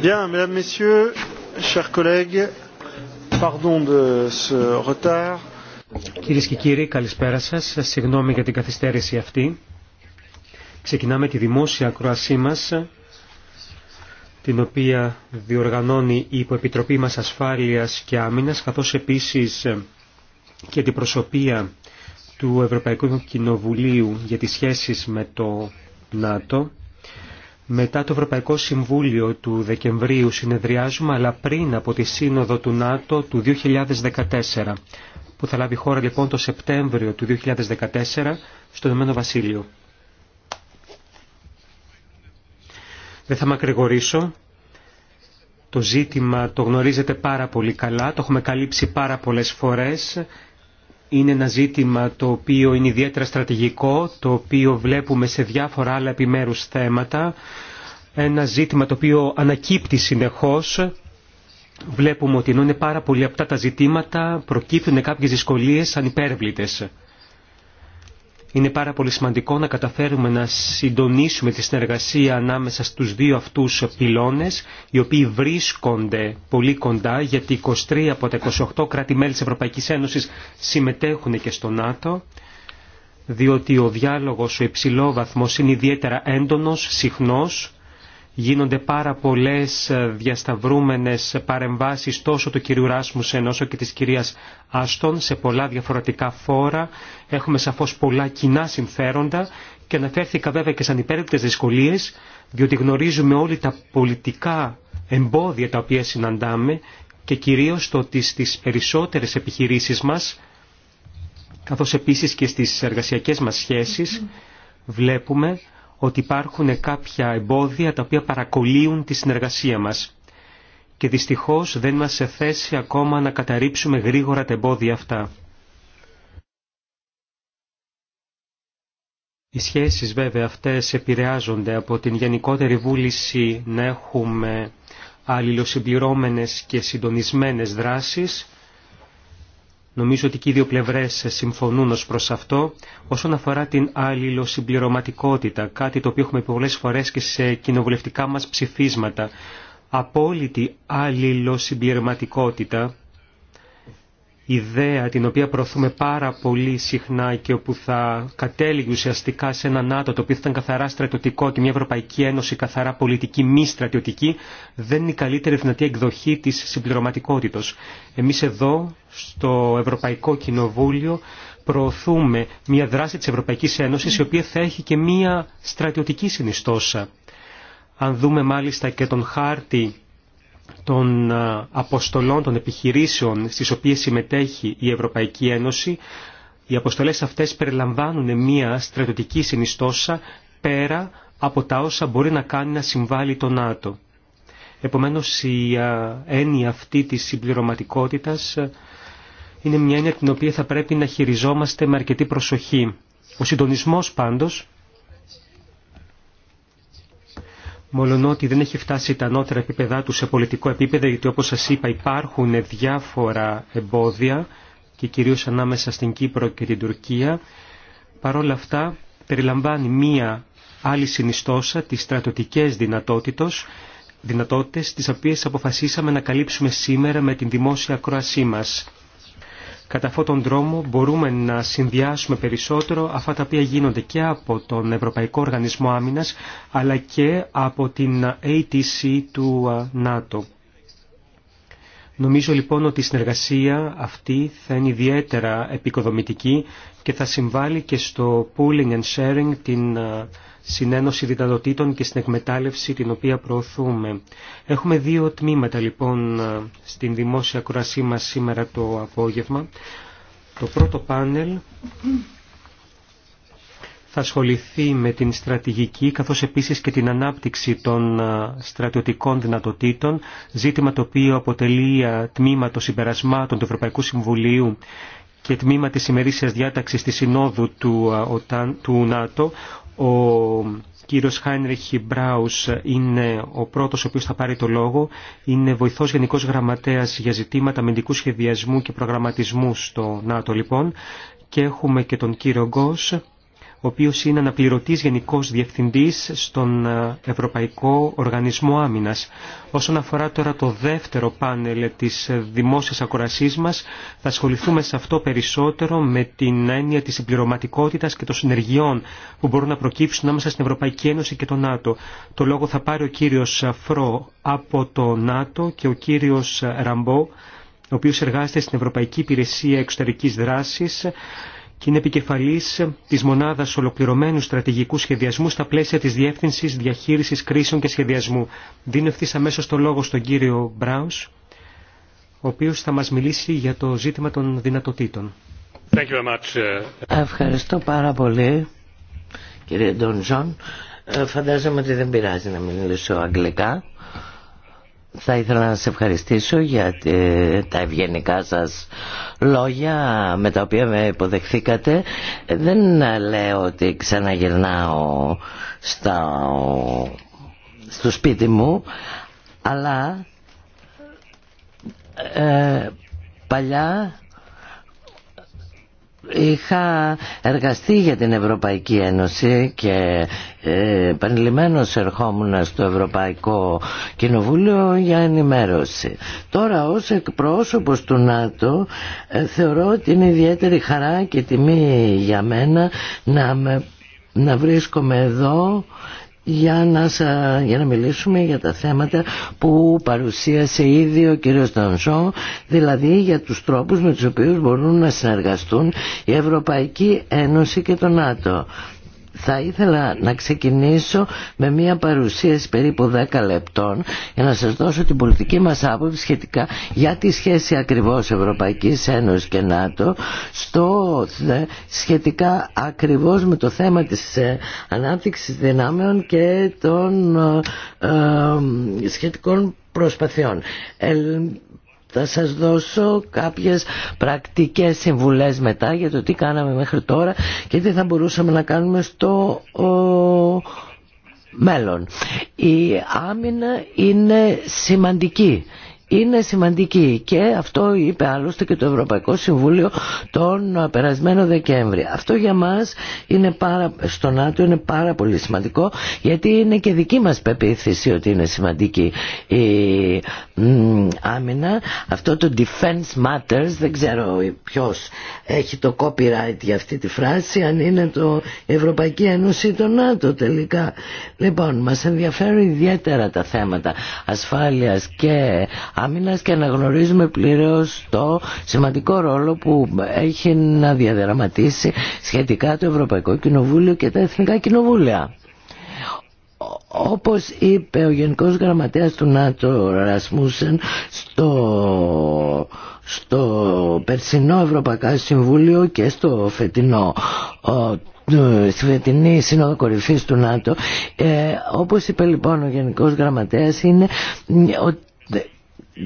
Bien, mesdames, και κύριοι, καλησπέρα σα Συγγνώμη για την καθυστέρηση αυτή. Ξεκινάμε τη δημόσια ακροασή μα, την οποία διοργανώνει η Υποεπιτροπή μας Ασφάλεια και άμυνα, καθώ επίση και την προσωπία του Ευρωπαϊκού Κοινοβουλίου για τι σχέσει με το ΝΑΤΟ μετά το Ευρωπαϊκό Συμβούλιο του Δεκεμβρίου συνεδριάζουμε, αλλά πριν από τη Σύνοδο του ΝΑΤΟ του 2014, που θα λάβει χώρα λοιπόν το Σεπτέμβριο του 2014 στο Ηνωμένο Βασίλειο. Δεν θα μακρηγορήσω. Το ζήτημα το γνωρίζετε πάρα πολύ καλά, το έχουμε καλύψει πάρα πολλές φορές. Είναι ένα ζήτημα το οποίο είναι ιδιαίτερα στρατηγικό, το οποίο βλέπουμε σε διάφορα άλλα επιμέρους θέματα ένα ζήτημα το οποίο ανακύπτει συνεχώς. Βλέπουμε ότι ενώ είναι πάρα πολύ απτά τα ζητήματα, προκύπτουν κάποιες δυσκολίες ανυπέρβλητες. Είναι πάρα πολύ σημαντικό να καταφέρουμε να συντονίσουμε τη συνεργασία ανάμεσα στους δύο αυτούς πυλώνες, οι οποίοι βρίσκονται πολύ κοντά, γιατί 23 από τα 28 κράτη-μέλη της Ευρωπαϊκής Ένωσης συμμετέχουν και στο ΝΑΤΟ, διότι ο διάλογος, ο υψηλό είναι ιδιαίτερα έντονος, συχνός, γίνονται πάρα πολλές ε, διασταυρούμενες παρεμβάσεις τόσο του κυρίου Ράσμουσεν όσο και της κυρίας Άστον σε πολλά διαφορετικά φόρα. Έχουμε σαφώς πολλά κοινά συμφέροντα και αναφέρθηκα βέβαια και σαν υπέρεπτες δυσκολίες διότι γνωρίζουμε όλοι τα πολιτικά εμπόδια τα οποία συναντάμε και κυρίως το ότι στις περισσότερες επιχειρήσεις μας καθώς επίσης και στις εργασιακές μας σχέσεις βλέπουμε ότι υπάρχουν κάποια εμπόδια τα οποία παρακολύουν τη συνεργασία μας. Και δυστυχώς δεν μας σε θέση ακόμα να καταρρύψουμε γρήγορα τα εμπόδια αυτά. Οι σχέσεις βέβαια αυτές επηρεάζονται από την γενικότερη βούληση να έχουμε αλληλοσυμπληρώμενες και συντονισμένες δράσεις Νομίζω ότι και οι δύο πλευρές συμφωνούν ως προς αυτό όσον αφορά την αλληλοσυμπληρωματικότητα, κάτι το οποίο έχουμε πολλές φορές και σε κοινοβουλευτικά μας ψηφίσματα. Απόλυτη αλληλοσυμπληρωματικότητα, ιδέα την οποία προωθούμε πάρα πολύ συχνά και όπου θα κατέληγε ουσιαστικά σε ένα ΝΑΤΟ το οποίο θα ήταν καθαρά στρατιωτικό και μια Ευρωπαϊκή Ένωση καθαρά πολιτική μη στρατιωτική, δεν είναι η καλύτερη δυνατή εκδοχή της συμπληρωματικότητα. Εμείς εδώ στο Ευρωπαϊκό Κοινοβούλιο προωθούμε μια δράση της Ευρωπαϊκής Ένωσης η οποία θα έχει και μια στρατιωτική συνιστόσα. Αν δούμε μάλιστα και τον χάρτη των αποστολών των επιχειρήσεων στις οποίες συμμετέχει η Ευρωπαϊκή Ένωση, οι αποστολές αυτές περιλαμβάνουν μια στρατιωτική συνιστόσα πέρα από τα όσα μπορεί να κάνει να συμβάλλει το ΝΑΤΟ. Επομένως η έννοια αυτή της συμπληρωματικότητας είναι μια έννοια την οποία θα πρέπει να χειριζόμαστε με αρκετή προσοχή. Ο συντονισμός πάντως, ότι δεν έχει φτάσει τα ανώτερα επίπεδά του σε πολιτικό επίπεδο, γιατί όπως σας είπα υπάρχουν διάφορα εμπόδια και κυρίως ανάμεσα στην Κύπρο και την Τουρκία, παρόλα αυτά περιλαμβάνει μία άλλη συνιστόσα τις στρατιωτικές δυνατότητες, δυνατότητες τις οποίες αποφασίσαμε να καλύψουμε σήμερα με την δημόσια ακρόασή μας. Κατά αυτόν τον τρόμο μπορούμε να συνδυάσουμε περισσότερο αυτά τα οποία γίνονται και από τον Ευρωπαϊκό Οργανισμό Άμυνας αλλά και από την ATC του ΝΑΤΟ. Νομίζω λοιπόν ότι η συνεργασία αυτή θα είναι ιδιαίτερα επικοδομητική και θα συμβάλλει και στο pooling and sharing την συνένωση δυνατοτήτων και στην εκμετάλλευση την οποία προωθούμε. Έχουμε δύο τμήματα λοιπόν στην δημόσια κουρασή μας σήμερα το απόγευμα. Το πρώτο πάνελ θα ασχοληθεί με την στρατηγική καθώς επίσης και την ανάπτυξη των ε, στρατιωτικών δυνατοτήτων, ζήτημα το οποίο αποτελεί ε, τμήμα των συμπερασμάτων του Ευρωπαϊκού Συμβουλίου και τμήμα της ημερήσιας διάταξης της Συνόδου του, ε, του ΝΑΤΟ, ο κύριος Χάινριχ Χιμπράους είναι ο πρώτος ο οποίος θα πάρει το λόγο. Είναι βοηθός γενικός γραμματέας για ζητήματα μεντικού σχεδιασμού και προγραμματισμού στο ΝΑΤΟ λοιπόν. Και έχουμε και τον κύριο Γκος, ο οποίος είναι αναπληρωτής γενικός διευθυντής στον ε, Ευρωπαϊκό Οργανισμό Άμυνας. Όσον αφορά τώρα το δεύτερο πάνελ της ε, δημόσιας ακορασής μας, θα ασχοληθούμε σε αυτό περισσότερο με την έννοια της συμπληρωματικότητα και των συνεργειών που μπορούν να προκύψουν άμεσα στην Ευρωπαϊκή Ένωση και το ΝΑΤΟ. Το λόγο θα πάρει ο κύριος Φρό από το ΝΑΤΟ και ο κύριος Ραμπό ο οποίος εργάζεται στην Ευρωπαϊκή Υπηρεσία Εξωτερικής Δράσης και είναι επικεφαλής της μονάδας ολοκληρωμένου στρατηγικού σχεδιασμού στα πλαίσια της Διεύθυνσης Διαχείρισης Κρίσεων και Σχεδιασμού. Δίνω ευθύ αμέσως το λόγο στον κύριο Μπράους, ο οποίος θα μας μιλήσει για το ζήτημα των δυνατοτήτων. Ε, Ευχαριστώ πάρα πολύ κύριε Ντονζόν. Ε, φαντάζομαι ότι δεν πειράζει να μιλήσω αγγλικά. Θα ήθελα να σε ευχαριστήσω για τα ευγενικά σας λόγια με τα οποία με υποδεχθήκατε. Δεν λέω ότι ξαναγυρνάω στα, στο σπίτι μου, αλλά ε, παλιά είχα εργαστεί για την Ευρωπαϊκή Ένωση και ε, επανειλημμένως ερχόμουν στο Ευρωπαϊκό Κοινοβούλιο για ενημέρωση. Τώρα ως εκπρόσωπος του ΝΑΤΟ ε, θεωρώ ότι είναι ιδιαίτερη χαρά και τιμή για μένα να, να βρίσκομαι εδώ για να, για να μιλήσουμε για τα θέματα που παρουσίασε ήδη ο κύριος Τανζό, δηλαδή για τους τρόπους με τους οποίους μπορούν να συνεργαστούν η Ευρωπαϊκή Ένωση και το ΝΑΤΟ. Θα ήθελα να ξεκινήσω με μια παρουσίαση περίπου 10 λεπτών για να σας δώσω την πολιτική μας άποψη σχετικά για τη σχέση ακριβώς Ευρωπαϊκής Ένωσης και ΝΑΤΟ στο, ε, σχετικά ακριβώς με το θέμα της ε, ανάπτυξης δυνάμεων και των ε, σχετικών προσπαθειών θα σας δώσω κάποιες πρακτικές συμβουλές μετά για το τι κάναμε μέχρι τώρα και τι θα μπορούσαμε να κάνουμε στο μέλλον. Η άμυνα είναι σημαντική είναι σημαντική και αυτό είπε άλλωστε και το Ευρωπαϊκό Συμβούλιο τον περασμένο Δεκέμβρη. Αυτό για μας είναι πάρα, στο ΝΑΤΟ είναι πάρα πολύ σημαντικό γιατί είναι και δική μας πεποίθηση ότι είναι σημαντική η άμυνα. Αυτό το defense matters, δεν ξέρω ποιος έχει το copyright για αυτή τη φράση, αν είναι το Ευρωπαϊκή Ένωση ή το ΝΑΤΟ τελικά. Λοιπόν, μας ενδιαφέρουν ιδιαίτερα τα θέματα ασφάλειας και και αναγνωρίζουμε πλήρως το σημαντικό ρόλο που έχει να διαδραματίσει σχετικά το Ευρωπαϊκό Κοινοβούλιο και τα Εθνικά Κοινοβούλια. Όπως είπε ο Γενικός Γραμματέας του ΝΑΤΟ Ρασμούσεν στο, στο περσινό Ευρωπαϊκό Συμβούλιο και στο φετινό στη φετινή σύνοδο κορυφής του ΝΑΤΟ ε, όπως είπε λοιπόν ο Γενικός Γραμματέας είναι ότι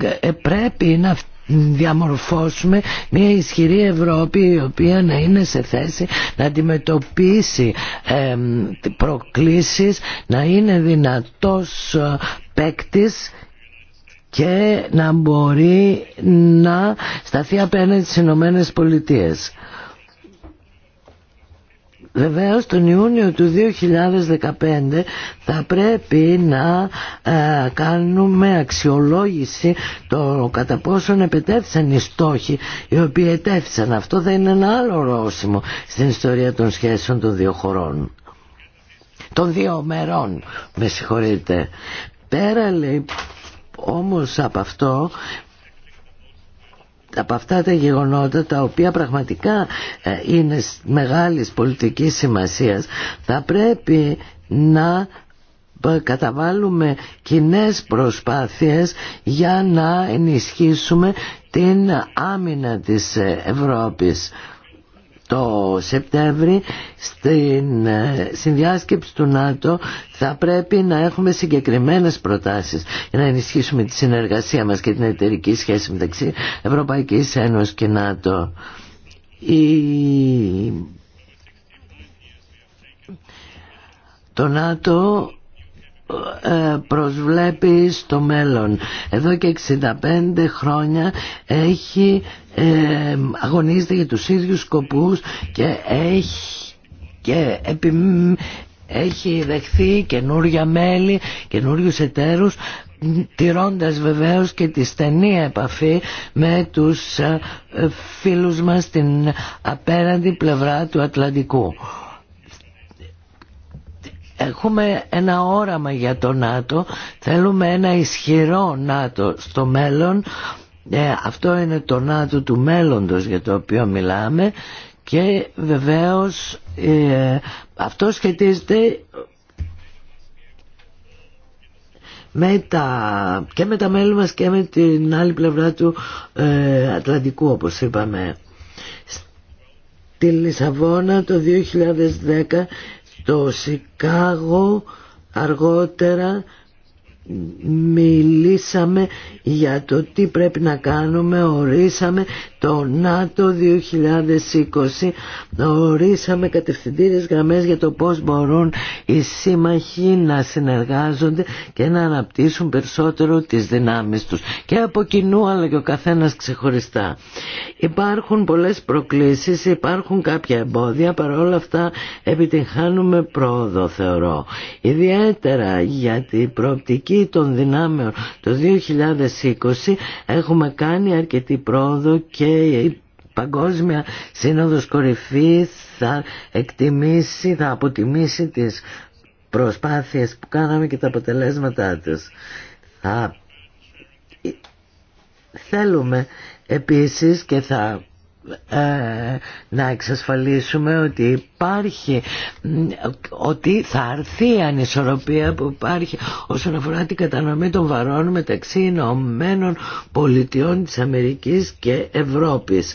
ε, ε, πρέπει να διαμορφώσουμε μια ισχυρή Ευρώπη η οποία να είναι σε θέση να αντιμετωπίσει ε, προκλήσεις, να είναι δυνατός ε, παίκτη και να μπορεί να σταθεί απέναντι στις Ηνωμένε Πολιτείες. Βεβαίως τον Ιούνιο του 2015 θα πρέπει να ε, κάνουμε αξιολόγηση το κατά πόσον επετέφθησαν οι στόχοι οι οποίοι ετέθησαν. Αυτό θα είναι ένα άλλο ρώσιμο στην ιστορία των σχέσεων των δύο χωρών. Των δύο μερών, με συγχωρείτε. Πέρα λέει όμως από αυτό από αυτά τα γεγονότα τα οποία πραγματικά ε, είναι μεγάλης πολιτικής σημασίας θα πρέπει να ε, καταβάλουμε κοινέ προσπάθειες για να ενισχύσουμε την άμυνα της ε, Ευρώπης το Σεπτέμβρη στην ε, συνδιάσκεψη του ΝΑΤΟ θα πρέπει να έχουμε συγκεκριμένες προτάσεις για να ενισχύσουμε τη συνεργασία μας και την εταιρική σχέση μεταξύ Ευρωπαϊκής Ένωσης και ΝΑΤΟ. Η... Το ΝΑΤΟ ε, προσβλέπει στο μέλλον. Εδώ και 65 χρόνια έχει ε, αγωνίζεται για τους ίδιους σκοπούς και έχει, και επι, έχει δεχθεί καινούρια μέλη, καινούριους εταίρους τηρώντας βεβαίως και τη στενή επαφή με τους ε, φίλους μας στην απέραντη πλευρά του Ατλαντικού. Έχουμε ένα όραμα για το ΝΑΤΟ, θέλουμε ένα ισχυρό ΝΑΤΟ στο μέλλον. Ε, αυτό είναι το ΝΑΤΟ του μέλλοντος για το οποίο μιλάμε και βεβαίως ε, αυτό σχετίζεται με τα, και με τα μέλη μας και με την άλλη πλευρά του ε, Ατλαντικού όπως είπαμε. Στη Λισαβόνα το 2010 στο Σικάγο αργότερα μιλήσαμε για το τι πρέπει να κάνουμε, ορίσαμε το ΝΑΤΟ 2020 ορίσαμε κατευθυντήριες γραμμές για το πώς μπορούν οι σύμμαχοι να συνεργάζονται και να αναπτύσσουν περισσότερο τις δυνάμεις τους και από κοινού αλλά και ο καθένας ξεχωριστά. Υπάρχουν πολλές προκλήσεις, υπάρχουν κάποια εμπόδια, παρόλα αυτά επιτυγχάνουμε πρόοδο θεωρώ. Ιδιαίτερα για την προοπτική των δυνάμεων το 2020 έχουμε κάνει αρκετή πρόοδο και η Παγκόσμια Σύνοδος Κορυφή θα εκτιμήσει, θα αποτιμήσει τις προσπάθειες που κάναμε και τα αποτελέσματά τους. Θα... Θέλουμε επίσης και θα ε, να εξασφαλίσουμε ότι υπάρχει ότι θα έρθει η ανισορροπία που υπάρχει όσον αφορά την κατανομή των βαρών μεταξύ Ηνωμένων Πολιτειών της Αμερικής και Ευρώπης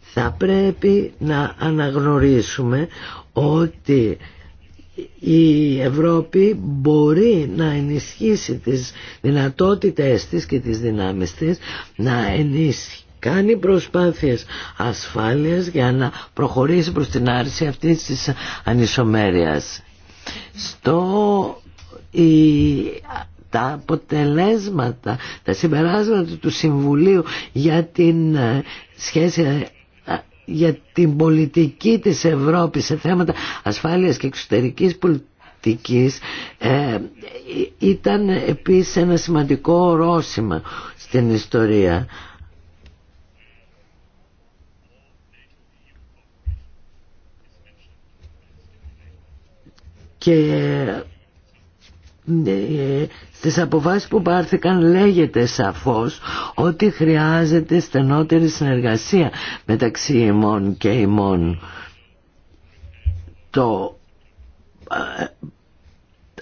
θα πρέπει να αναγνωρίσουμε ότι η Ευρώπη μπορεί να ενισχύσει τις δυνατότητες της και τις δυνάμεις της να ενισχύσει κάνει προσπάθειες ασφάλειας για να προχωρήσει προς την άρση αυτής της ανισομέρειας. Στο... τα αποτελέσματα, τα συμπεράσματα του Συμβουλίου για την ε, σχέση ε, για την πολιτική της Ευρώπης σε θέματα ασφάλειας και εξωτερικής πολιτικής ε, ήταν επίσης ένα σημαντικό ορόσημα στην ιστορία. και ε, στις αποφάσεις που πάρθηκαν λέγεται σαφώς ότι χρειάζεται στενότερη συνεργασία μεταξύ ημών και ημών το ε,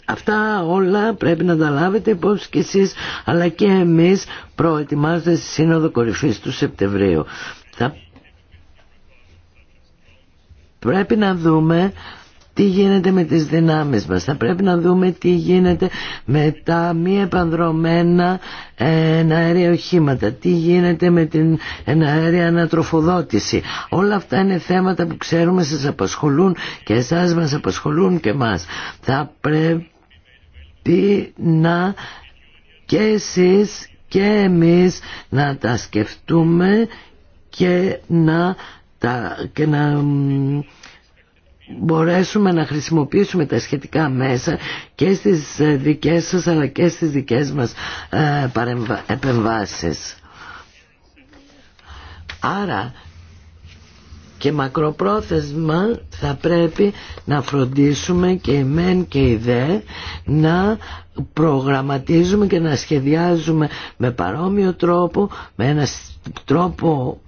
Αυτά όλα πρέπει να τα λάβετε υπόψη και εσείς αλλά και εμείς προετοιμάζονται στη Σύνοδο Κορυφής του Σεπτεμβρίου. πρέπει να δούμε τι γίνεται με τις δυνάμεις μας. Θα πρέπει να δούμε τι γίνεται με τα μη επανδρομένα ε, εναέρια οχήματα, τι γίνεται με την εναέρια ανατροφοδότηση. Όλα αυτά είναι θέματα που ξέρουμε σας απασχολούν και εσάς μας απασχολούν και μας. Θα πρέπει να και εσείς και εμείς να τα σκεφτούμε και να, τα, και να μπορέσουμε να χρησιμοποιήσουμε τα σχετικά μέσα και στις ε, δικές σας αλλά και στις δικές μας ε, επεμβάσεις. Άρα και μακροπρόθεσμα θα πρέπει να φροντίσουμε και η μεν και η δε να προγραμματίζουμε και να σχεδιάζουμε με παρόμοιο τρόπο, με ένα τρόπο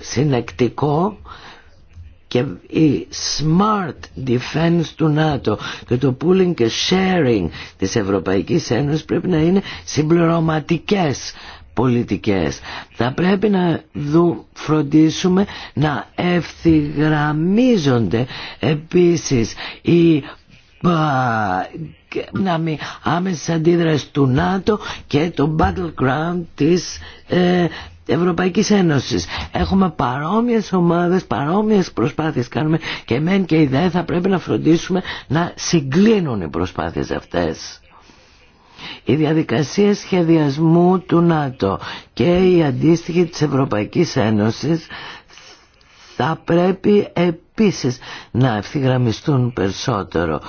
συνεκτικό και η smart defense του ΝΑΤΟ και το pooling και sharing της Ευρωπαϊκής Ένωσης πρέπει να είναι συμπληρωματικές πολιτικές. Θα πρέπει να δου, φροντίσουμε να ευθυγραμμίζονται επίσης οι μην άμεσες αντίδραση του ΝΑΤΟ και το battleground της ε, Ευρωπαϊκής Ένωσης. Έχουμε παρόμοιες ομάδες, παρόμοιες προσπάθειες κάνουμε και μεν και η ΔΕΕ θα πρέπει να φροντίσουμε να συγκλίνουν οι προσπάθειες αυτές. Η διαδικασία σχεδιασμού του ΝΑΤΟ και η αντίστοιχη της Ευρωπαϊκής Ένωσης θα πρέπει επίσης να ευθυγραμμιστούν περισσότερο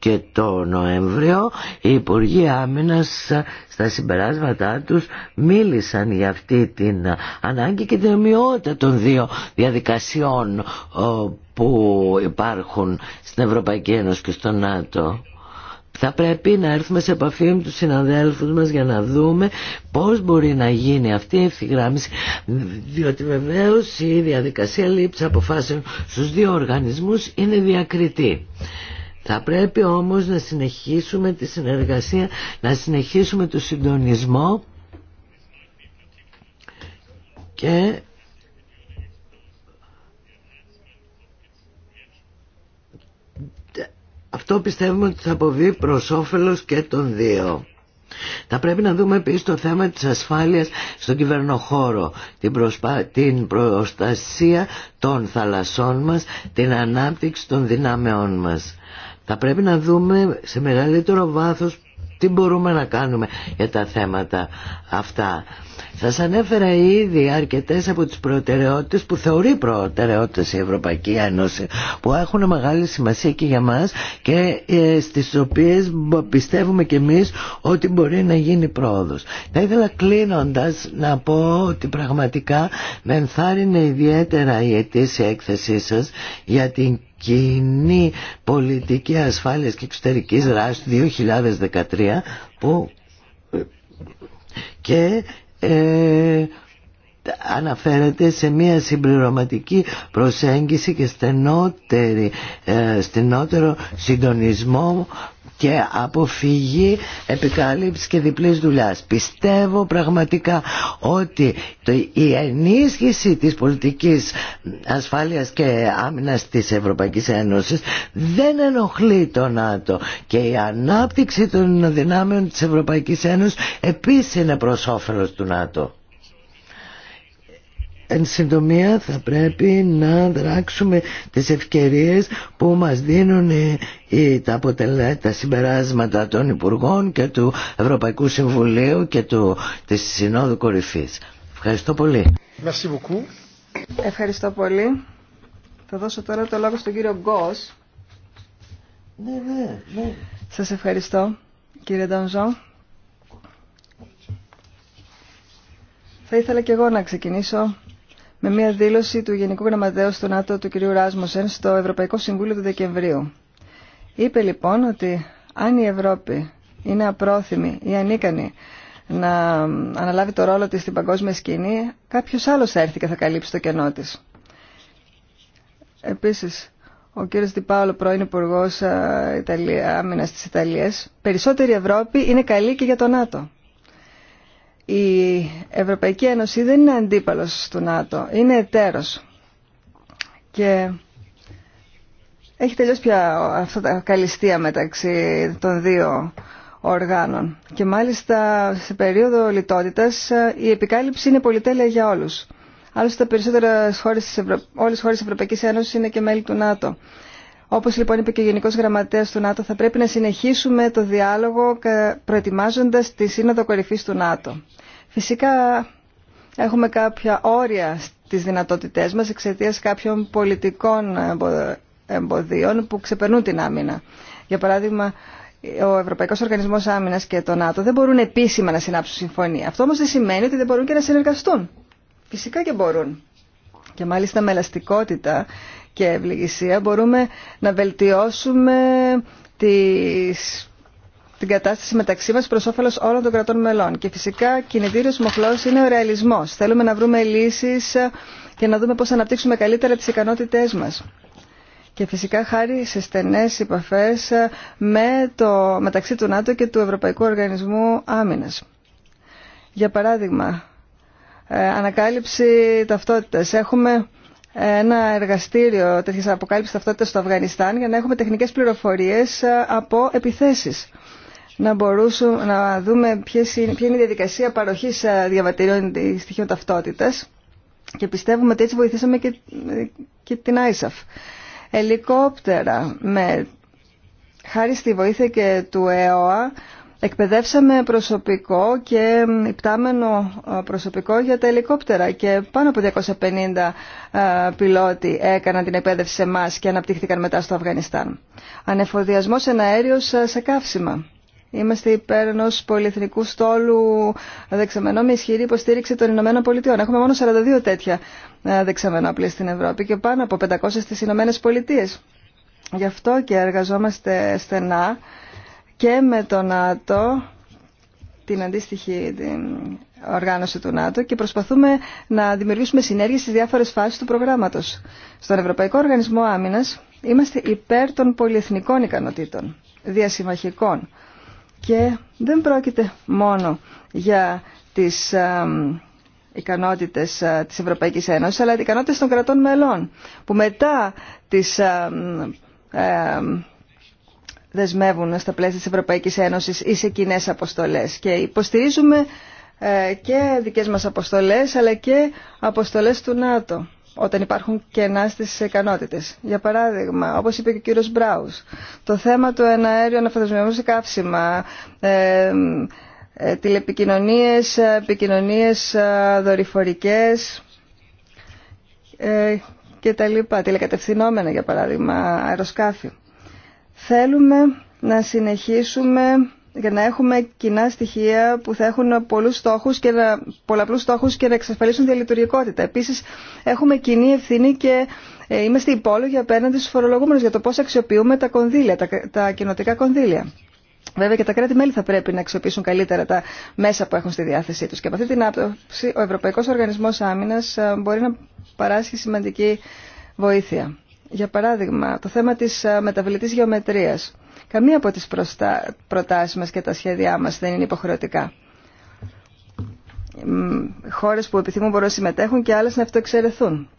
και το Νοέμβριο οι Υπουργοί Άμυνας στα συμπεράσματά τους μίλησαν για αυτή την ανάγκη και την ομοιότητα των δύο διαδικασιών που υπάρχουν στην Ευρωπαϊκή Ένωση και στο ΝΑΤΟ. Θα πρέπει να έρθουμε σε επαφή με τους συναδέλφους μας για να δούμε πώς μπορεί να γίνει αυτή η ευθυγράμμιση διότι βεβαίως η διαδικασία λήψη αποφάσεων στους δύο οργανισμούς είναι διακριτή. Θα πρέπει όμως να συνεχίσουμε τη συνεργασία, να συνεχίσουμε το συντονισμό και αυτό πιστεύουμε ότι θα αποβεί προς όφελος και των δύο. Θα πρέπει να δούμε επίσης το θέμα της ασφάλειας στον κυβερνοχώρο, την, την προστασία των θαλασσών μας, την ανάπτυξη των δυνάμεών μας. Θα πρέπει να δούμε σε μεγαλύτερο βάθος τι μπορούμε να κάνουμε για τα θέματα αυτά. Σας ανέφερα ήδη αρκετές από τις προτεραιότητες που θεωρεί προτεραιότητες η Ευρωπαϊκή Ένωση που έχουν μεγάλη σημασία και για μας και ε, στις οποίες πιστεύουμε και εμείς ότι μπορεί να γίνει πρόοδος. Θα ήθελα κλείνοντας να πω ότι πραγματικά με ενθάρρυνε ιδιαίτερα η ετήσια έκθεσή σας για την κοινή πολιτική ασφάλειας και εξωτερικής δράσης 2013 που ε, και ε, αναφέρεται σε μια συμπληρωματική προσέγγιση και στενότερη, ε, στενότερο συντονισμό και αποφυγή επικάλυψη και διπλής δουλειάς. Πιστεύω πραγματικά ότι η ενίσχυση της πολιτικής ασφάλειας και άμυνας της Ευρωπαϊκής Ένωσης δεν ενοχλεί το ΝΑΤΟ και η ανάπτυξη των δυνάμεων της Ευρωπαϊκής Ένωσης επίσης είναι προς όφελος του ΝΑΤΟ. Εν συντομία θα πρέπει να δράξουμε τις ευκαιρίες που μας δίνουν τα, συμπεράσματα των Υπουργών και του Ευρωπαϊκού Συμβουλίου και του, της Συνόδου Κορυφής. Ευχαριστώ πολύ. Ευχαριστώ πολύ. Θα δώσω τώρα το λόγο στον κύριο Γκος. Ναι, ναι, ναι. Σας ευχαριστώ κύριε Ντανζό. Θα ήθελα και εγώ να ξεκινήσω με μια δήλωση του Γενικού Γραμματέου του ΝΑΤΟ του κ. Ράσμοσεν στο Ευρωπαϊκό Συμβούλιο του Δεκεμβρίου. Είπε λοιπόν ότι αν η Ευρώπη είναι απρόθυμη ή ανίκανη να αναλάβει το ρόλο της στην παγκόσμια σκηνή, κάποιος άλλος θα έρθει και θα καλύψει το κενό της. Επίσης, ο κ. Διπάολο, πρώην Υπουργό Άμυνα ε, τη Ιταλία, περισσότερη Ευρώπη είναι καλή και για το ΝΑΤΟ η Ευρωπαϊκή Ένωση δεν είναι αντίπαλος του ΝΑΤΟ, είναι εταίρος. Και έχει τελειώσει πια αυτά τα καλυστία μεταξύ των δύο οργάνων. Και μάλιστα σε περίοδο λιτότητας η επικάλυψη είναι πολυτέλεια για όλους. Άλλωστε τα περισσότερα όλες οι χώρες της Ευρωπαϊκής Ένωσης είναι και μέλη του ΝΑΤΟ. Όπως λοιπόν είπε και ο Γενικός Γραμματέας του ΝΑΤΟ, θα πρέπει να συνεχίσουμε το διάλογο προετοιμάζοντας τη Σύνοδο Κορυφής του ΝΑΤΟ. Φυσικά έχουμε κάποια όρια στις δυνατότητές μας εξαιτίας κάποιων πολιτικών εμποδίων που ξεπερνούν την άμυνα. Για παράδειγμα, ο Ευρωπαϊκό Οργανισμό Άμυνα και το ΝΑΤΟ δεν μπορούν επίσημα να συνάψουν συμφωνία. Αυτό όμω δεν σημαίνει ότι δεν μπορούν και να συνεργαστούν. Φυσικά και μπορούν. Και μάλιστα με ελαστικότητα και ευληγησία μπορούμε να βελτιώσουμε τις την κατάσταση μεταξύ μας προς όφελος όλων των κρατών μελών. Και φυσικά κινητήριο μοχλός είναι ο ρεαλισμός. Θέλουμε να βρούμε λύσεις και να δούμε πώς θα αναπτύξουμε καλύτερα τις ικανότητές μας. Και φυσικά χάρη σε στενές επαφέ με το, μεταξύ του ΝΑΤΟ και του Ευρωπαϊκού Οργανισμού Άμυνα. Για παράδειγμα, ε, ανακάλυψη ταυτότητα. Έχουμε ένα εργαστήριο τέτοιες αποκάλυψης ταυτότητας στο Αφγανιστάν για να έχουμε τεχνικές πληροφορίες ε, από επιθέσεις. Να μπορούσουμε να δούμε ποιες είναι, ποια είναι η διαδικασία παροχής ε, διαβατηρίων ε, στοιχείων ταυτότητας και πιστεύουμε ότι έτσι βοηθήσαμε και, την ISAF. Ελικόπτερα με χάρη στη βοήθεια και του ΕΟΑ Εκπαιδεύσαμε προσωπικό και υπτάμενο ε, προσωπικό για τα ελικόπτερα και πάνω από 250 ε, πιλότοι έκαναν την εκπαίδευση σε εμά και αναπτύχθηκαν μετά στο Αφγανιστάν. Ανεφοδιασμός εν σε καύσιμα. Είμαστε υπέρ ενό πολυεθνικού στόλου δεξαμενό με ισχυρή υποστήριξη των Ηνωμένων Πολιτειών. Έχουμε μόνο 42 τέτοια ε, δεξαμενόπλε στην Ευρώπη και πάνω από 500 στι Ηνωμένε Πολιτείε. Γι' αυτό και εργαζόμαστε στενά και με το ΝΑΤΟ, την αντίστοιχη την οργάνωση του ΝΑΤΟ και προσπαθούμε να δημιουργήσουμε συνέργειες στις διάφορες φάσεις του προγράμματος. Στον Ευρωπαϊκό Οργανισμό Άμυνας είμαστε υπέρ των πολυεθνικών ικανοτήτων, διασυμμαχικών και δεν πρόκειται μόνο για τις ικανότητες ε, της Ευρωπαϊκής Ένωσης αλλά τις ικανότητες των κρατών μελών που μετά τις δεσμεύουν στα πλαίσια της Ευρωπαϊκής Ένωσης ή σε κοινέ αποστολές. Και υποστηρίζουμε ε, και δικές μας αποστολές, αλλά και αποστολές του ΝΑΤΟ, όταν υπάρχουν κενά στις ικανότητες. Για παράδειγμα, όπως είπε και ο κύριος Μπράους, το θέμα του εναέριου αναφαντασμιωμένου σε καύσιμα, ε, ε, τηλεπικοινωνίες, ε, επικοινωνίες ε, δορυφορικές και τα λοιπά, τηλεκατευθυνόμενα για παράδειγμα, αεροσκάφη. Θέλουμε να συνεχίσουμε για να έχουμε κοινά στοιχεία που θα έχουν πολλούς στόχους και να, πολλαπλούς στόχους και να εξασφαλίσουν διαλειτουργικότητα. Επίσης, έχουμε κοινή ευθύνη και ε, είμαστε υπόλογοι απέναντι στους φορολογούμενους για το πώς αξιοποιούμε τα κονδύλια, τα, τα κοινοτικά κονδύλια. Βέβαια και τα κράτη-μέλη θα πρέπει να αξιοποιήσουν καλύτερα τα μέσα που έχουν στη διάθεσή τους. Και από αυτή την άποψη ο Ευρωπαϊκός Οργανισμός Άμυνας ε, μπορεί να παράσχει σημαντική βοήθεια. Για παράδειγμα, το θέμα της ε, μεταβλητής γεωμετρίας. Καμία από τις προτάσεις μας και τα σχέδιά μας δεν είναι υποχρεωτικά. Χώρες που επιθυμούν μπορούν να συμμετέχουν και άλλες να αυτοεξαιρεθούν.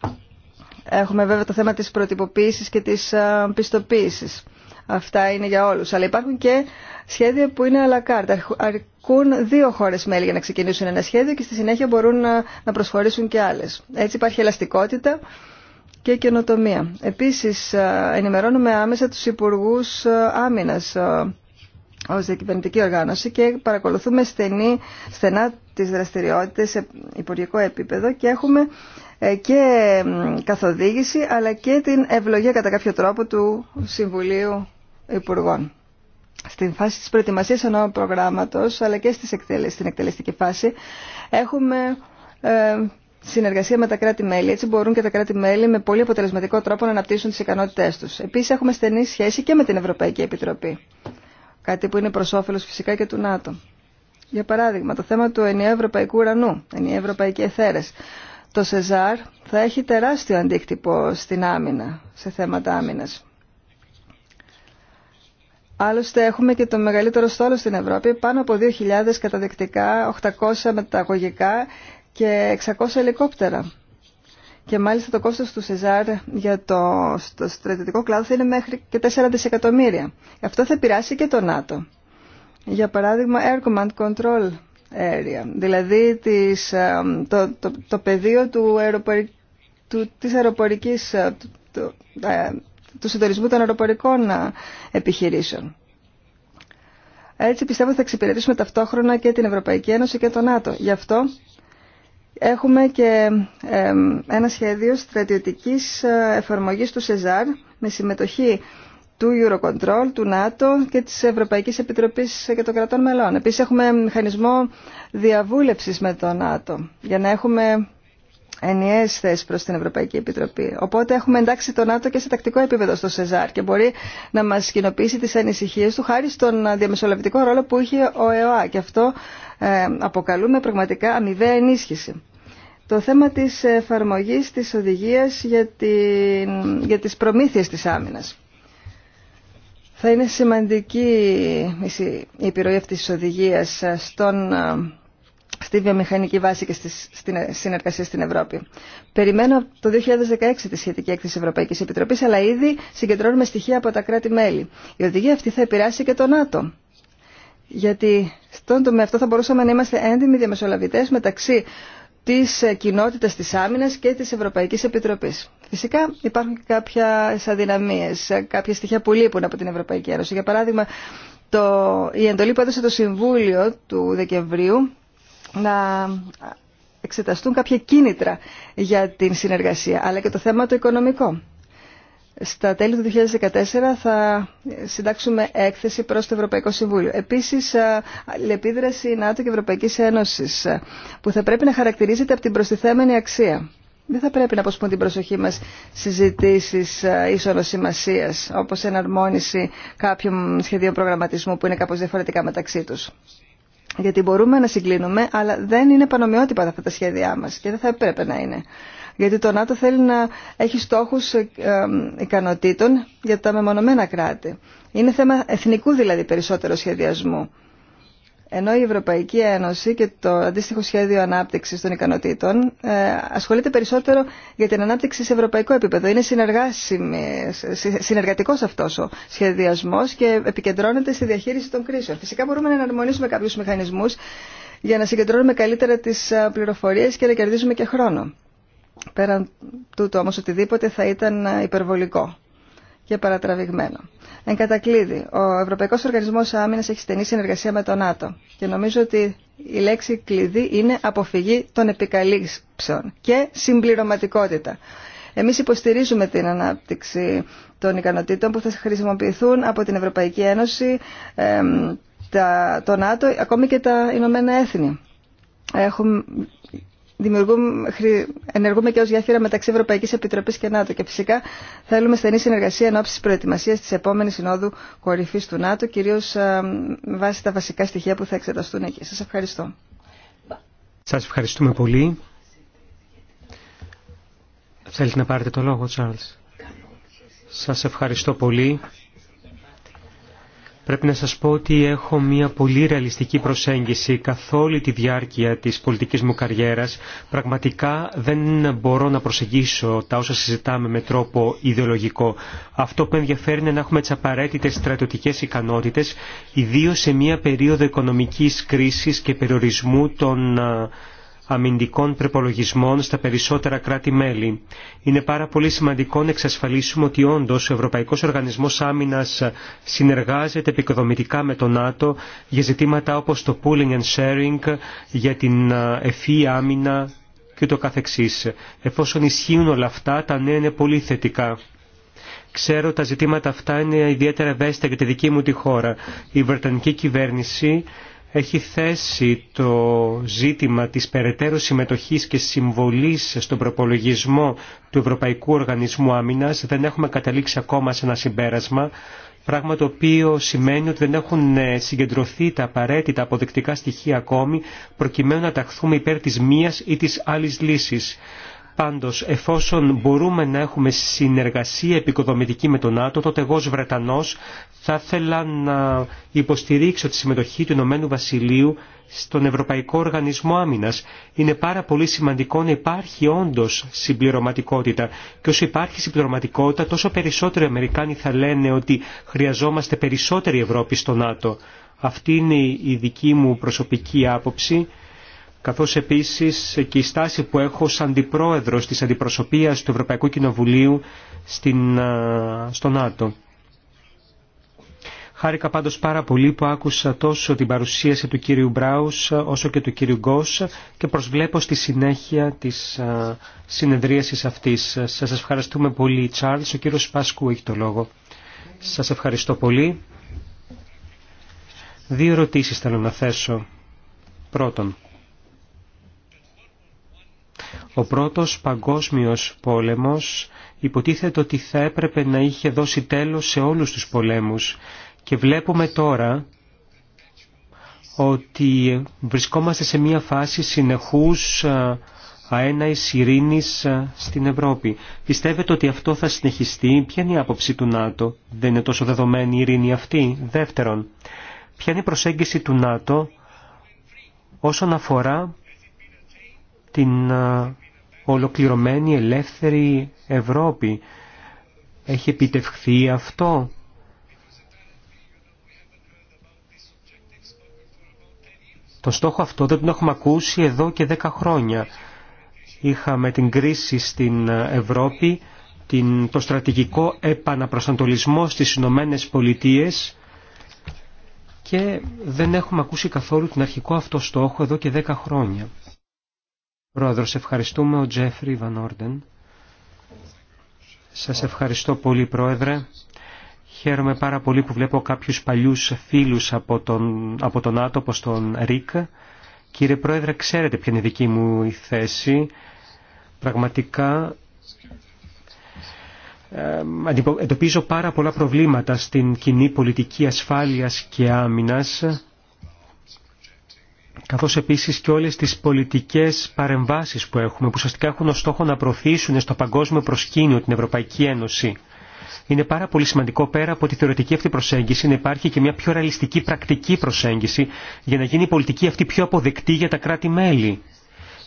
Έχουμε βέβαια το θέμα της προτυποποίησης και της ε, πιστοποίησης. Αυτά είναι για όλους. Αλλά υπάρχουν και σχέδια που είναι αλακάρτα. Αρκούν δύο χώρες μέλη για να ξεκινήσουν ένα σχέδιο και στη συνέχεια μπορούν να προσχωρήσουν και άλλες. Έτσι υπάρχει ελαστικότητα και καινοτομία. Επίσης, ενημερώνουμε άμεσα τους Υπουργούς Άμυνας ως διακυβερνητική οργάνωση και παρακολουθούμε στενή, στενά τις δραστηριότητες σε υπουργικό επίπεδο και έχουμε ε, και καθοδήγηση αλλά και την ευλογία κατά κάποιο τρόπο του Συμβουλίου Υπουργών. Στην φάση της προετοιμασίας ενός προγράμματος αλλά και στην εκτελεστική φάση έχουμε ε, συνεργασία με τα κράτη-μέλη. Έτσι μπορούν και τα κράτη-μέλη με πολύ αποτελεσματικό τρόπο να αναπτύσσουν τι ικανότητέ του. Επίση έχουμε στενή σχέση και με την Ευρωπαϊκή Επιτροπή. Κάτι που είναι προ όφελο φυσικά και του ΝΑΤΟ. Για παράδειγμα, το θέμα του ενιαίου ευρωπαϊκού ουρανού, ενιαίου ευρωπαϊκή εθέρε. Το ΣΕΖΑΡ θα έχει τεράστιο αντίκτυπο στην άμυνα, σε θέματα άμυνας. Άλλωστε έχουμε και το μεγαλύτερο στόλο στην Ευρώπη, πάνω από 2.000 καταδεκτικά, 800 μεταγωγικά και 600 ελικόπτερα. Και μάλιστα το κόστος του Σεζάρ για το το στρατιωτικό κλάδο θα είναι μέχρι και 4 δισεκατομμύρια. Αυτό θα επηρεάσει και το ΝΑΤΟ. Για παράδειγμα, Air Command Control Area, δηλαδή ε, το, το, το πεδίο του, αεροπορικ, του της αεροπορικής, ε, του, του ε, συντορισμού των αεροπορικών επιχειρήσεων. Έτσι πιστεύω θα εξυπηρετήσουμε ταυτόχρονα και την Ευρωπαϊκή Ένωση και το ΝΑΤΟ. Γι' αυτό Έχουμε και ένα σχέδιο στρατιωτικής ε, εφαρμογής του ΣΕΖΑΡ με συμμετοχή του Eurocontrol, του ΝΑΤΟ και της Ευρωπαϊκής Επιτροπής και των κρατών μελών. Επίσης έχουμε μηχανισμό διαβούλευσης με το ΝΑΤΟ για να έχουμε ενιαίε θέσει προ την Ευρωπαϊκή Επιτροπή. Οπότε έχουμε εντάξει τον ΝΑΤΟ και σε τακτικό επίπεδο στο ΣΕΖΑΡ και μπορεί να μα κοινοποιήσει τι ανησυχίε του χάρη στον διαμεσολαβητικό ρόλο που είχε ο ΕΟΑ. Και αυτό ε, αποκαλούμε πραγματικά αμοιβαία ενίσχυση. Το θέμα τη εφαρμογή τη οδηγία για, για τι προμήθειε τη άμυνα. Θα είναι σημαντική η επιρροή αυτής της οδηγίας στον ε, στη βιομηχανική βάση και στη συνεργασία στην Ευρώπη. Περιμένω το 2016 τη σχετική έκθεση Ευρωπαϊκής Επιτροπής, αλλά ήδη συγκεντρώνουμε στοιχεία από τα κράτη-μέλη. Η οδηγία αυτή θα επηρεάσει και το ΝΑΤΟ. Γιατί στον τομέα αυτό θα μπορούσαμε να είμαστε έντιμοι διαμεσολαβητές μεταξύ τη κοινότητα τη Άμυνα και τη Ευρωπαϊκή Επιτροπή. Φυσικά υπάρχουν και κάποιες αδυναμίες, κάποια στοιχεία που λείπουν από την Ευρωπαϊκή Ένωση. Για παράδειγμα, το, η εντολή που έδωσε το Συμβούλιο του Δεκεμβρίου να εξεταστούν κάποια κίνητρα για την συνεργασία, αλλά και το θέμα το οικονομικό. Στα τέλη του 2014 θα συντάξουμε έκθεση προς το Ευρωπαϊκό Συμβούλιο. Επίσης, αλληλεπίδραση ΝΑΤΟ και Ευρωπαϊκής Ένωσης, που θα πρέπει να χαρακτηρίζεται από την προστιθέμενη αξία. Δεν θα πρέπει να αποσπούν την προσοχή μας συζητήσεις ίσονος σημασία, όπως εναρμόνιση κάποιων σχεδίων προγραμματισμού που είναι κάπως διαφορετικά μεταξύ τους γιατί μπορούμε να συγκλίνουμε, αλλά δεν είναι πανομοιότυπα αυτά τα σχέδιά μας και δεν θα έπρεπε να είναι. Γιατί το ΝΑΤΟ θέλει να έχει στόχους ε, ικανοτήτων για τα μεμονωμένα κράτη. Είναι θέμα εθνικού δηλαδή περισσότερο σχεδιασμού. Ενώ η Ευρωπαϊκή Ένωση και το αντίστοιχο σχέδιο ανάπτυξη των ικανοτήτων ε, ασχολείται περισσότερο για την ανάπτυξη σε ευρωπαϊκό επίπεδο. Είναι συνεργατικό αυτό ο σχεδιασμό και επικεντρώνεται στη διαχείριση των κρίσεων. Φυσικά μπορούμε να εναρμονίσουμε κάποιου μηχανισμού για να συγκεντρώνουμε καλύτερα τι ε, πληροφορίε και να κερδίζουμε και χρόνο. Πέραν τούτο όμω οτιδήποτε θα ήταν ε, υπερβολικό και παρατραβηγμένο. Εν κατακλείδη, ο Ευρωπαϊκό Οργανισμό Άμυνα έχει στενή συνεργασία με τον ΝΑΤΟ και νομίζω ότι η λέξη κλειδί είναι αποφυγή των επικαλύψεων και συμπληρωματικότητα. Εμείς υποστηρίζουμε την ανάπτυξη των ικανοτήτων που θα χρησιμοποιηθούν από την Ευρωπαϊκή Ένωση, τα, το ΝΑΤΟ, ακόμη και τα Ηνωμένα Έθνη. Έχουμε, ενεργούμε και ως γέφυρα μεταξύ Ευρωπαϊκής Επιτροπής και ΝΑΤΟ και φυσικά θέλουμε στενή συνεργασία εν ώψη προετοιμασίας της επόμενης συνόδου κορυφής του ΝΑΤΟ, κυρίως ε, με βάση τα βασικά στοιχεία που θα εξεταστούν εκεί. Σας ευχαριστώ. Σας ευχαριστούμε πολύ. Θέλετε να πάρετε το λόγο, Τσάρλς. Σας ευχαριστώ πολύ. Πρέπει να σας πω ότι έχω μια πολύ ρεαλιστική προσέγγιση καθ' όλη τη διάρκεια της πολιτικής μου καριέρας. Πραγματικά δεν μπορώ να προσεγγίσω τα όσα συζητάμε με τρόπο ιδεολογικό. Αυτό που ενδιαφέρει είναι να έχουμε τις απαραίτητες στρατιωτικές ικανότητες, ιδίως σε μια περίοδο οικονομικής κρίσης και περιορισμού των αμυντικών προπολογισμών στα περισσότερα κράτη-μέλη. Είναι πάρα πολύ σημαντικό να εξασφαλίσουμε ότι όντω ο Ευρωπαϊκό Οργανισμό Άμυνα συνεργάζεται επικοδομητικά με το ΝΑΤΟ για ζητήματα όπω το pooling and sharing, για την ευφύ άμυνα και το καθεξής. Εφόσον ισχύουν όλα αυτά, τα νέα είναι πολύ θετικά. Ξέρω τα ζητήματα αυτά είναι ιδιαίτερα ευαίσθητα για τη δική μου τη χώρα. Η Βρετανική κυβέρνηση έχει θέσει το ζήτημα της περαιτέρω συμμετοχής και συμβολής στον προπολογισμό του Ευρωπαϊκού Οργανισμού Άμυνας. Δεν έχουμε καταλήξει ακόμα σε ένα συμπέρασμα, πράγμα το οποίο σημαίνει ότι δεν έχουν ε, συγκεντρωθεί τα απαραίτητα αποδεκτικά στοιχεία ακόμη, προκειμένου να ταχθούμε υπέρ της μίας ή της άλλης λύσης. Πάντως, εφόσον μπορούμε να έχουμε συνεργασία επικοδομητική με τον ΝΑΤΟ, τότε εγώ ως Βρετανός θα ήθελα να υποστηρίξω τη συμμετοχή του Ηνωμένου Βασιλείου στον Ευρωπαϊκό Οργανισμό Άμυνας. Είναι πάρα πολύ σημαντικό να υπάρχει όντως συμπληρωματικότητα. Και όσο υπάρχει συμπληρωματικότητα, τόσο περισσότεροι Αμερικάνοι θα λένε ότι χρειαζόμαστε περισσότερη Ευρώπη στο ΝΑΤΟ. Αυτή είναι η δική μου προσωπική άποψη καθώς επίσης και η στάση που έχω σαν αντιπρόεδρος της αντιπροσωπείας του Ευρωπαϊκού Κοινοβουλίου στην, στο ΝΑΤΟ. Χάρηκα πάντως πάρα πολύ που άκουσα τόσο την παρουσίαση του κύριου Μπράους όσο και του κύριου Γκός και προσβλέπω στη συνέχεια της συνεδρίασης αυτής. Σας ευχαριστούμε πολύ Τσάρλς, ο κύριος Πάσκου έχει το λόγο. Σας ευχαριστώ πολύ. Δύο ερωτήσεις θέλω να θέσω. Πρώτον, ο πρώτος παγκόσμιος πόλεμος υποτίθεται ότι θα έπρεπε να είχε δώσει τέλος σε όλους τους πολέμους και βλέπουμε τώρα ότι βρισκόμαστε σε μια φάση συνεχούς αέναης ειρήνης στην Ευρώπη. Πιστεύετε ότι αυτό θα συνεχιστεί. Ποια είναι η άποψη του ΝΑΤΟ. Δεν είναι τόσο δεδομένη η ειρήνη αυτή. Δεύτερον, ποια είναι η προσέγγιση του ΝΑΤΟ όσον αφορά την ολοκληρωμένη ελεύθερη Ευρώπη. Έχει επιτευχθεί αυτό. Το στόχο αυτό δεν τον έχουμε ακούσει εδώ και δέκα χρόνια. Είχαμε την κρίση στην Ευρώπη, την, το στρατηγικό επαναπροσανατολισμό στις Ηνωμένε Πολιτείε, και δεν έχουμε ακούσει καθόλου τον αρχικό αυτό στόχο εδώ και δέκα χρόνια. Πρόεδρος, ευχαριστούμε ο Τζέφρι Βαν Όρντεν. Σας ευχαριστώ πολύ Πρόεδρε. Χαίρομαι πάρα πολύ που βλέπω κάποιους παλιούς φίλους από τον, από τον άτοπο στον ΡΙΚ. Κύριε Πρόεδρε, ξέρετε ποια είναι η δική μου η θέση. Πραγματικά εντοπίζω πάρα πολλά προβλήματα στην κοινή πολιτική ασφάλειας και άμυνας καθώς επίσης και όλες τις πολιτικές παρεμβάσεις που έχουμε, που ουσιαστικά έχουν ως στόχο να προωθήσουν στο παγκόσμιο προσκήνιο την Ευρωπαϊκή Ένωση. Είναι πάρα πολύ σημαντικό πέρα από τη θεωρητική αυτή προσέγγιση να υπάρχει και μια πιο ρεαλιστική πρακτική προσέγγιση για να γίνει η πολιτική αυτή πιο αποδεκτή για τα κράτη-μέλη.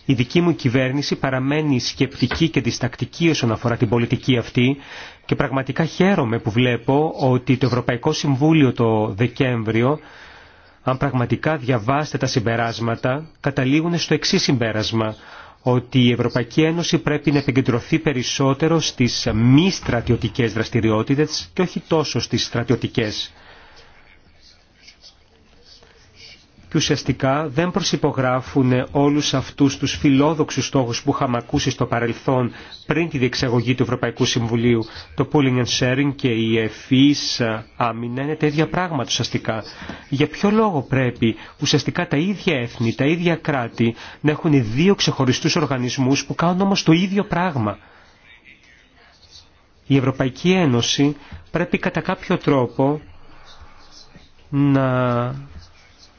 Η δική μου κυβέρνηση παραμένει σκεπτική και διστακτική όσον αφορά την πολιτική αυτή και πραγματικά χαίρομαι που βλέπω ότι το Ευρωπαϊκό Συμβούλιο το Δεκέμβριο αν πραγματικά διαβάστε τα συμπεράσματα, καταλήγουν στο εξή συμπέρασμα, ότι η Ευρωπαϊκή Ένωση πρέπει να επικεντρωθεί περισσότερο στις μη στρατιωτικές δραστηριότητες και όχι τόσο στις στρατιωτικές. και ουσιαστικά δεν προσυπογράφουν όλους αυτούς τους φιλόδοξους στόχους που είχαμε ακούσει στο παρελθόν πριν τη διεξαγωγή του Ευρωπαϊκού Συμβουλίου. Το pooling and sharing και η ευφύς άμυνα είναι τα ίδια πράγματα ουσιαστικά. Για ποιο λόγο πρέπει ουσιαστικά τα ίδια έθνη, τα ίδια κράτη να έχουν δύο ξεχωριστούς οργανισμούς που κάνουν όμως το ίδιο πράγμα. Η Ευρωπαϊκή Ένωση πρέπει κατά κάποιο τρόπο να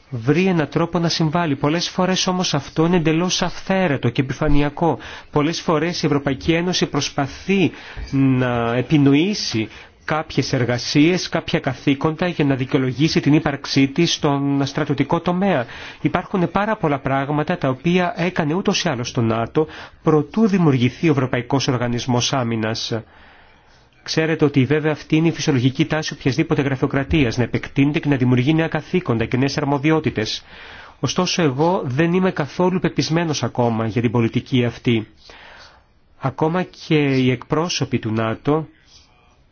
βρει έναν τρόπο να συμβάλλει. Πολλές φορές όμως αυτό είναι εντελώς αυθαίρετο και επιφανειακό. Πολλές φορές η Ευρωπαϊκή Ένωση προσπαθεί να επινοήσει κάποιες εργασίες, κάποια καθήκοντα για να δικαιολογήσει την ύπαρξή της στον στρατιωτικό τομέα. Υπάρχουν πάρα πολλά πράγματα τα οποία έκανε ούτως ή άλλως το ΝΑΤΟ προτού δημιουργηθεί ο Ευρωπαϊκός Οργανισμός Άμυνας. Ξέρετε ότι βέβαια αυτή είναι η φυσιολογική τάση οποιασδήποτε γραφειοκρατία να επεκτείνεται και να δημιουργεί νέα καθήκοντα και νέε αρμοδιότητε. Ωστόσο εγώ δεν είμαι καθόλου πεπισμένο ακόμα για την πολιτική αυτή. Ακόμα και οι εκπρόσωποι του ΝΑΤΟ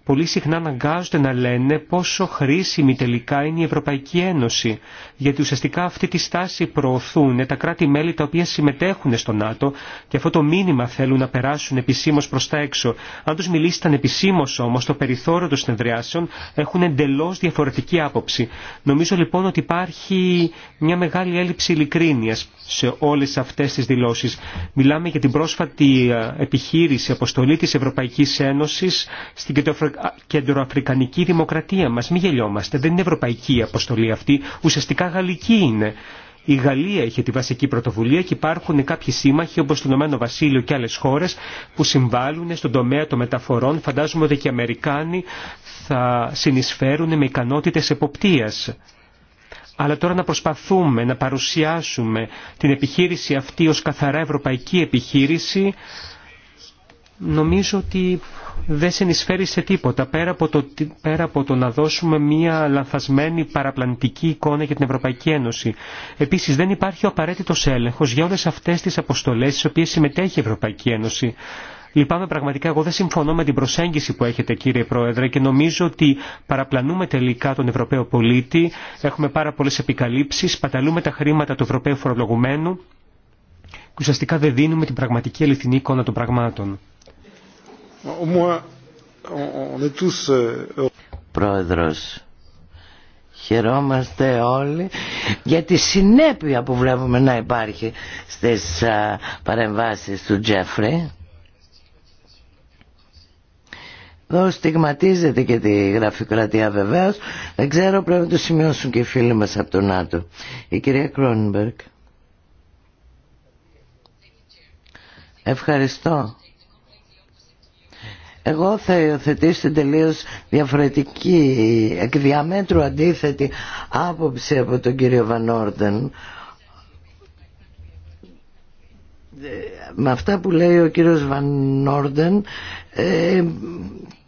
πολύ συχνά αναγκάζονται να λένε πόσο χρήσιμη τελικά είναι η Ευρωπαϊκή Ένωση, γιατί ουσιαστικά αυτή τη στάση προωθούν τα κράτη-μέλη τα οποία συμμετέχουν στο ΝΑΤΟ και αυτό το μήνυμα θέλουν να περάσουν επισήμω προ τα έξω. Αν του μιλήσετε επισήμω όμω το περιθώριο των συνεδριάσεων, έχουν εντελώ διαφορετική άποψη. Νομίζω λοιπόν ότι υπάρχει μια μεγάλη έλλειψη ειλικρίνεια σε όλε αυτέ τι δηλώσει. Μιλάμε για την πρόσφατη ε, επιχείρηση αποστολή τη Ευρωπαϊκή Ένωση στην κεντροαφρικανική δημοκρατία μας. Μην γελιόμαστε, δεν είναι ευρωπαϊκή η αποστολή αυτή, ουσιαστικά γαλλική είναι. Η Γαλλία είχε τη βασική πρωτοβουλία και υπάρχουν κάποιοι σύμμαχοι όπως το Ηνωμένο Βασίλειο και άλλες χώρες που συμβάλλουν στον τομέα των μεταφορών. Φαντάζομαι ότι και οι Αμερικάνοι θα συνεισφέρουν με ικανότητες εποπτείας. Αλλά τώρα να προσπαθούμε να παρουσιάσουμε την επιχείρηση αυτή ως καθαρά ευρωπαϊκή επιχείρηση νομίζω ότι δεν συνεισφέρει σε τίποτα πέρα από, το, πέρα από το να δώσουμε μία λανθασμένη παραπλανητική εικόνα για την Ευρωπαϊκή Ένωση. Επίση, δεν υπάρχει ο απαραίτητο έλεγχος για όλε αυτέ τι αποστολές στι οποίε συμμετέχει η Ευρωπαϊκή Ένωση. Λυπάμαι πραγματικά, εγώ δεν συμφωνώ με την προσέγγιση που έχετε κύριε Πρόεδρε και νομίζω ότι παραπλανούμε τελικά τον Ευρωπαίο πολίτη, έχουμε πάρα πολλέ επικαλύψει, παταλούμε τα χρήματα του Ευρωπαίου φορολογουμένου και ουσιαστικά δεν δίνουμε την πραγματική αληθινή εικόνα των πραγμάτων. Euh, Πρόεδρος, χαιρόμαστε όλοι για τη συνέπεια που βλέπουμε να υπάρχει στις α, παρεμβάσεις του Τζέφρι. Εδώ στιγματίζεται και τη γραφειοκρατία βεβαίω. Δεν ξέρω, πρέπει να το σημειώσουν και οι φίλοι μας από τον ΝΑΤΟ. Η κυρία Κρόνιμπεργκ. Ευχαριστώ. Εγώ θα υιοθετήσω την διαφορετική, εκ διαμέτρου αντίθετη άποψη από τον κύριο Βανόρντεν. Με αυτά που λέει ο κύριος Βανόρντεν ε,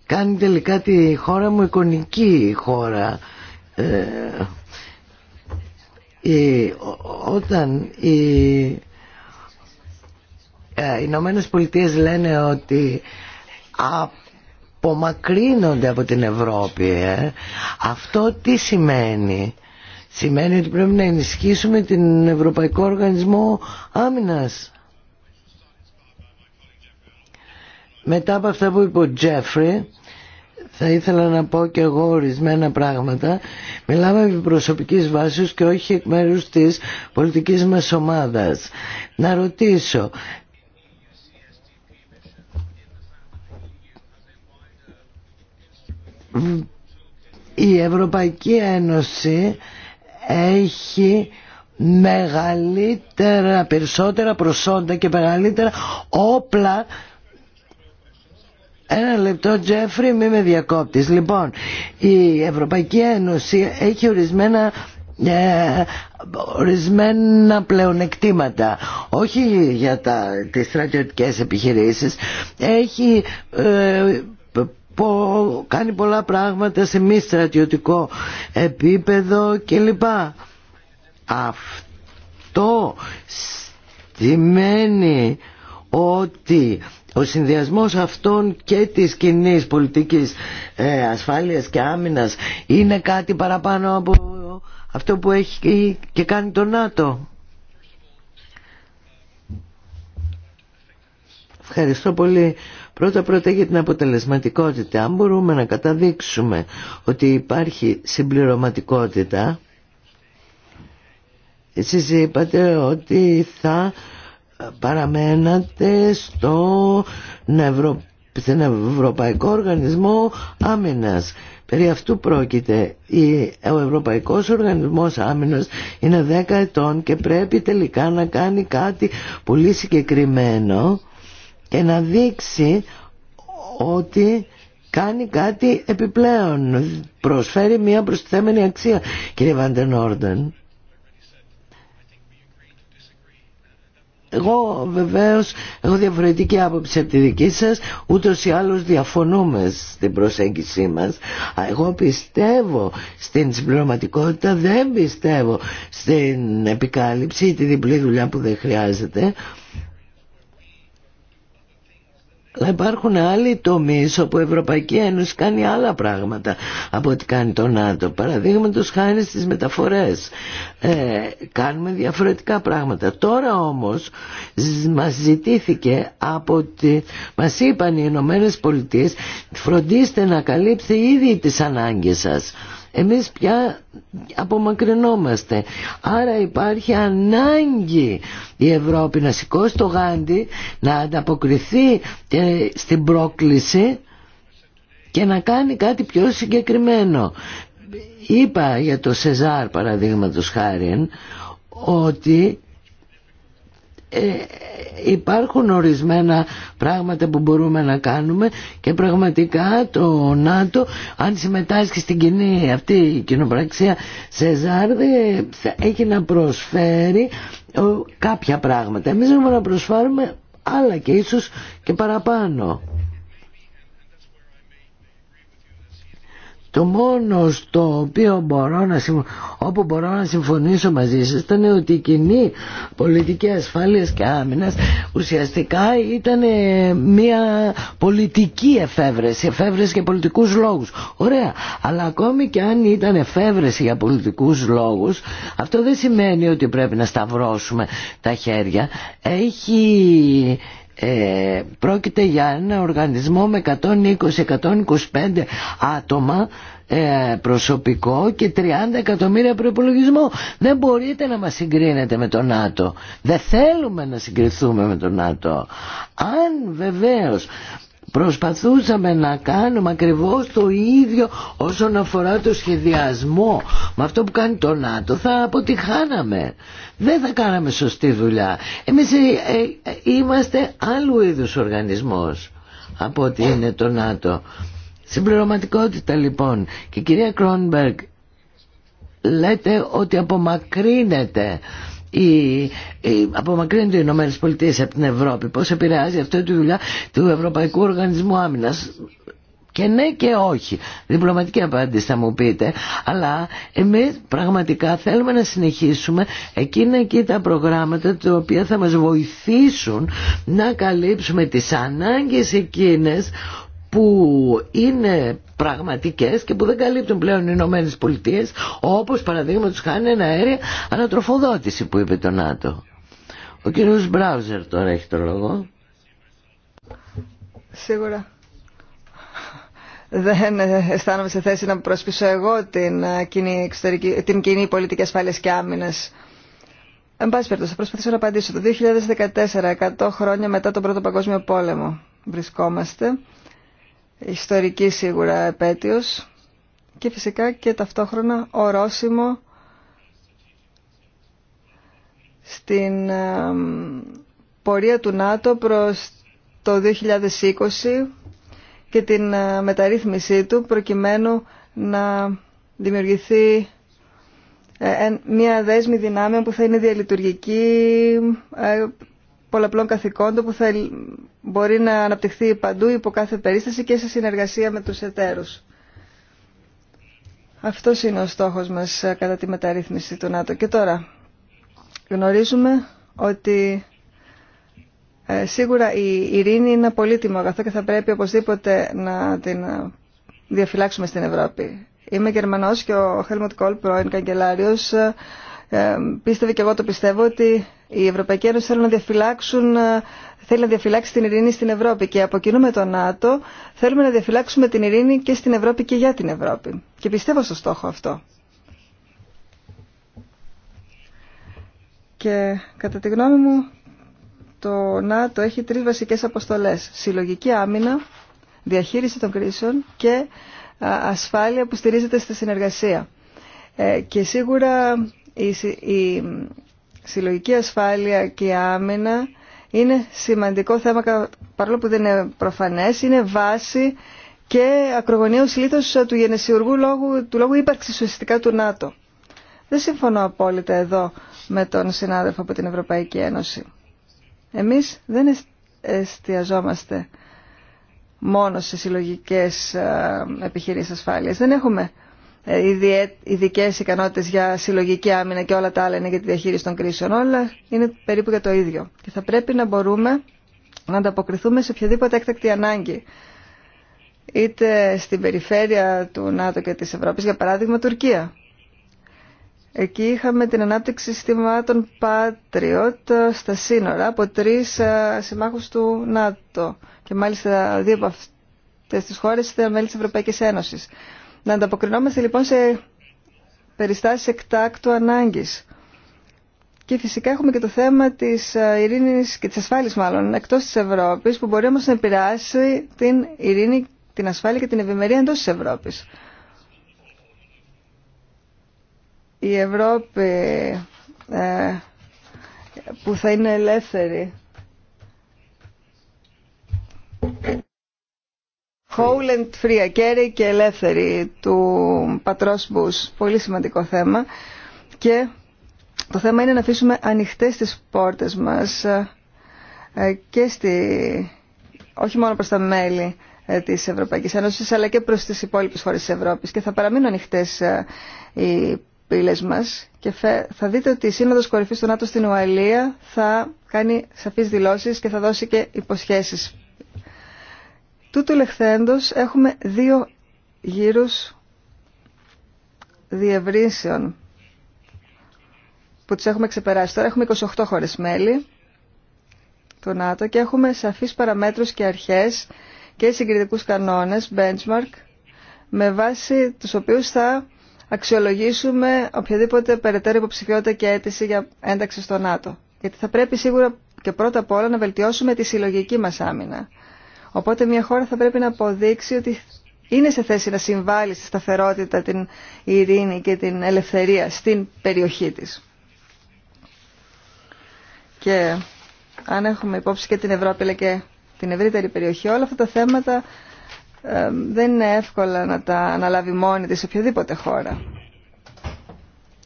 κάνει τελικά τη χώρα μου εικονική χώρα. Ε, η, όταν ε, οι Ηνωμένε Πολιτείες λένε ότι απομακρύνονται από την Ευρώπη. Ε. Αυτό τι σημαίνει. Σημαίνει ότι πρέπει να ενισχύσουμε την Ευρωπαϊκό Οργανισμό Άμυνας. Μετά από αυτά που είπε ο Τζέφρι, θα ήθελα να πω και εγώ ορισμένα πράγματα. Μιλάμε επί προσωπικής βάσης και όχι εκ μέρους της πολιτικής μας ομάδας. Να ρωτήσω, η Ευρωπαϊκή Ένωση έχει μεγαλύτερα, περισσότερα προσόντα και μεγαλύτερα όπλα ένα λεπτό Τζέφρι μη με διακόπτεις λοιπόν η Ευρωπαϊκή Ένωση έχει ορισμένα ε, ορισμένα πλεονεκτήματα όχι για τα, τις στρατιωτικές επιχειρήσεις έχει ε, κάνει πολλά πράγματα σε μη στρατιωτικό επίπεδο κλπ. Αυτό σημαίνει ότι ο συνδυασμός αυτών και της κοινή πολιτικής ε, ασφάλειας και άμυνας είναι κάτι παραπάνω από αυτό που έχει και κάνει το ΝΑΤΟ. Ευχαριστώ πολύ Πρώτα-πρώτα για την αποτελεσματικότητα. Αν μπορούμε να καταδείξουμε ότι υπάρχει συμπληρωματικότητα, εσείς είπατε ότι θα παραμένατε στο στην Ευρωπαϊκό Οργανισμό Άμυνας. Περί αυτού πρόκειται. Ο Ευρωπαϊκός Οργανισμός Άμυνας είναι 10 ετών και πρέπει τελικά να κάνει κάτι πολύ συγκεκριμένο και να δείξει ότι κάνει κάτι επιπλέον, προσφέρει μια προστιθέμενη αξία. Κύριε Βαντεν Όρντεν, εγώ βεβαίως έχω διαφορετική άποψη από τη δική σας, ούτως ή άλλως διαφωνούμε στην προσέγγιση μας. Εγώ πιστεύω στην συμπληρωματικότητα, δεν πιστεύω στην επικάλυψη ή τη διπλή δουλειά που δεν χρειάζεται. Αλλά υπάρχουν άλλοι τομεί όπου η Ευρωπαϊκή Ένωση κάνει άλλα πράγματα από ό,τι κάνει το ΝΑΤΟ. Παραδείγματο χάρη στι μεταφορέ. Ε, κάνουμε διαφορετικά πράγματα. Τώρα όμω μα ζητήθηκε από ότι Μα είπαν οι Ηνωμένε Πολιτείε, φροντίστε να καλύψετε ήδη τι ανάγκε σα. Εμείς πια απομακρυνόμαστε. Άρα υπάρχει ανάγκη η Ευρώπη να σηκώσει το γάντι, να ανταποκριθεί στην πρόκληση και να κάνει κάτι πιο συγκεκριμένο. Είπα για το Σεζάρ παραδείγματος χάριν ότι ε, υπάρχουν ορισμένα πράγματα που μπορούμε να κάνουμε και πραγματικά το ΝΑΤΟ αν συμμετάσχει στην κοινή αυτή η κοινοπραξία σε θα έχει να προσφέρει κάποια πράγματα. Εμείς μπορούμε να προσφέρουμε άλλα και ίσως και παραπάνω. Το μόνο στο οποίο μπορώ να, όπου μπορώ να συμφωνήσω μαζί σας ήταν ότι η κοινή πολιτική ασφάλειας και άμυνας ουσιαστικά ήταν ε, μια πολιτική εφεύρεση, εφεύρεση για πολιτικούς λόγους. Ωραία, αλλά ακόμη και αν ήταν εφεύρεση για πολιτικούς λόγους αυτό δεν σημαίνει ότι πρέπει να σταυρώσουμε τα χέρια. Έχει ε, πρόκειται για ένα οργανισμό με 120-125 άτομα ε, προσωπικό και 30 εκατομμύρια προπολογισμό. Δεν μπορείτε να μας συγκρίνετε με τον ΝΑΤΟ. Δεν θέλουμε να συγκριθούμε με τον ΝΑΤΟ. Αν βεβαίως προσπαθούσαμε να κάνουμε ακριβώς το ίδιο όσον αφορά το σχεδιασμό με αυτό που κάνει το ΝΑΤΟ θα αποτυχάναμε δεν θα κάναμε σωστή δουλειά εμείς ε, ε, είμαστε άλλου είδους οργανισμός από ότι είναι το ΝΑΤΟ συμπληρωματικότητα λοιπόν και κυρία Κρόνμπεργκ λέτε ότι απομακρύνεται η, η, απομακρύνονται οι Ηνωμένε Πολιτείε από την Ευρώπη. Πώς επηρεάζει αυτό τη δουλειά του Ευρωπαϊκού Οργανισμού Άμυνας. Και ναι και όχι. Διπλωματική απάντηση θα μου πείτε. Αλλά εμείς πραγματικά θέλουμε να συνεχίσουμε εκείνα και τα προγράμματα τα οποία θα μας βοηθήσουν να καλύψουμε τις ανάγκες εκείνες που είναι πραγματικές και που δεν καλύπτουν πλέον οι Ηνωμένε Πολιτείε, όπως παραδείγματος χάνει ένα αέρια ανατροφοδότηση που είπε το ΝΑΤΟ. Ο κύριος Μπράουζερ τώρα έχει το λόγο. Σίγουρα. Δεν αισθάνομαι σε θέση να προσπίσω εγώ την ε, κοινή, την κοινή πολιτική ασφάλειας και άμυνας. Εν πάση περιπτώσει, θα προσπαθήσω να απαντήσω. Το 2014, 100 χρόνια μετά τον Πρώτο Παγκόσμιο Πόλεμο, βρισκόμαστε ιστορική σίγουρα επέτειος και φυσικά και ταυτόχρονα ορόσημο στην πορεία του ΝΑΤΟ προς το 2020 και την ε, μεταρρύθμισή του προκειμένου να δημιουργηθεί ε, μια δέσμη δυνάμεων που θα είναι διαλειτουργική, ε, πολλαπλών καθηκόντων που θα μπορεί να αναπτυχθεί παντού υπό κάθε περίσταση και σε συνεργασία με τους εταίρους. Αυτό είναι ο στόχος μας ε, κατά τη μεταρρύθμιση του ΝΑΤΟ. Και τώρα γνωρίζουμε ότι ε, σίγουρα η ειρήνη είναι ένα πολύτιμο αγαθό και θα πρέπει οπωσδήποτε να την ε, διαφυλάξουμε στην Ευρώπη. Είμαι Γερμανός και ο Χέλμοντ Κόλ, πρώην καγκελάριος, ε, πίστευε και εγώ το πιστεύω ότι η Ευρωπαϊκή Ένωση θέλει να, διαφυλάξουν, ε, θέλει να διαφυλάξει την ειρήνη στην Ευρώπη και από κοινού με το ΝΑΤΟ θέλουμε να διαφυλάξουμε την ειρήνη και στην Ευρώπη και για την Ευρώπη. Και πιστεύω στο στόχο αυτό. Και κατά τη γνώμη μου το ΝΑΤΟ έχει τρεις βασικές αποστολές. Συλλογική άμυνα, διαχείριση των κρίσεων και ε, ασφάλεια που στηρίζεται στη συνεργασία. Και σίγουρα η συλλογική ασφάλεια και η άμυνα είναι σημαντικό θέμα, παρόλο που δεν είναι προφανές, είναι βάση και ακρογωνίως λίθος του γενεσιουργού λόγου, του λόγου ύπαρξης ουσιαστικά του ΝΑΤΟ. Δεν συμφωνώ απόλυτα εδώ με τον συνάδελφο από την Ευρωπαϊκή Ένωση. Εμείς δεν εστιαζόμαστε μόνο σε συλλογικές ε, επιχειρήσεις ασφάλειας. Δεν έχουμε ε, ειδικέ ικανότητε για συλλογική άμυνα και όλα τα άλλα είναι για τη διαχείριση των κρίσεων. Όλα είναι περίπου για το ίδιο. Και θα πρέπει να μπορούμε να ανταποκριθούμε σε οποιαδήποτε έκτακτη ανάγκη. Είτε στην περιφέρεια του ΝΑΤΟ και της Ευρώπης, για παράδειγμα Τουρκία. Εκεί είχαμε την ανάπτυξη συστημάτων Patriot ε, στα σύνορα από τρεις ε, συμμάχους του ΝΑΤΟ. Και μάλιστα δύο από αυτές τις χώρες ήταν μέλη της Ευρωπαϊκής Ένωσης. Να ανταποκρινόμαστε λοιπόν σε περιστάσεις εκτάκτου ανάγκης. Και φυσικά έχουμε και το θέμα της ε, ειρήνης και της ασφάλειας μάλλον εκτός της Ευρώπης που μπορεί όμως να επηρεάσει την ειρήνη, την ασφάλεια και την ευημερία εντός της Ευρώπης. Η Ευρώπη ε, που θα είναι ελεύθερη Χόουλεντ κέρι και Ελεύθερη του Πατρός Μπούς. Πολύ σημαντικό θέμα. Και το θέμα είναι να αφήσουμε ανοιχτές τις πόρτες μας ε, ε, και στη, όχι μόνο προς τα μέλη ε, της Ευρωπαϊκής Ένωσης αλλά και προς τις υπόλοιπες χώρες της Ευρώπης και θα παραμείνουν ανοιχτές οι πύλες μας και θα δείτε ότι η Σύνοδος Κορυφής του ΝΑΤΟ στην Ουαλία θα κάνει σαφείς δηλώσεις και θα δώσει και υποσχέσεις Τούτου λεχθέντος έχουμε δύο γύρους διευρύνσεων που τις έχουμε ξεπεράσει. Τώρα έχουμε 28 χώρες μέλη του ΝΑΤΟ και έχουμε σαφείς παραμέτρους και αρχές και συγκριτικούς κανόνες, benchmark, με βάση τους οποίους θα αξιολογήσουμε οποιαδήποτε περαιτέρω υποψηφιότητα και αίτηση για ένταξη στο ΝΑΤΟ. Γιατί θα πρέπει σίγουρα και πρώτα απ' όλα να βελτιώσουμε τη συλλογική μας άμυνα. Οπότε μια χώρα θα πρέπει να αποδείξει ότι είναι σε θέση να συμβάλλει στη σταθερότητα, την ειρήνη και την ελευθερία στην περιοχή της. Και αν έχουμε υπόψη και την Ευρώπη αλλά και την ευρύτερη περιοχή, όλα αυτά τα θέματα δεν είναι εύκολα να τα αναλάβει μόνη της οποιαδήποτε χώρα.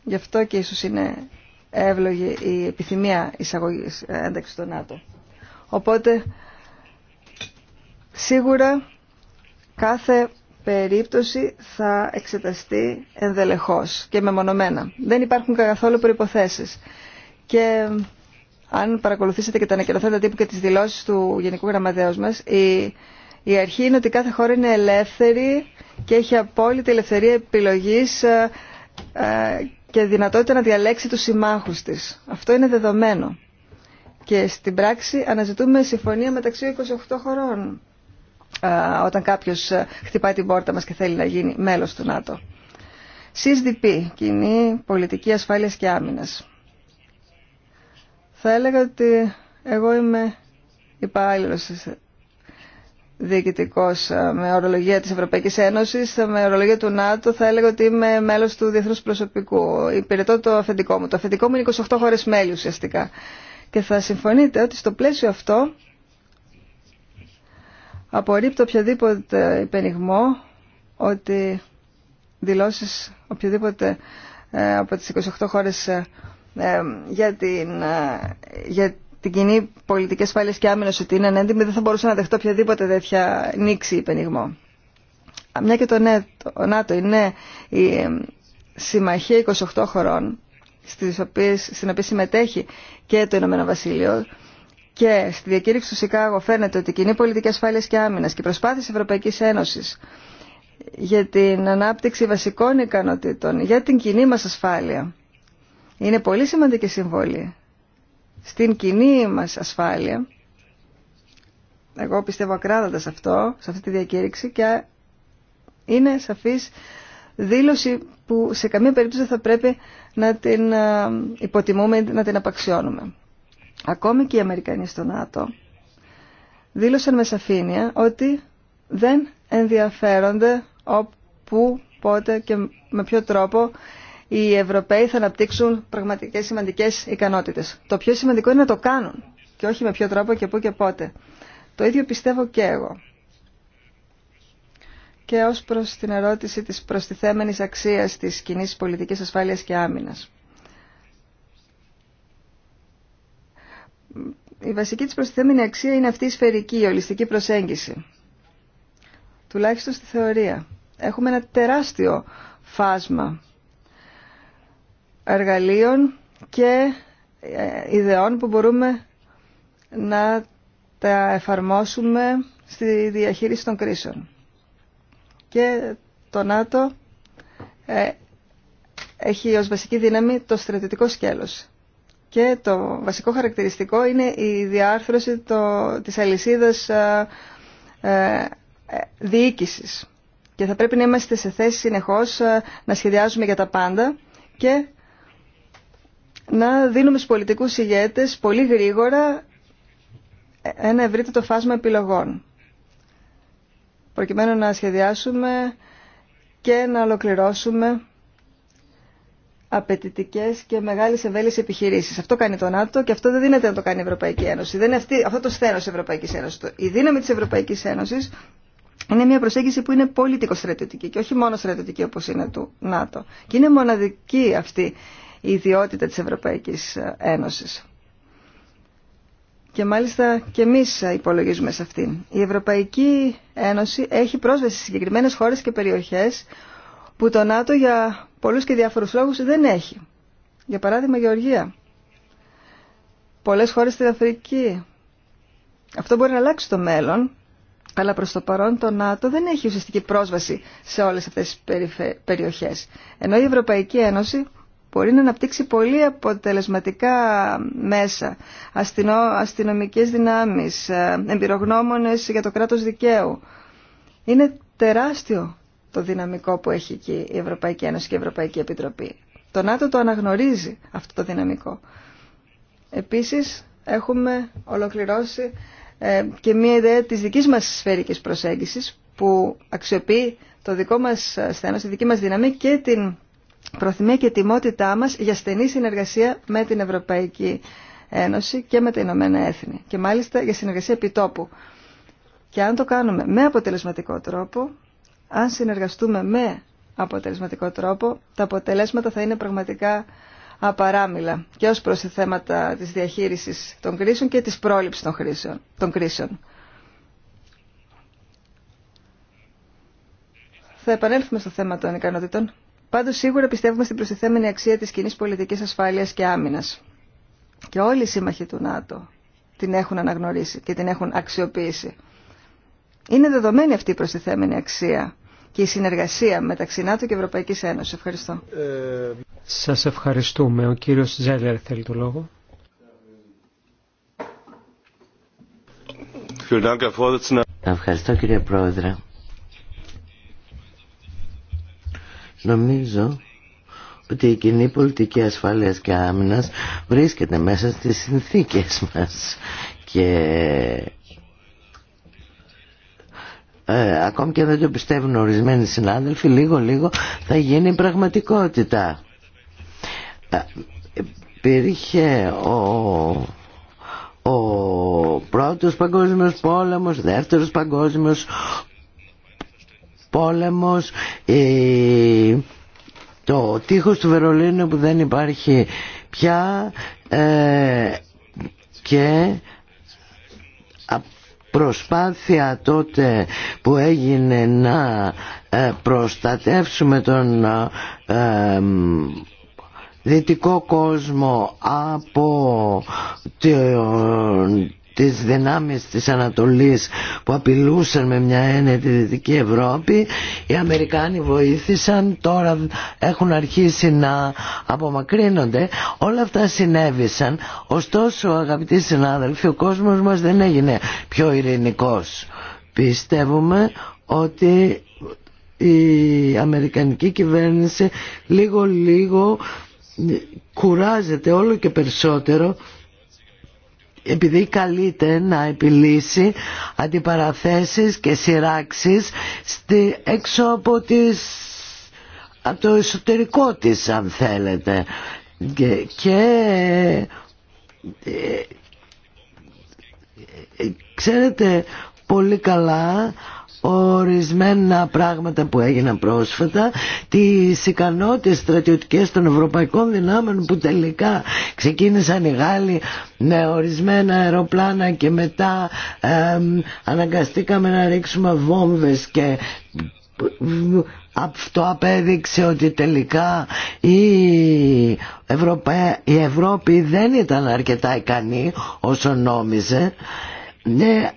Γι' αυτό και ίσως είναι εύλογη η επιθυμία εισαγωγής ε, ένταξης στο ΝΑΤΟ. Οπότε Σίγουρα κάθε περίπτωση θα εξεταστεί ενδελεχώς και μεμονωμένα. Δεν υπάρχουν καθόλου προϋποθέσεις. Και αν παρακολουθήσετε και τα ανακοινωθέντα τύπου και τις δηλώσεις του Γενικού Γραμματέως μας, η, η αρχή είναι ότι κάθε χώρα είναι ελεύθερη και έχει απόλυτη ελευθερία επιλογής ε, ε, και δυνατότητα να διαλέξει τους συμμάχους της. Αυτό είναι δεδομένο. Και στην πράξη αναζητούμε συμφωνία μεταξύ 28 χωρών όταν κάποιος ε, χτυπάει την πόρτα μας και θέλει να γίνει μέλος του ΝΑΤΟ. CSDP, Κοινή Πολιτική Ασφάλειας και Άμυνας. Θα έλεγα ότι εγώ είμαι υπάλληλο ε, διοικητικό ε, με ορολογία τη Ευρωπαϊκή Ένωση, με ορολογία του ΝΑΤΟ, θα έλεγα ότι είμαι μέλο του διεθνού προσωπικού. Υπηρετώ το αφεντικό μου. Το αφεντικό μου είναι 28 χώρε μέλη ουσιαστικά. Και θα συμφωνείτε ότι στο πλαίσιο αυτό Απορρίπτω οποιοδήποτε υπενιγμό ότι δηλώσεις οποιοδήποτε ε, από τις 28 χώρες ε, ε, για, την, για την κοινή πολιτική ασφάλεια και άμυνα ότι είναι ανέντιμη δεν θα μπορούσα να δεχτώ οποιαδήποτε τέτοια νήξη υπενιγμό. Μια και το ΝΑΤΟ είναι η συμμαχία 28 χωρών στην οποία συμμετέχει και το Ηνωμένο Βασίλειο και στη διακήρυξη του Σικάγο φαίνεται ότι η κοινή πολιτική ασφάλεια και άμυνα και προσπάθεια προσπάθειε Ευρωπαϊκή Ένωση για την ανάπτυξη βασικών ικανοτήτων, για την κοινή μα ασφάλεια, είναι πολύ σημαντική συμβολή στην κοινή μα ασφάλεια. Εγώ πιστεύω ακράδαντα σε αυτό, σε αυτή τη διακήρυξη και είναι σαφή δήλωση που σε καμία περίπτωση θα πρέπει να την ε, υποτιμούμε, να την απαξιώνουμε ακόμη και οι Αμερικανοί στο ΝΑΤΟ, δήλωσαν με σαφήνεια ότι δεν ενδιαφέρονται όπου, πότε και με ποιο τρόπο οι Ευρωπαίοι θα αναπτύξουν πραγματικές σημαντικές ικανότητες. Το πιο σημαντικό είναι να το κάνουν και όχι με ποιο τρόπο και πού και πότε. Το ίδιο πιστεύω και εγώ. Και ως προς την ερώτηση της προστιθέμενης αξίας της κοινή πολιτικής ασφάλειας και άμυνας. η βασική της προστιθέμενη αξία είναι αυτή η σφαιρική, η ολιστική προσέγγιση. Τουλάχιστον στη θεωρία. Έχουμε ένα τεράστιο φάσμα εργαλείων και ε, ιδεών που μπορούμε να τα εφαρμόσουμε στη διαχείριση των κρίσεων. Και το ΝΑΤΟ ε, έχει ως βασική δύναμη το στρατιωτικό σκέλος. Και το βασικό χαρακτηριστικό είναι η διάρθρωση το, της αλυσίδας ε, ε Και θα πρέπει να είμαστε σε θέση συνεχώς ε, να σχεδιάζουμε για τα πάντα και να δίνουμε στους πολιτικούς ηγέτες πολύ γρήγορα ένα ευρύτερο φάσμα επιλογών προκειμένου να σχεδιάσουμε και να ολοκληρώσουμε απαιτητικέ και μεγάλε ευέλικτε επιχειρήσει. Αυτό κάνει το ΝΑΤΟ και αυτό δεν δίνεται να το κάνει η Ευρωπαϊκή Ένωση. Δεν είναι αυτή, αυτό το σθένο τη Ευρωπαϊκή Ένωση. Η δύναμη τη Ευρωπαϊκή Ένωση είναι μια προσέγγιση που είναι πολιτικο-στρατιωτική και όχι μόνο στρατιωτική όπω είναι του ΝΑΤΟ. Και είναι μοναδική αυτή η ιδιότητα τη Ευρωπαϊκή Ένωση. Και μάλιστα και εμεί υπολογίζουμε σε αυτήν. Η Ευρωπαϊκή Ένωση έχει πρόσβαση σε συγκεκριμένε χώρε και περιοχέ που το ΝΑΤΟ για πολλούς και διάφορους λόγους δεν έχει. Για παράδειγμα Γεωργία. Πολλές χώρες στην Αφρική. Αυτό μπορεί να αλλάξει το μέλλον, αλλά προς το παρόν το ΝΑΤΟ δεν έχει ουσιαστική πρόσβαση σε όλες αυτές τις περιοχές. Ενώ η Ευρωπαϊκή Ένωση μπορεί να αναπτύξει πολύ αποτελεσματικά μέσα, αστυνο, αστυνομικές δυνάμεις, ε, εμπειρογνώμονες για το κράτος δικαίου. Είναι τεράστιο το δυναμικό που έχει εκεί η Ευρωπαϊκή Ένωση και η Ευρωπαϊκή Επιτροπή. Το ΝΑΤΟ το αναγνωρίζει αυτό το δυναμικό. Επίσης έχουμε ολοκληρώσει ε, και μία ιδέα της δικής μας σφαιρικής προσέγγισης που αξιοποιεί το δικό μας στένος, τη δική μας δύναμη και την προθυμία και τιμότητά μας για στενή συνεργασία με την Ευρωπαϊκή Ένωση και με τα Ηνωμένα Έθνη και μάλιστα για συνεργασία επιτόπου. Και αν το κάνουμε με αποτελεσματικό τρόπο αν συνεργαστούμε με αποτελεσματικό τρόπο, τα αποτελέσματα θα είναι πραγματικά απαράμιλα και ως προς τα θέματα της διαχείρισης των κρίσεων και της πρόληψης των, κρίσεων. Θα επανέλθουμε στο θέμα των ικανότητων. Πάντως σίγουρα πιστεύουμε στην προστιθέμενη αξία της κοινή πολιτικής ασφάλειας και άμυνας. Και όλοι οι σύμμαχοι του ΝΑΤΟ την έχουν αναγνωρίσει και την έχουν αξιοποιήσει. Είναι δεδομένη αυτή η προστιθέμενη αξία και η συνεργασία μεταξύ ΝΑΤΟ και Ευρωπαϊκή Ένωση. Ευχαριστώ. Ε... Σας ευχαριστούμε. Ο κύριος Ζέλερ θέλει το λόγο. Ευχαριστώ κύριε Πρόεδρε. Νομίζω ότι η κοινή πολιτική ασφάλειας και άμυνας βρίσκεται μέσα στις συνθήκες μας και ε, ακόμη και δεν το πιστεύουν ορισμένοι συνάδελφοι λίγο λίγο θα γίνει πραγματικότητα ε, υπήρχε ο ο πρώτος παγκόσμιος πόλεμος, δεύτερος παγκόσμιος πόλεμος, το τείχος του Βερολίνου που δεν υπάρχει πια ε, και προσπάθεια τότε που έγινε να ε, προστατεύσουμε τον ε, δυτικό κόσμο από το τις δυνάμεις της Ανατολής που απειλούσαν με μια έννοια τη Δυτική Ευρώπη οι Αμερικάνοι βοήθησαν τώρα έχουν αρχίσει να απομακρύνονται όλα αυτά συνέβησαν ωστόσο αγαπητοί συνάδελφοι ο κόσμος μας δεν έγινε πιο ειρηνικός πιστεύουμε ότι η Αμερικανική κυβέρνηση λίγο λίγο κουράζεται όλο και περισσότερο επειδή καλείται να επιλύσει αντιπαραθέσεις και σειράξεις στη, έξω από, το εσωτερικό της αν θέλετε και, και ε, ε, ξέρετε πολύ καλά ορισμένα πράγματα που έγιναν πρόσφατα, τις ικανότητες στρατιωτικές των ευρωπαϊκών δυνάμεων που τελικά ξεκίνησαν οι Γάλλοι με ορισμένα αεροπλάνα και μετά ε, αναγκαστήκαμε να ρίξουμε βόμβες και αυτό απέδειξε ότι τελικά η, Ευρωπα... η Ευρώπη δεν ήταν αρκετά ικανή όσο νόμιζε. Ναι,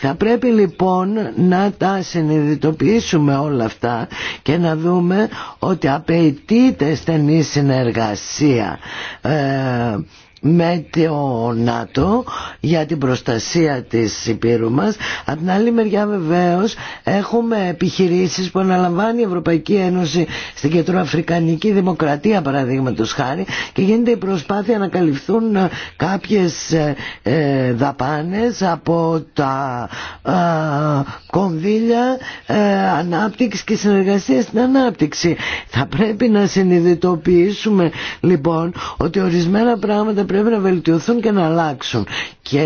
θα πρέπει λοιπόν να τα συνειδητοποιήσουμε όλα αυτά και να δούμε ότι απαιτείται στενή συνεργασία. Ε, με το ΝΑΤΟ για την προστασία της υπήρου μας. Από την άλλη μεριά βεβαίως έχουμε επιχειρήσεις που αναλαμβάνει η Ευρωπαϊκή Ένωση στην Κεντροαφρικανική Δημοκρατία παραδείγματος χάρη και γίνεται η προσπάθεια να καλυφθούν ε, κάποιες ε, ε, δαπάνες από τα ε, κονδύλια ε, ανάπτυξη και συνεργασία στην ανάπτυξη. Θα πρέπει να συνειδητοποιήσουμε λοιπόν ότι ορισμένα πράγματα πρέπει να βελτιωθούν και να αλλάξουν. Και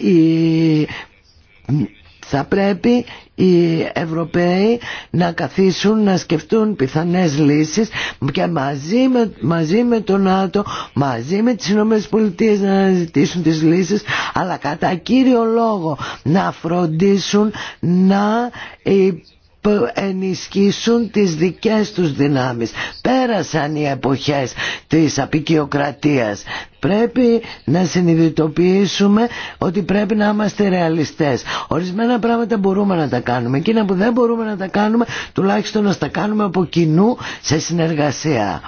η θα πρέπει οι Ευρωπαίοι να καθίσουν να σκεφτούν πιθανές λύσεις και μαζί με, μαζί με το ΝΑΤΟ, μαζί με τις ΗΠΑ να αναζητήσουν τις λύσεις αλλά κατά κύριο λόγο να φροντίσουν να ενισχύσουν τις δικές τους δυνάμεις. Πέρασαν οι εποχές της απεικιοκρατίας. Πρέπει να συνειδητοποιήσουμε ότι πρέπει να είμαστε ρεαλιστές. Ορισμένα πράγματα μπορούμε να τα κάνουμε. Εκείνα που δεν μπορούμε να τα κάνουμε τουλάχιστον να τα κάνουμε από κοινού σε συνεργασία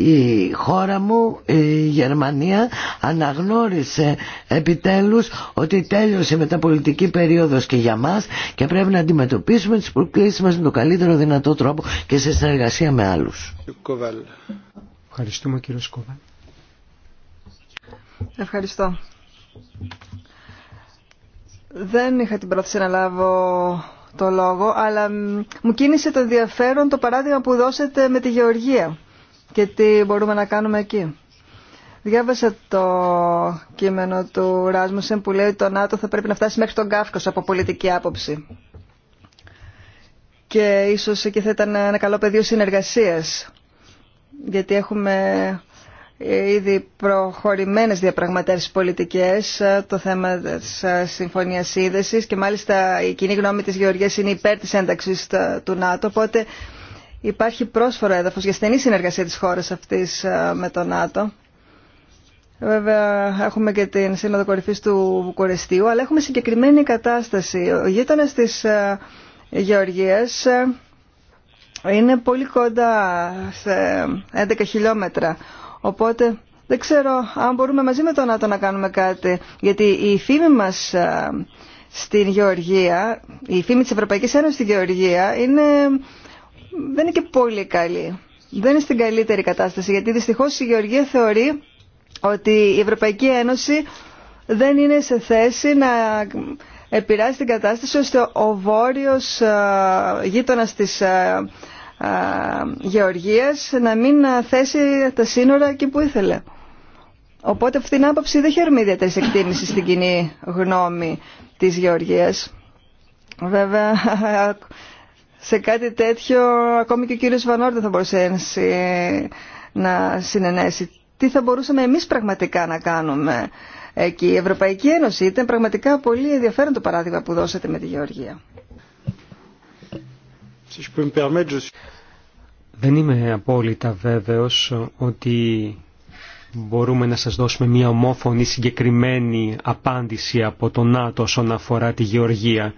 η χώρα μου, η Γερμανία, αναγνώρισε επιτέλους ότι τέλειωσε η μεταπολιτική περίοδος και για μας και πρέπει να αντιμετωπίσουμε τις προκλήσεις μας με τον καλύτερο δυνατό τρόπο και σε συνεργασία με άλλους. Ευχαριστούμε κύριο Σκόβα. Ευχαριστώ. Δεν είχα την πρόθεση να λάβω το λόγο, αλλά μου κίνησε το ενδιαφέρον το παράδειγμα που δώσετε με τη Γεωργία και τι μπορούμε να κάνουμε εκεί. Διάβασα το κείμενο του Ράσμουσεν που λέει ότι το ΝΑΤΟ θα πρέπει να φτάσει μέχρι τον Κάφκος από πολιτική άποψη. Και ίσως εκεί θα ήταν ένα καλό πεδίο συνεργασίας. Γιατί έχουμε ήδη προχωρημένες διαπραγματεύσεις πολιτικές το θέμα της συμφωνίας σύνδεσης και μάλιστα η κοινή γνώμη της Γεωργίας είναι υπέρ της ένταξης του ΝΑΤΟ, υπάρχει πρόσφορο έδαφος για στενή συνεργασία της χώρας αυτής ε, με το ΝΑΤΟ. Βέβαια, έχουμε και την Σύνοδο Κορυφής του Βουκουρεστίου, αλλά έχουμε συγκεκριμένη κατάσταση. Ο γείτονα της ε, Γεωργίας ε, είναι πολύ κοντά σε 11 χιλιόμετρα, οπότε... Δεν ξέρω αν μπορούμε μαζί με τον ΝΑΤΟ να κάνουμε κάτι, γιατί η φήμη μας στην Γεωργία, η φήμη της Ευρωπαϊκής Ένωσης στην Γεωργία είναι δεν είναι και πολύ καλή. Δεν είναι στην καλύτερη κατάσταση, γιατί δυστυχώς η Γεωργία θεωρεί ότι η Ευρωπαϊκή Ένωση δεν είναι σε θέση να επηρεάσει την κατάσταση ώστε ο βόρειος ε, γείτονας της ε, ε, Γεωργίας να μην θέσει τα σύνορα εκεί που ήθελε. Οπότε αυτή την άποψη δεν χαίρομαι ιδιαίτερη εκτίμηση στην κοινή γνώμη της Γεωργίας. Βέβαια, σε κάτι τέτοιο ακόμη και ο κύριος Βανόρ θα μπορούσε να συνενέσει. Τι θα μπορούσαμε εμείς πραγματικά να κάνουμε εκεί. Η Ευρωπαϊκή Ένωση ήταν πραγματικά πολύ ενδιαφέρον το παράδειγμα που δώσατε με τη Γεωργία. Δεν είμαι απόλυτα βέβαιος ότι μπορούμε να σας δώσουμε μια ομόφωνη συγκεκριμένη απάντηση από το ΝΑΤΟ όσον αφορά τη Γεωργία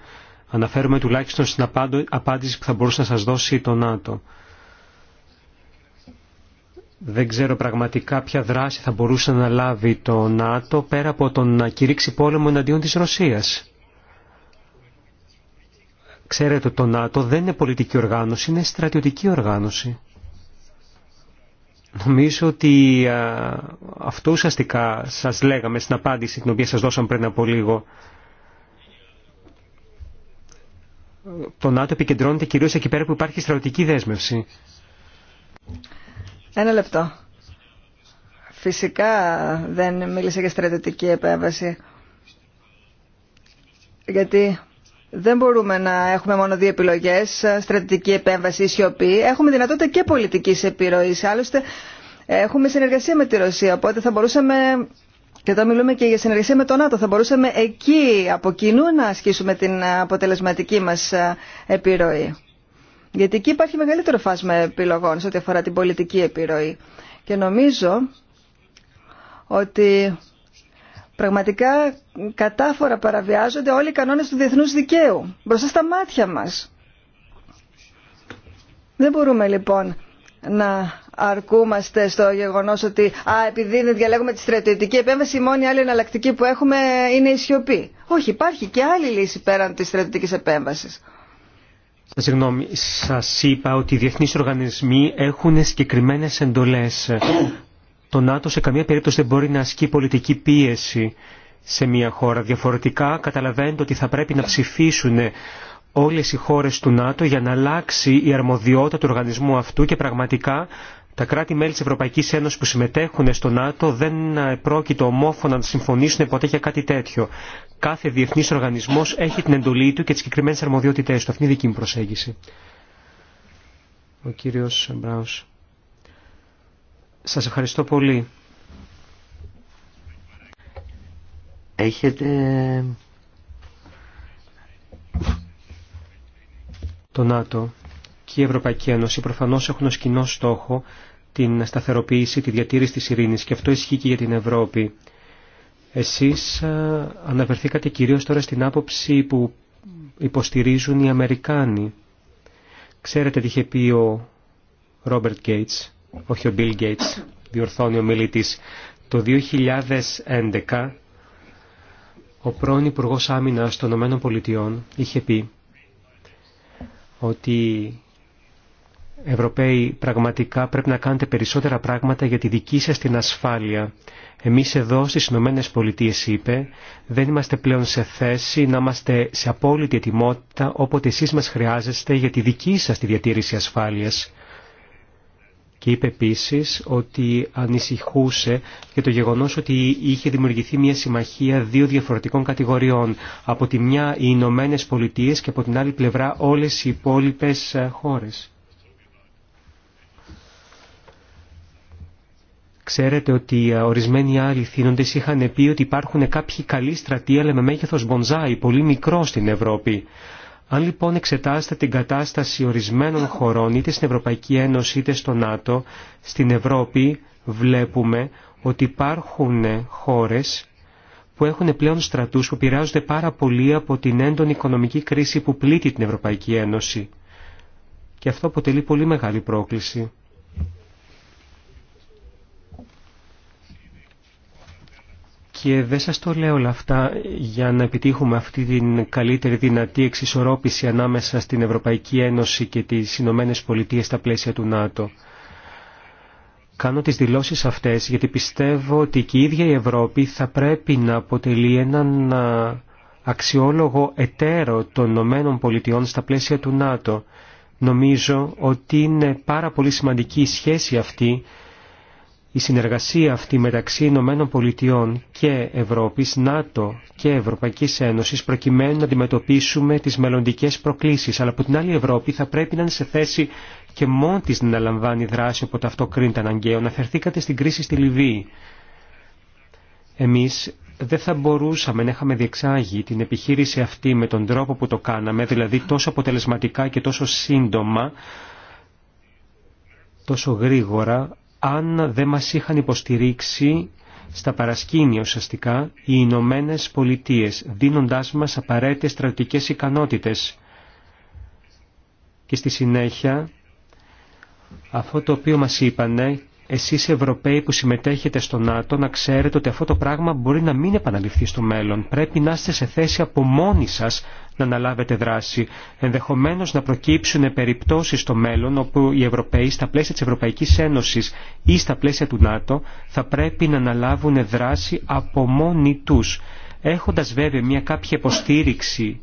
αναφέρομαι τουλάχιστον στην απάντηση που θα μπορούσε να σας δώσει το ΝΑΤΟ. Δεν ξέρω πραγματικά ποια δράση θα μπορούσε να λάβει το ΝΑΤΟ πέρα από τον να κηρύξει πόλεμο εναντίον της Ρωσίας. Ξέρετε το ΝΑΤΟ δεν είναι πολιτική οργάνωση, είναι στρατιωτική οργάνωση. Νομίζω ότι α, αυτό ουσιαστικά σας λέγαμε στην απάντηση την οποία σας δώσαμε πριν από λίγο το ΝΑΤΟ επικεντρώνεται κυρίω εκεί πέρα που υπάρχει στρατιωτική δέσμευση. Ένα λεπτό. Φυσικά δεν μίλησα για στρατιωτική επέμβαση. Γιατί δεν μπορούμε να έχουμε μόνο δύο επιλογέ, στρατιωτική επέμβαση ή σιωπή. Έχουμε δυνατότητα και πολιτική επιρροή. Άλλωστε, έχουμε συνεργασία με τη Ρωσία, οπότε θα μπορούσαμε και εδώ μιλούμε και για συνεργασία με τον ΝΑΤΟ. Θα μπορούσαμε εκεί από κοινού να ασκήσουμε την αποτελεσματική μας ε, επιρροή. Γιατί εκεί υπάρχει μεγαλύτερο φάσμα επιλογών σε ό,τι αφορά την πολιτική επιρροή. Και νομίζω ότι πραγματικά κατάφορα παραβιάζονται όλοι οι κανόνες του διεθνούς δικαίου μπροστά στα μάτια μας. Δεν μπορούμε λοιπόν να αρκούμαστε στο γεγονός ότι α, επειδή διαλέγουμε τη στρατιωτική επέμβαση η μόνη άλλη εναλλακτική που έχουμε είναι η σιωπή. Όχι, υπάρχει και άλλη λύση πέραν της στρατιωτικής επέμβασης. Ε, συγγνώμη, σας είπα ότι οι διεθνείς οργανισμοί έχουν συγκεκριμένε εντολές. Το ΝΑΤΟ σε καμία περίπτωση δεν μπορεί να ασκεί πολιτική πίεση σε μια χώρα. Διαφορετικά καταλαβαίνετε ότι θα πρέπει να ψηφίσουν όλες οι χώρες του ΝΑΤΟ για να αλλάξει η αρμοδιότητα του οργανισμού αυτού και πραγματικά τα κράτη-μέλη της Ευρωπαϊκής Ένωσης που συμμετέχουν στο ΝΑΤΟ δεν πρόκειται ομόφωνα να συμφωνήσουν ποτέ για κάτι τέτοιο. Κάθε διεθνής οργανισμός έχει την εντολή του και τις συγκεκριμένες αρμοδιότητές του. Αυτή είναι η δική μου προσέγγιση. Ο κύριος Μπράους. Σας ευχαριστώ πολύ. Έχετε Το ΝΑΤΟ και η Ευρωπαϊκή Ένωση προφανώς έχουν ως κοινό στόχο την σταθεροποίηση, τη διατήρηση της ειρήνης και αυτό ισχύει και για την Ευρώπη. Εσείς αναφερθήκατε κυρίως τώρα στην άποψη που υποστηρίζουν οι Αμερικάνοι. Ξέρετε τι είχε πει ο Ρόμπερτ Γκέιτς, όχι ο Μπιλ Γκέιτς, διορθώνει ο μιλήτης. Το 2011 ο πρώην Υπουργός Άμυνας των ΗΠΑ είχε πει ότι Ευρωπαίοι πραγματικά πρέπει να κάνετε περισσότερα πράγματα για τη δική σας την ασφάλεια. Εμείς εδώ στις Ηνωμένες Πολιτείες είπε δεν είμαστε πλέον σε θέση να είμαστε σε απόλυτη ετοιμότητα όποτε εσείς μας χρειάζεστε για τη δική σας τη διατήρηση ασφάλειας και είπε επίση ότι ανησυχούσε για το γεγονός ότι είχε δημιουργηθεί μια συμμαχία δύο διαφορετικών κατηγοριών. Από τη μια οι Ηνωμένε Πολιτείε και από την άλλη πλευρά όλες οι υπόλοιπε ε, χώρες. Ξέρετε ότι ε, ορισμένοι άλλοι θύνοντες είχαν πει ότι υπάρχουν κάποιοι καλοί στρατοί αλλά με μέγεθος μπονζάι, πολύ μικρό στην Ευρώπη. Αν λοιπόν εξετάσετε την κατάσταση ορισμένων χωρών είτε στην Ευρωπαϊκή Ένωση είτε στο ΝΑΤΟ, στην Ευρώπη βλέπουμε ότι υπάρχουν χώρες που έχουν πλέον στρατούς που πειράζονται πάρα πολύ από την έντονη οικονομική κρίση που πλήττει την Ευρωπαϊκή Ένωση. Και αυτό αποτελεί πολύ μεγάλη πρόκληση. Και δεν σας το λέω όλα αυτά για να επιτύχουμε αυτή την καλύτερη δυνατή εξισορρόπηση ανάμεσα στην Ευρωπαϊκή Ένωση και τις Ηνωμένε Πολιτείες στα πλαίσια του ΝΑΤΟ. Κάνω τις δηλώσεις αυτές γιατί πιστεύω ότι και η ίδια η Ευρώπη θα πρέπει να αποτελεί έναν αξιόλογο εταίρο των Ηνωμένων Πολιτειών στα πλαίσια του ΝΑΤΟ. Νομίζω ότι είναι πάρα πολύ σημαντική η σχέση αυτή η συνεργασία αυτή μεταξύ Ηνωμένων Πολιτειών και Ευρώπης, ΝΑΤΟ και Ευρωπαϊκής Ένωσης προκειμένου να αντιμετωπίσουμε τις μελλοντικέ προκλήσεις. Αλλά από την άλλη η Ευρώπη θα πρέπει να είναι σε θέση και μόνη της να λαμβάνει δράση όποτε αυτό κρίνεται αναγκαίο. Να φερθήκατε στην κρίση στη Λιβύη. Εμείς δεν θα μπορούσαμε να είχαμε διεξάγει την επιχείρηση αυτή με τον τρόπο που το κάναμε, δηλαδή τόσο αποτελεσματικά και τόσο σύντομα, τόσο γρήγορα, αν δεν μας είχαν υποστηρίξει στα παρασκήνια ουσιαστικά οι Ηνωμένε Πολιτείε, δίνοντάς μας απαραίτητες στρατιωτικές ικανότητες. Και στη συνέχεια αυτό το οποίο μας είπανε εσείς Ευρωπαίοι που συμμετέχετε στο ΝΑΤΟ να ξέρετε ότι αυτό το πράγμα μπορεί να μην επαναληφθεί στο μέλλον. Πρέπει να είστε σε θέση από μόνοι σας να αναλάβετε δράση. Ενδεχομένως να προκύψουν περιπτώσεις στο μέλλον όπου οι Ευρωπαίοι στα πλαίσια της Ευρωπαϊκής Ένωσης ή στα πλαίσια του ΝΑΤΟ θα πρέπει να αναλάβουν δράση από μόνοι τους. Έχοντας βέβαια μια κάποια υποστήριξη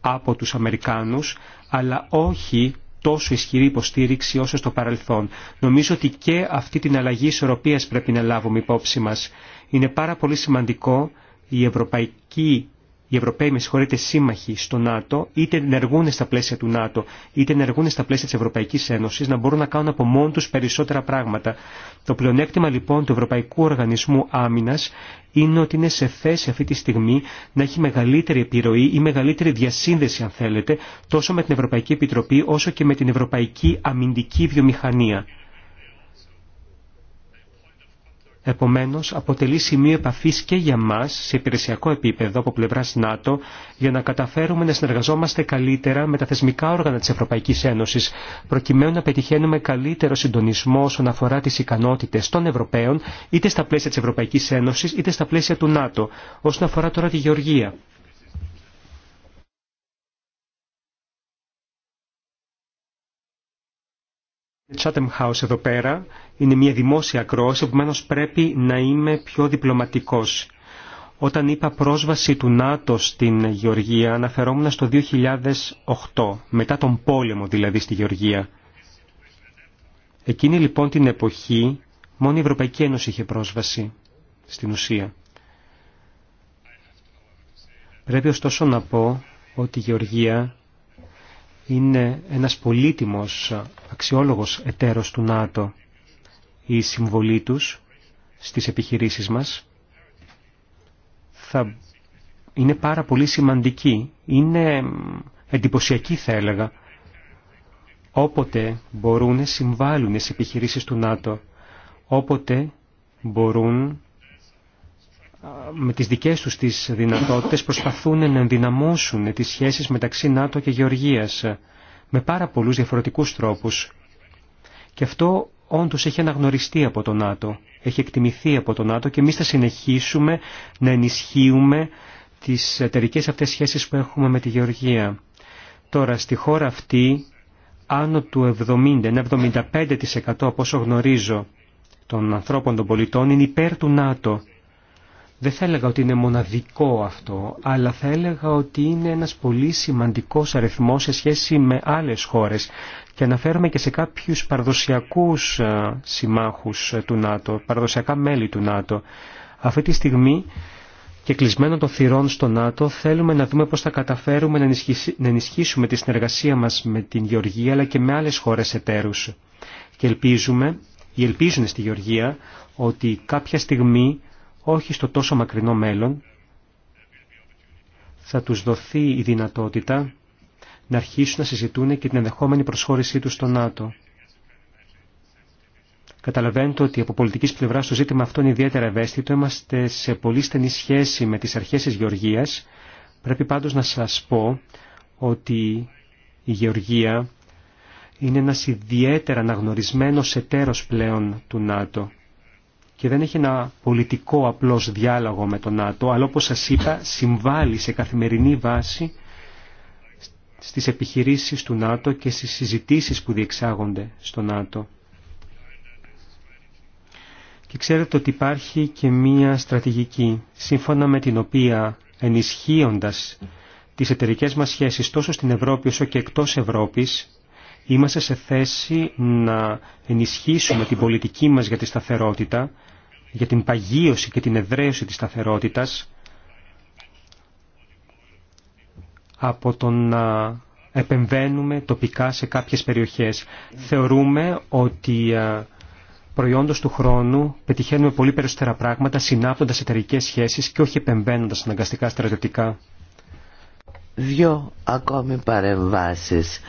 από τους Αμερικάνους, αλλά όχι τόσο ισχυρή υποστήριξη όσο στο παρελθόν. Νομίζω ότι και αυτή την αλλαγή ισορροπίας πρέπει να λάβουμε υπόψη μας. Είναι πάρα πολύ σημαντικό η ευρωπαϊκή οι Ευρωπαίοι, με συγχωρείτε, σύμμαχοι στο ΝΑΤΟ, είτε ενεργούν στα πλαίσια του ΝΑΤΟ, είτε ενεργούν στα πλαίσια τη Ευρωπαϊκή Ένωση, να μπορούν να κάνουν από μόνο του περισσότερα πράγματα. Το πλεονέκτημα λοιπόν του Ευρωπαϊκού Οργανισμού Άμυνα είναι ότι είναι σε θέση αυτή τη στιγμή να έχει μεγαλύτερη επιρροή ή μεγαλύτερη διασύνδεση, αν θέλετε, τόσο με την Ευρωπαϊκή Επιτροπή όσο και με την Ευρωπαϊκή Αμυντική Βιομηχανία. Επομένως, αποτελεί σημείο επαφής και για μας σε υπηρεσιακό επίπεδο από πλευράς ΝΑΤΟ για να καταφέρουμε να συνεργαζόμαστε καλύτερα με τα θεσμικά όργανα της Ευρωπαϊκής Ένωσης προκειμένου να πετυχαίνουμε καλύτερο συντονισμό όσον αφορά τις ικανότητες των Ευρωπαίων είτε στα πλαίσια της Ευρωπαϊκής Ένωσης είτε στα πλαίσια του ΝΑΤΟ όσον αφορά τώρα τη Γεωργία. Chatham House εδώ πέρα είναι μια δημόσια ακρόαση, επομένω πρέπει να είμαι πιο διπλωματικός. Όταν είπα πρόσβαση του ΝΑΤΟ στην Γεωργία, αναφερόμουν στο 2008, μετά τον πόλεμο δηλαδή στη Γεωργία. Εκείνη λοιπόν την εποχή, μόνο η Ευρωπαϊκή Ένωση είχε πρόσβαση στην ουσία. Πρέπει ωστόσο να πω ότι η Γεωργία είναι ένας πολύτιμος αξιόλογος εταίρος του ΝΑΤΟ η συμβολή τους στις επιχειρήσεις μας θα είναι πάρα πολύ σημαντική. Είναι εντυπωσιακή θα έλεγα. Όποτε μπορούν συμβάλλουν στις επιχειρήσεις του ΝΑΤΟ. Όποτε μπορούν με τις δικές τους τις δυνατότητες προσπαθούν να ενδυναμώσουν τις σχέσεις μεταξύ ΝΑΤΟ και Γεωργίας με πάρα πολλούς διαφορετικούς τρόπους. Και αυτό όντως έχει αναγνωριστεί από το ΝΑΤΟ, έχει εκτιμηθεί από το ΝΑΤΟ και εμεί θα συνεχίσουμε να ενισχύουμε τις εταιρικέ αυτές σχέσεις που έχουμε με τη Γεωργία. Τώρα, στη χώρα αυτή, άνω του 70, 75% από όσο γνωρίζω των ανθρώπων των πολιτών είναι υπέρ του ΝΑΤΟ. Δεν θα έλεγα ότι είναι μοναδικό αυτό, αλλά θα έλεγα ότι είναι ένας πολύ σημαντικός αριθμός σε σχέση με άλλες χώρες και αναφέρομαι και σε κάποιους παραδοσιακούς ε, συμμάχους ε, του ΝΑΤΟ, παραδοσιακά μέλη του ΝΑΤΟ. Αυτή τη στιγμή και κλεισμένο των θυρών στο ΝΑΤΟ θέλουμε να δούμε πώς θα καταφέρουμε να ενισχύσουμε τη συνεργασία μας με την Γεωργία αλλά και με άλλες χώρες εταίρους. Και ελπίζουμε, ή ελπίζουν στη Γεωργία, ότι κάποια στιγμή, όχι στο τόσο μακρινό μέλλον, θα τους δοθεί η δυνατότητα να αρχίσουν να συζητούν και την ενδεχόμενη προσχώρησή του στο ΝΑΤΟ. Καταλαβαίνετε ότι από πολιτική πλευρά το ζήτημα αυτό είναι ιδιαίτερα ευαίσθητο. Είμαστε σε πολύ στενή σχέση με τι αρχέ τη Γεωργία. Πρέπει πάντω να σα πω ότι η Γεωργία είναι ένα ιδιαίτερα αναγνωρισμένο εταίρο πλέον του ΝΑΤΟ και δεν έχει ένα πολιτικό απλώς διάλογο με το ΝΑΤΟ, αλλά όπως σας είπα συμβάλλει σε καθημερινή βάση στις επιχειρήσεις του ΝΑΤΟ και στις συζητήσεις που διεξάγονται στο ΝΑΤΟ. Και ξέρετε ότι υπάρχει και μία στρατηγική, σύμφωνα με την οποία ενισχύοντας τις εταιρικές μας σχέσεις τόσο στην Ευρώπη όσο και εκτός Ευρώπης, είμαστε σε θέση να ενισχύσουμε την πολιτική μας για τη σταθερότητα, για την παγίωση και την εδραίωση της σταθερότητας, από το να επεμβαίνουμε τοπικά σε κάποιες περιοχές. Θεωρούμε ότι προϊόντος του χρόνου πετυχαίνουμε πολύ περισσότερα πράγματα συνάπτοντας εταιρικέ σχέσεις και όχι επεμβαίνοντας αναγκαστικά στρατιωτικά. Δύο ακόμη παρεμβάσεις.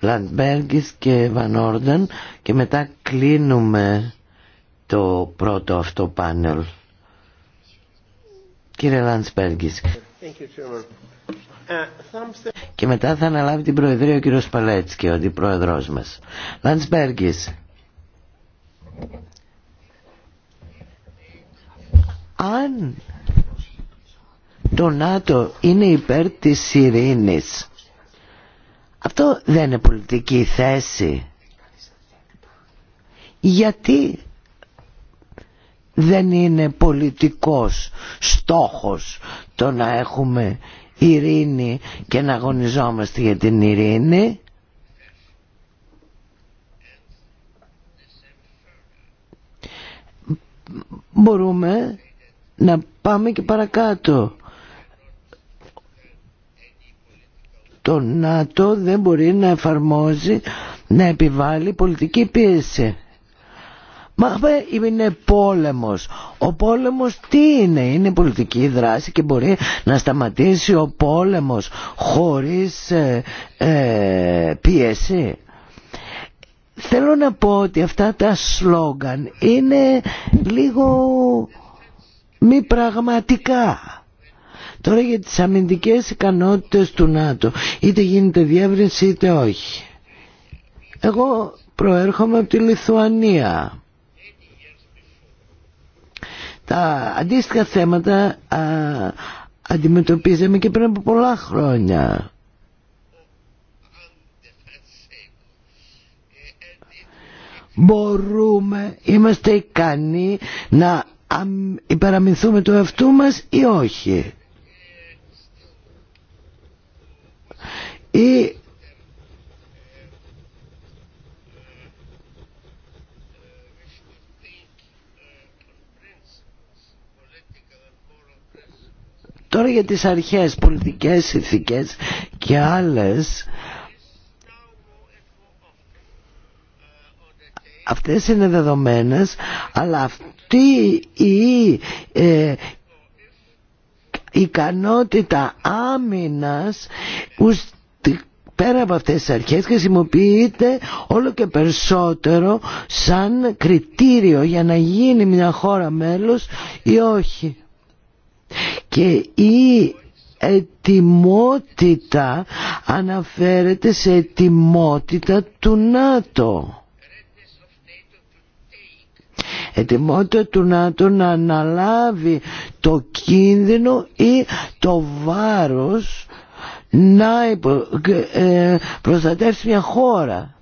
Λαντμπέργκης και Όρντεν και μετά κλείνουμε το πρώτο αυτό πάνελ. Κύριε Λαντμπέργκης και μετά θα αναλάβει την Προεδρία ο κ. Παλέτσκι, ο αντιπρόεδρός μας. Λαντσμπέργκη. Αν το ΝΑΤΟ είναι υπέρ της ειρήνης, αυτό δεν είναι πολιτική θέση. Γιατί δεν είναι πολιτικός στόχος το να έχουμε ειρήνη και να αγωνιζόμαστε για την ειρήνη μπορούμε να πάμε και παρακάτω το ΝΑΤΟ δεν μπορεί να εφαρμόζει να επιβάλλει πολιτική πίεση Μα ε, είναι πόλεμος. Ο πόλεμος τι είναι, είναι πολιτική δράση και μπορεί να σταματήσει ο πόλεμος χωρίς ε, ε, πίεση. Θέλω να πω ότι αυτά τα σλόγγαν είναι λίγο μη πραγματικά. Τώρα για τις αμυντικές ικανότητες του ΝΑΤΟ, είτε γίνεται διεύρυνση είτε όχι. Εγώ προέρχομαι από τη Λιθουανία τα αντίστοιχα θέματα α, αντιμετωπίζαμε και πριν από πολλά χρόνια. Μπορούμε, είμαστε ικανοί να υπεραμεινθούμε το εαυτού μας ή όχι. Ή Τώρα για τις αρχές, πολιτικές, ηθικές και άλλες αυτές είναι δεδομένες αλλά αυτή η ε, ικανότητα άμυνας πέρα από αυτές τις αρχές χρησιμοποιείται όλο και περισσότερο σαν κριτήριο για να γίνει μια χώρα μέλος ή όχι και η ετοιμότητα αναφέρεται σε ετοιμότητα του ΝΑΤΟ. Ετοιμότητα του ΝΑΤΟ να αναλάβει το κίνδυνο ή το βάρος να ε, προστατεύσει μια χώρα.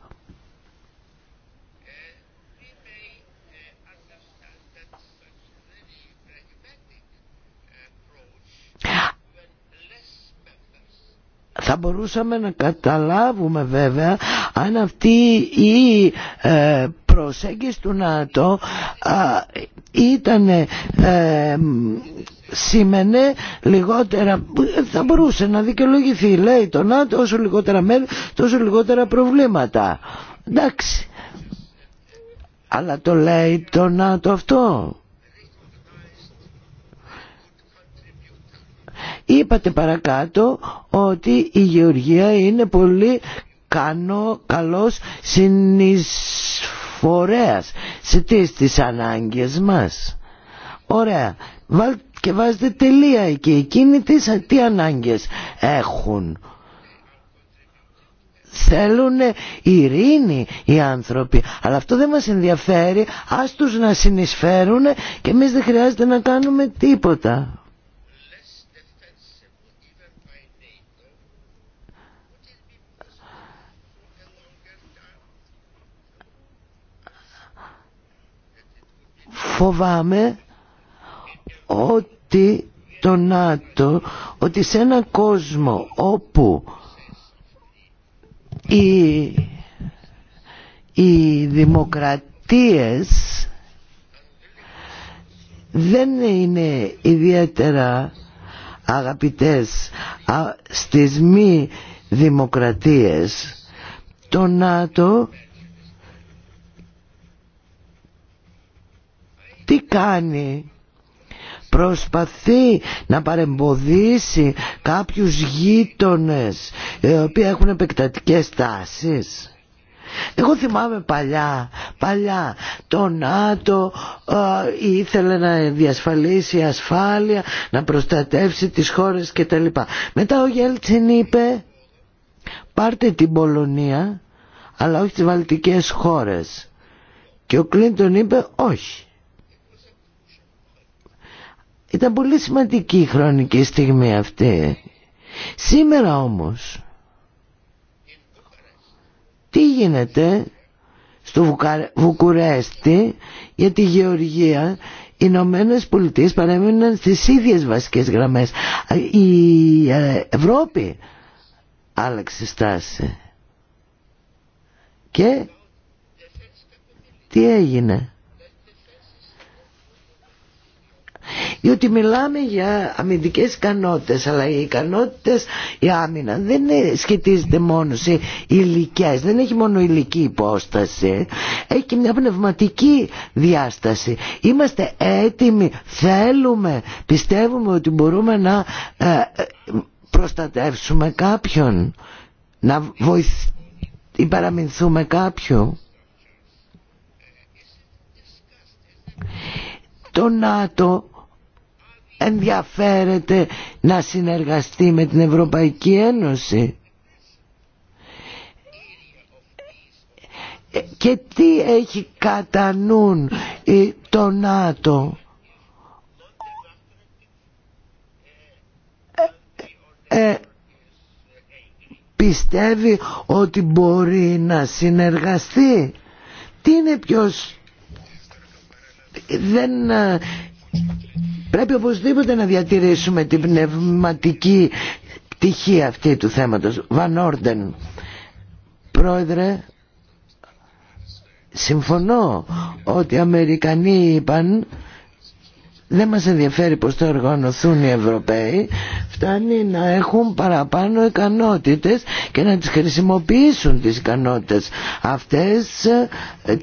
θα μπορούσαμε να καταλάβουμε βέβαια αν αυτή η ε, προσέγγιση του ΝΑΤΟ ήταν ε, σήμαινε λιγότερα θα μπορούσε να δικαιολογηθεί λέει το ΝΑΤΟ όσο λιγότερα μέλη τόσο λιγότερα προβλήματα εντάξει αλλά το λέει το ΝΑΤΟ αυτό Είπατε παρακάτω ότι η γεωργία είναι πολύ κάνω καλός συνεισφορέας σε τι στις ανάγκες μας. Ωραία. Και βάζετε τελεία εκεί. Εκείνοι τι, τι ανάγκες έχουν. Θέλουν ειρήνη οι άνθρωποι. Αλλά αυτό δεν μας ενδιαφέρει. Ας τους να συνεισφέρουν και εμείς δεν χρειάζεται να κάνουμε τίποτα. Φοβάμαι ότι το ΝΑΤΟ, ότι σε έναν κόσμο όπου οι, οι δημοκρατίες δεν είναι ιδιαίτερα αγαπητές στις μη δημοκρατίες το ΝΑΤΟ τι κάνει προσπαθεί να παρεμποδίσει κάποιους γείτονες ε, οι οποίοι έχουν επεκτατικές τάσεις. Εγώ θυμάμαι παλιά, παλιά το ΝΑΤΟ ε, ήθελε να διασφαλίσει ασφάλεια, να προστατεύσει τις χώρες κτλ. Μετά ο Γέλτσιν είπε πάρτε την Πολωνία αλλά όχι τις βαλτικές χώρες. Και ο Κλίντον είπε όχι. Ήταν πολύ σημαντική η χρονική στιγμή αυτή. Σήμερα όμως, τι γίνεται στο Βουκουρέστι για τη Γεωργία οι Ηνωμένε Πολιτείε παρέμειναν στις ίδιες βασικές γραμμές. Η ε, Ευρώπη άλλαξε στάση. Και τι έγινε. διότι μιλάμε για αμυντικές ικανότητες αλλά οι ικανότητες η άμυνα δεν σχετίζεται μόνο σε ηλικιές δεν έχει μόνο ηλική υπόσταση έχει και μια πνευματική διάσταση είμαστε έτοιμοι θέλουμε πιστεύουμε ότι μπορούμε να ε, προστατεύσουμε κάποιον να βοηθήσουμε ή παραμυνθούμε κάποιου το ΝΑΤΟ ενδιαφέρεται να συνεργαστεί με την Ευρωπαϊκή Ένωση και τι έχει κατά νου το ΝΑΤΟ ε, ε, πιστεύει ότι μπορεί να συνεργαστεί τι είναι ποιος δεν ε, Πρέπει οπωσδήποτε να διατηρήσουμε την πνευματική πτυχή αυτή του θέματος. Βαν Όρντεν, πρόεδρε, συμφωνώ ότι οι Αμερικανοί είπαν δεν μας ενδιαφέρει πως το οργανωθούν οι Ευρωπαίοι φτάνει να έχουν παραπάνω ικανότητες και να τις χρησιμοποιήσουν τις ικανότητες αυτές ε,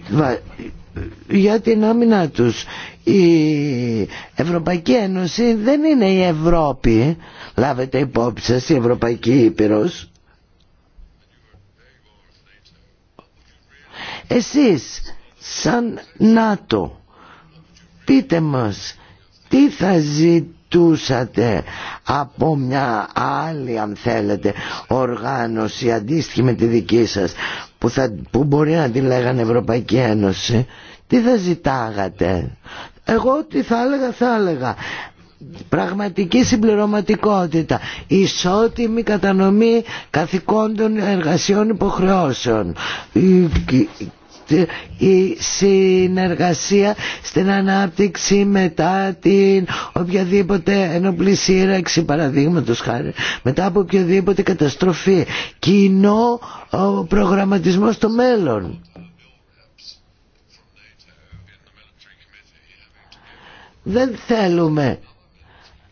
για την άμυνά τους η Ευρωπαϊκή Ένωση δεν είναι η Ευρώπη λάβετε υπόψη σας η Ευρωπαϊκή Ήπειρος εσείς σαν ΝΑΤΟ πείτε μας τι θα ζητούσατε από μια άλλη αν θέλετε οργάνωση αντίστοιχη με τη δική σας που, που μπορεί να τη λέγανε Ευρωπαϊκή Ένωση τι θα ζητάγατε εγώ τι θα έλεγα θα έλεγα πραγματική συμπληρωματικότητα, ισότιμη κατανομή καθηκόντων εργασιών υποχρεώσεων, η συνεργασία στην ανάπτυξη μετά την οποιαδήποτε ενόπλη σύραξη παραδείγματος χάρη μετά από οποιαδήποτε καταστροφή κοινό προγραμματισμό στο μέλλον Δεν θέλουμε,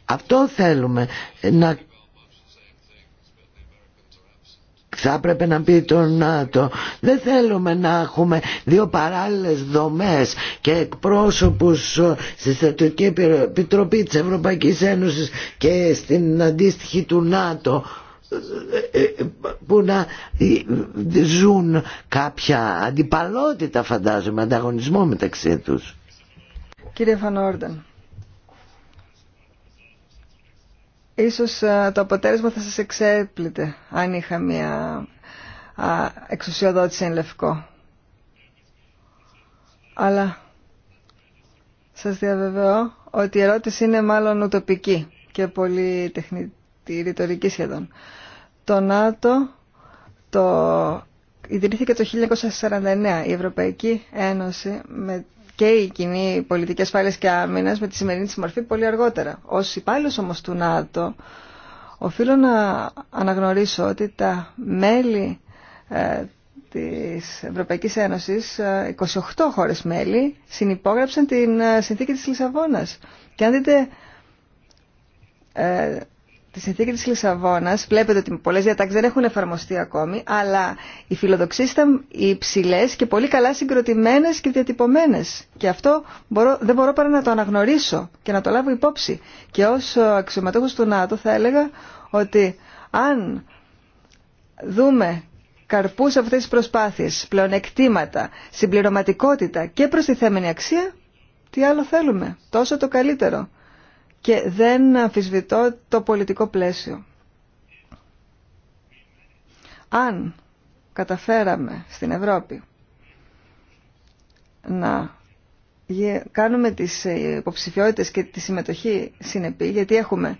αυτό θέλουμε, να θα έπρεπε να πει το ΝΑΤΟ. Δεν θέλουμε να έχουμε δύο παράλληλες δομές και εκπρόσωπους ε, στη Στρατιωτική Επιτροπή της Ευρωπαϊκής Ένωσης και στην αντίστοιχη του ΝΑΤΟ ε, ε, που να ζουν κάποια αντιπαλότητα φαντάζομαι, ανταγωνισμό μεταξύ τους. Κύριε Φανόρντεν, Ίσως ε, το αποτέλεσμα θα σας εξέπλητε αν είχα μια εξουσιοδότηση εν λευκό. Αλλά σας διαβεβαιώ ότι η ερώτηση είναι μάλλον ουτοπική και πολύ τεχνητή, ρητορική σχεδόν. Το ΝΑΤΟ το... ιδρύθηκε το 1949. Η Ευρωπαϊκή Ένωση με και η κοινή πολιτική ασφάλεια και άμυνα με τη σημερινή τη μορφή πολύ αργότερα. Ω υπάλληλο όμω του ΝΑΤΟ, οφείλω να αναγνωρίσω ότι τα μέλη ε, της Ευρωπαϊκής Ένωσης, 28 ε, χώρες μέλη, συνυπόγραψαν την ε, συνθήκη της Λισαβόνας. Και αν δείτε ε, Στη συνθήκη τη Λισαβόνα βλέπετε ότι πολλέ διατάξει δεν έχουν εφαρμοστεί ακόμη, αλλά οι φιλοδοξίε ήταν υψηλέ και πολύ καλά συγκροτημένες και διατυπωμένε. Και αυτό μπορώ, δεν μπορώ παρά να το αναγνωρίσω και να το λάβω υπόψη. Και ω αξιωματούχο του ΝΑΤΟ θα έλεγα ότι αν δούμε καρπούς αυτές τις προσπάθειες, πλεονεκτήματα, συμπληρωματικότητα και προστιθέμενη αξία, τι άλλο θέλουμε, τόσο το καλύτερο και δεν αμφισβητώ το πολιτικό πλαίσιο. Αν καταφέραμε στην Ευρώπη να κάνουμε τις υποψηφιότητες και τη συμμετοχή συνεπή, γιατί έχουμε,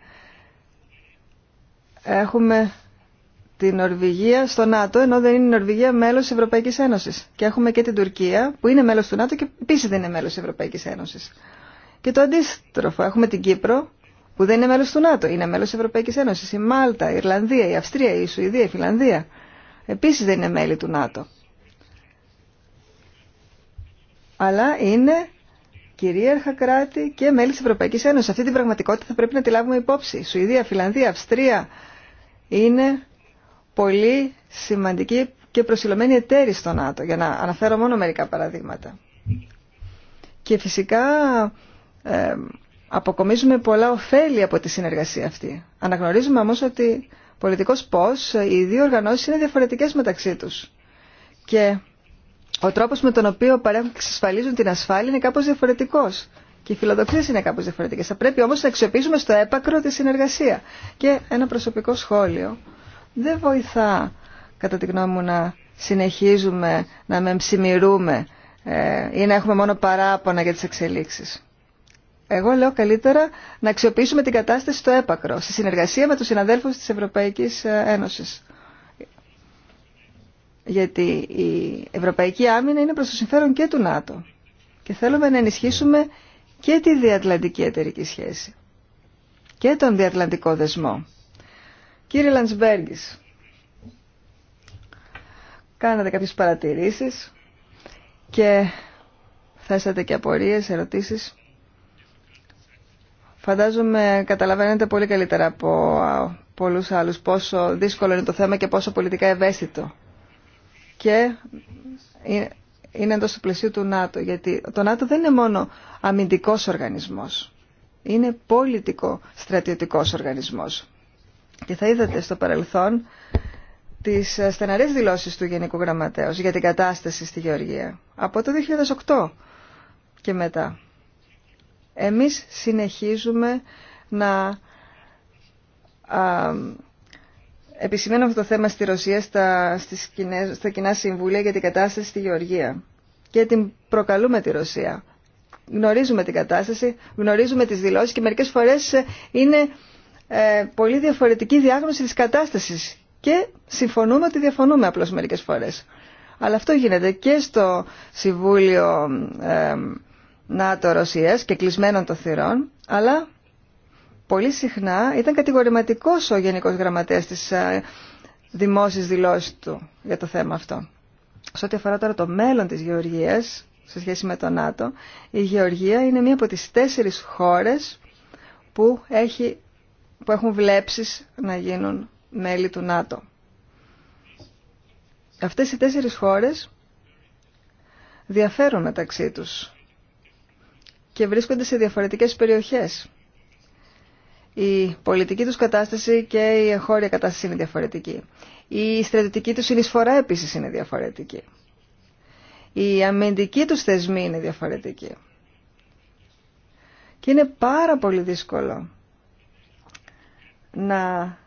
έχουμε την Νορβηγία στο ΝΑΤΟ, ενώ δεν είναι η Νορβηγία μέλος της Ευρωπαϊκής Ένωσης. Και έχουμε και την Τουρκία, που είναι μέλος του ΝΑΤΟ και επίσης δεν είναι μέλος της Ευρωπαϊκής Ένωσης. Και το αντίστροφο, έχουμε την Κύπρο που δεν είναι μέλος του ΝΑΤΟ, είναι μέλος της Ευρωπαϊκής Ένωσης, η Μάλτα, η Ιρλανδία, η Αυστρία, η Σουηδία, η Φιλανδία. Επίσης δεν είναι μέλη του ΝΑΤΟ. Αλλά είναι κυρίαρχα κράτη και μέλη της Ευρωπαϊκής Ένωσης. Αυτή την πραγματικότητα θα πρέπει να τη λάβουμε υπόψη. Σουηδία, Φιλανδία, Αυστρία είναι πολύ σημαντική και προσιλωμένη εταίροι στο ΝΑΤΟ, για να αναφέρω μόνο μερικά παραδείγματα. Και φυσικά αποκομίζουμε πολλά ωφέλη από τη συνεργασία αυτή. Αναγνωρίζουμε όμως ότι πολιτικός πώς ε, οι δύο οργανώσεις είναι διαφορετικές μεταξύ τους. Και ο τρόπος με τον οποίο παρέχουν και εξασφαλίζουν την ασφάλεια είναι κάπως διαφορετικός. Και οι φιλοδοξίε είναι κάπως διαφορετικέ. Θα πρέπει όμω να αξιοποιήσουμε στο έπακρο τη συνεργασία. Και ένα προσωπικό σχόλιο. Δεν βοηθά, κατά τη γνώμη μου, να συνεχίζουμε να μεμψημυρούμε ε, ή να έχουμε μόνο παράπονα για τι εξελίξει. Εγώ λέω καλύτερα να αξιοποιήσουμε την κατάσταση στο έπακρο, στη συνεργασία με τους συναδέλφους της Ευρωπαϊκής ε, Ένωσης. Γιατί η Ευρωπαϊκή Άμυνα είναι προς το συμφέρον και του ΝΑΤΟ. Και θέλουμε να ενισχύσουμε και τη διατλαντική εταιρική σχέση. Και τον διατλαντικό δεσμό. Κύριε Λαντσμπέργκης, κάνατε κάποιες παρατηρήσεις και θέσατε και απορίες, ερωτήσεις. Φαντάζομαι καταλαβαίνετε πολύ καλύτερα από πολλούς άλλους πόσο δύσκολο είναι το θέμα και πόσο πολιτικά ευαίσθητο. Και είναι εντός του πλαισίου του ΝΑΤΟ, γιατί το ΝΑΤΟ δεν είναι μόνο αμυντικός οργανισμός. Είναι πολιτικό στρατιωτικός οργανισμός. Και θα είδατε στο παρελθόν τις στεναρές δηλώσεις του Γενικού Γραμματέως για την κατάσταση στη Γεωργία από το 2008 και μετά. Εμείς συνεχίζουμε να επισημαίνουμε αυτό το θέμα στη Ρωσία στα, στις στα κοινά συμβούλια για την κατάσταση στη Γεωργία και την προκαλούμε τη Ρωσία. Γνωρίζουμε την κατάσταση, γνωρίζουμε τις δηλώσεις και μερικές φορές είναι ε, πολύ διαφορετική διάγνωση της κατάστασης και συμφωνούμε ότι διαφωνούμε απλώς μερικές φορές. Αλλά αυτό γίνεται και στο Συμβούλιο ε, ΝΑΤΟ-Ρωσίας και κλεισμένων των θυρών, αλλά πολύ συχνά ήταν κατηγορηματικός ο Γενικός Γραμματέας της ε, δημόσιας δηλώσεις του για το θέμα αυτό. Σε ό,τι αφορά τώρα το μέλλον της Γεωργίας, σε σχέση με το ΝΑΤΟ, η Γεωργία είναι μία από τις τέσσερις χώρες που, έχει, που έχουν βλέψεις να γίνουν μέλη του ΝΑΤΟ. Αυτές οι τέσσερις χώρες διαφέρουν μεταξύ τους και βρίσκονται σε διαφορετικές περιοχές. Η πολιτική τους κατάσταση και η εγχώρια κατάσταση είναι διαφορετική. Η στρατιωτική τους συνεισφορά επίσης είναι διαφορετική. Η αμυντική τους θεσμή είναι διαφορετική. Και είναι πάρα πολύ δύσκολο να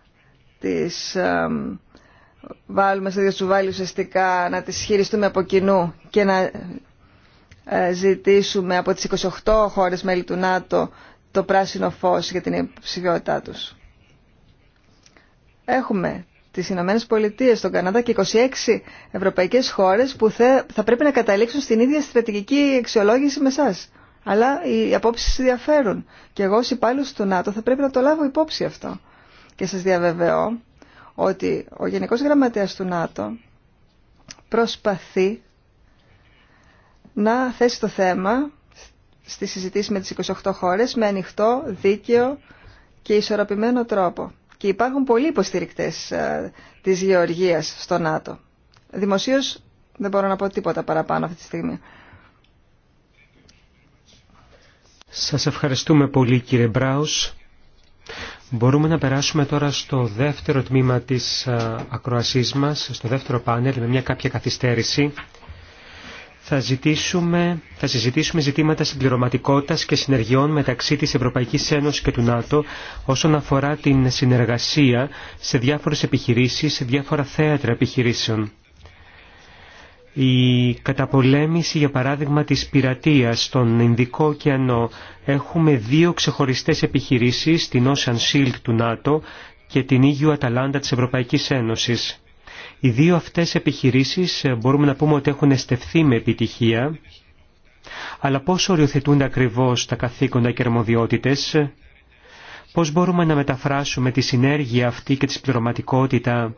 τις βάλουμε σε δύο τσουβάλι ουσιαστικά, να τις χειριστούμε από κοινού και να ε, ζητήσουμε από τις 28 χώρες μέλη του ΝΑΤΟ το πράσινο φως για την υποψηφιότητά τους. Έχουμε τις Ηνωμένες Πολιτείες, τον Καναδά και 26 ευρωπαϊκές χώρες που θα πρέπει να καταλήξουν στην ίδια στρατηγική αξιολόγηση με εσά. Αλλά οι απόψεις διαφέρουν και εγώ ως υπάλληλο του ΝΑΤΟ θα πρέπει να το λάβω υπόψη αυτό. Και σας διαβεβαιώ ότι ο Γενικός Γραμματέας του ΝΑΤΟ προσπαθεί να θέσει το θέμα στη συζητήση με τις 28 χώρες με ανοιχτό, δίκαιο και ισορροπημένο τρόπο. Και υπάρχουν πολλοί υποστηρικτέ ε, της γεωργίας στο ΝΑΤΟ. Δημοσίως δεν μπορώ να πω τίποτα παραπάνω αυτή τη στιγμή. Σας ευχαριστούμε πολύ κύριε Μπράους. Μπορούμε να περάσουμε τώρα στο δεύτερο τμήμα της ε, ακροασής μας, στο δεύτερο πάνελ με μια κάποια καθυστέρηση θα, ζητήσουμε, θα συζητήσουμε ζητήματα συμπληρωματικότητα και συνεργειών μεταξύ της Ευρωπαϊκής Ένωσης και του ΝΑΤΟ όσον αφορά την συνεργασία σε διάφορες επιχειρήσεις, σε διάφορα θέατρα επιχειρήσεων. Η καταπολέμηση, για παράδειγμα, της πειρατείας στον Ινδικό ωκεανό. Έχουμε δύο ξεχωριστές επιχειρήσεις, την Ocean Shield του ΝΑΤΟ και την EU Αταλάντα της Ευρωπαϊκής Ένωσης. Οι δύο αυτές επιχειρήσεις ε, μπορούμε να πούμε ότι έχουν εστευθεί με επιτυχία, αλλά πώς οριοθετούν ακριβώς τα καθήκοντα και αρμοδιότητες, πώς μπορούμε να μεταφράσουμε τη συνέργεια αυτή και τη συμπληρωματικότητα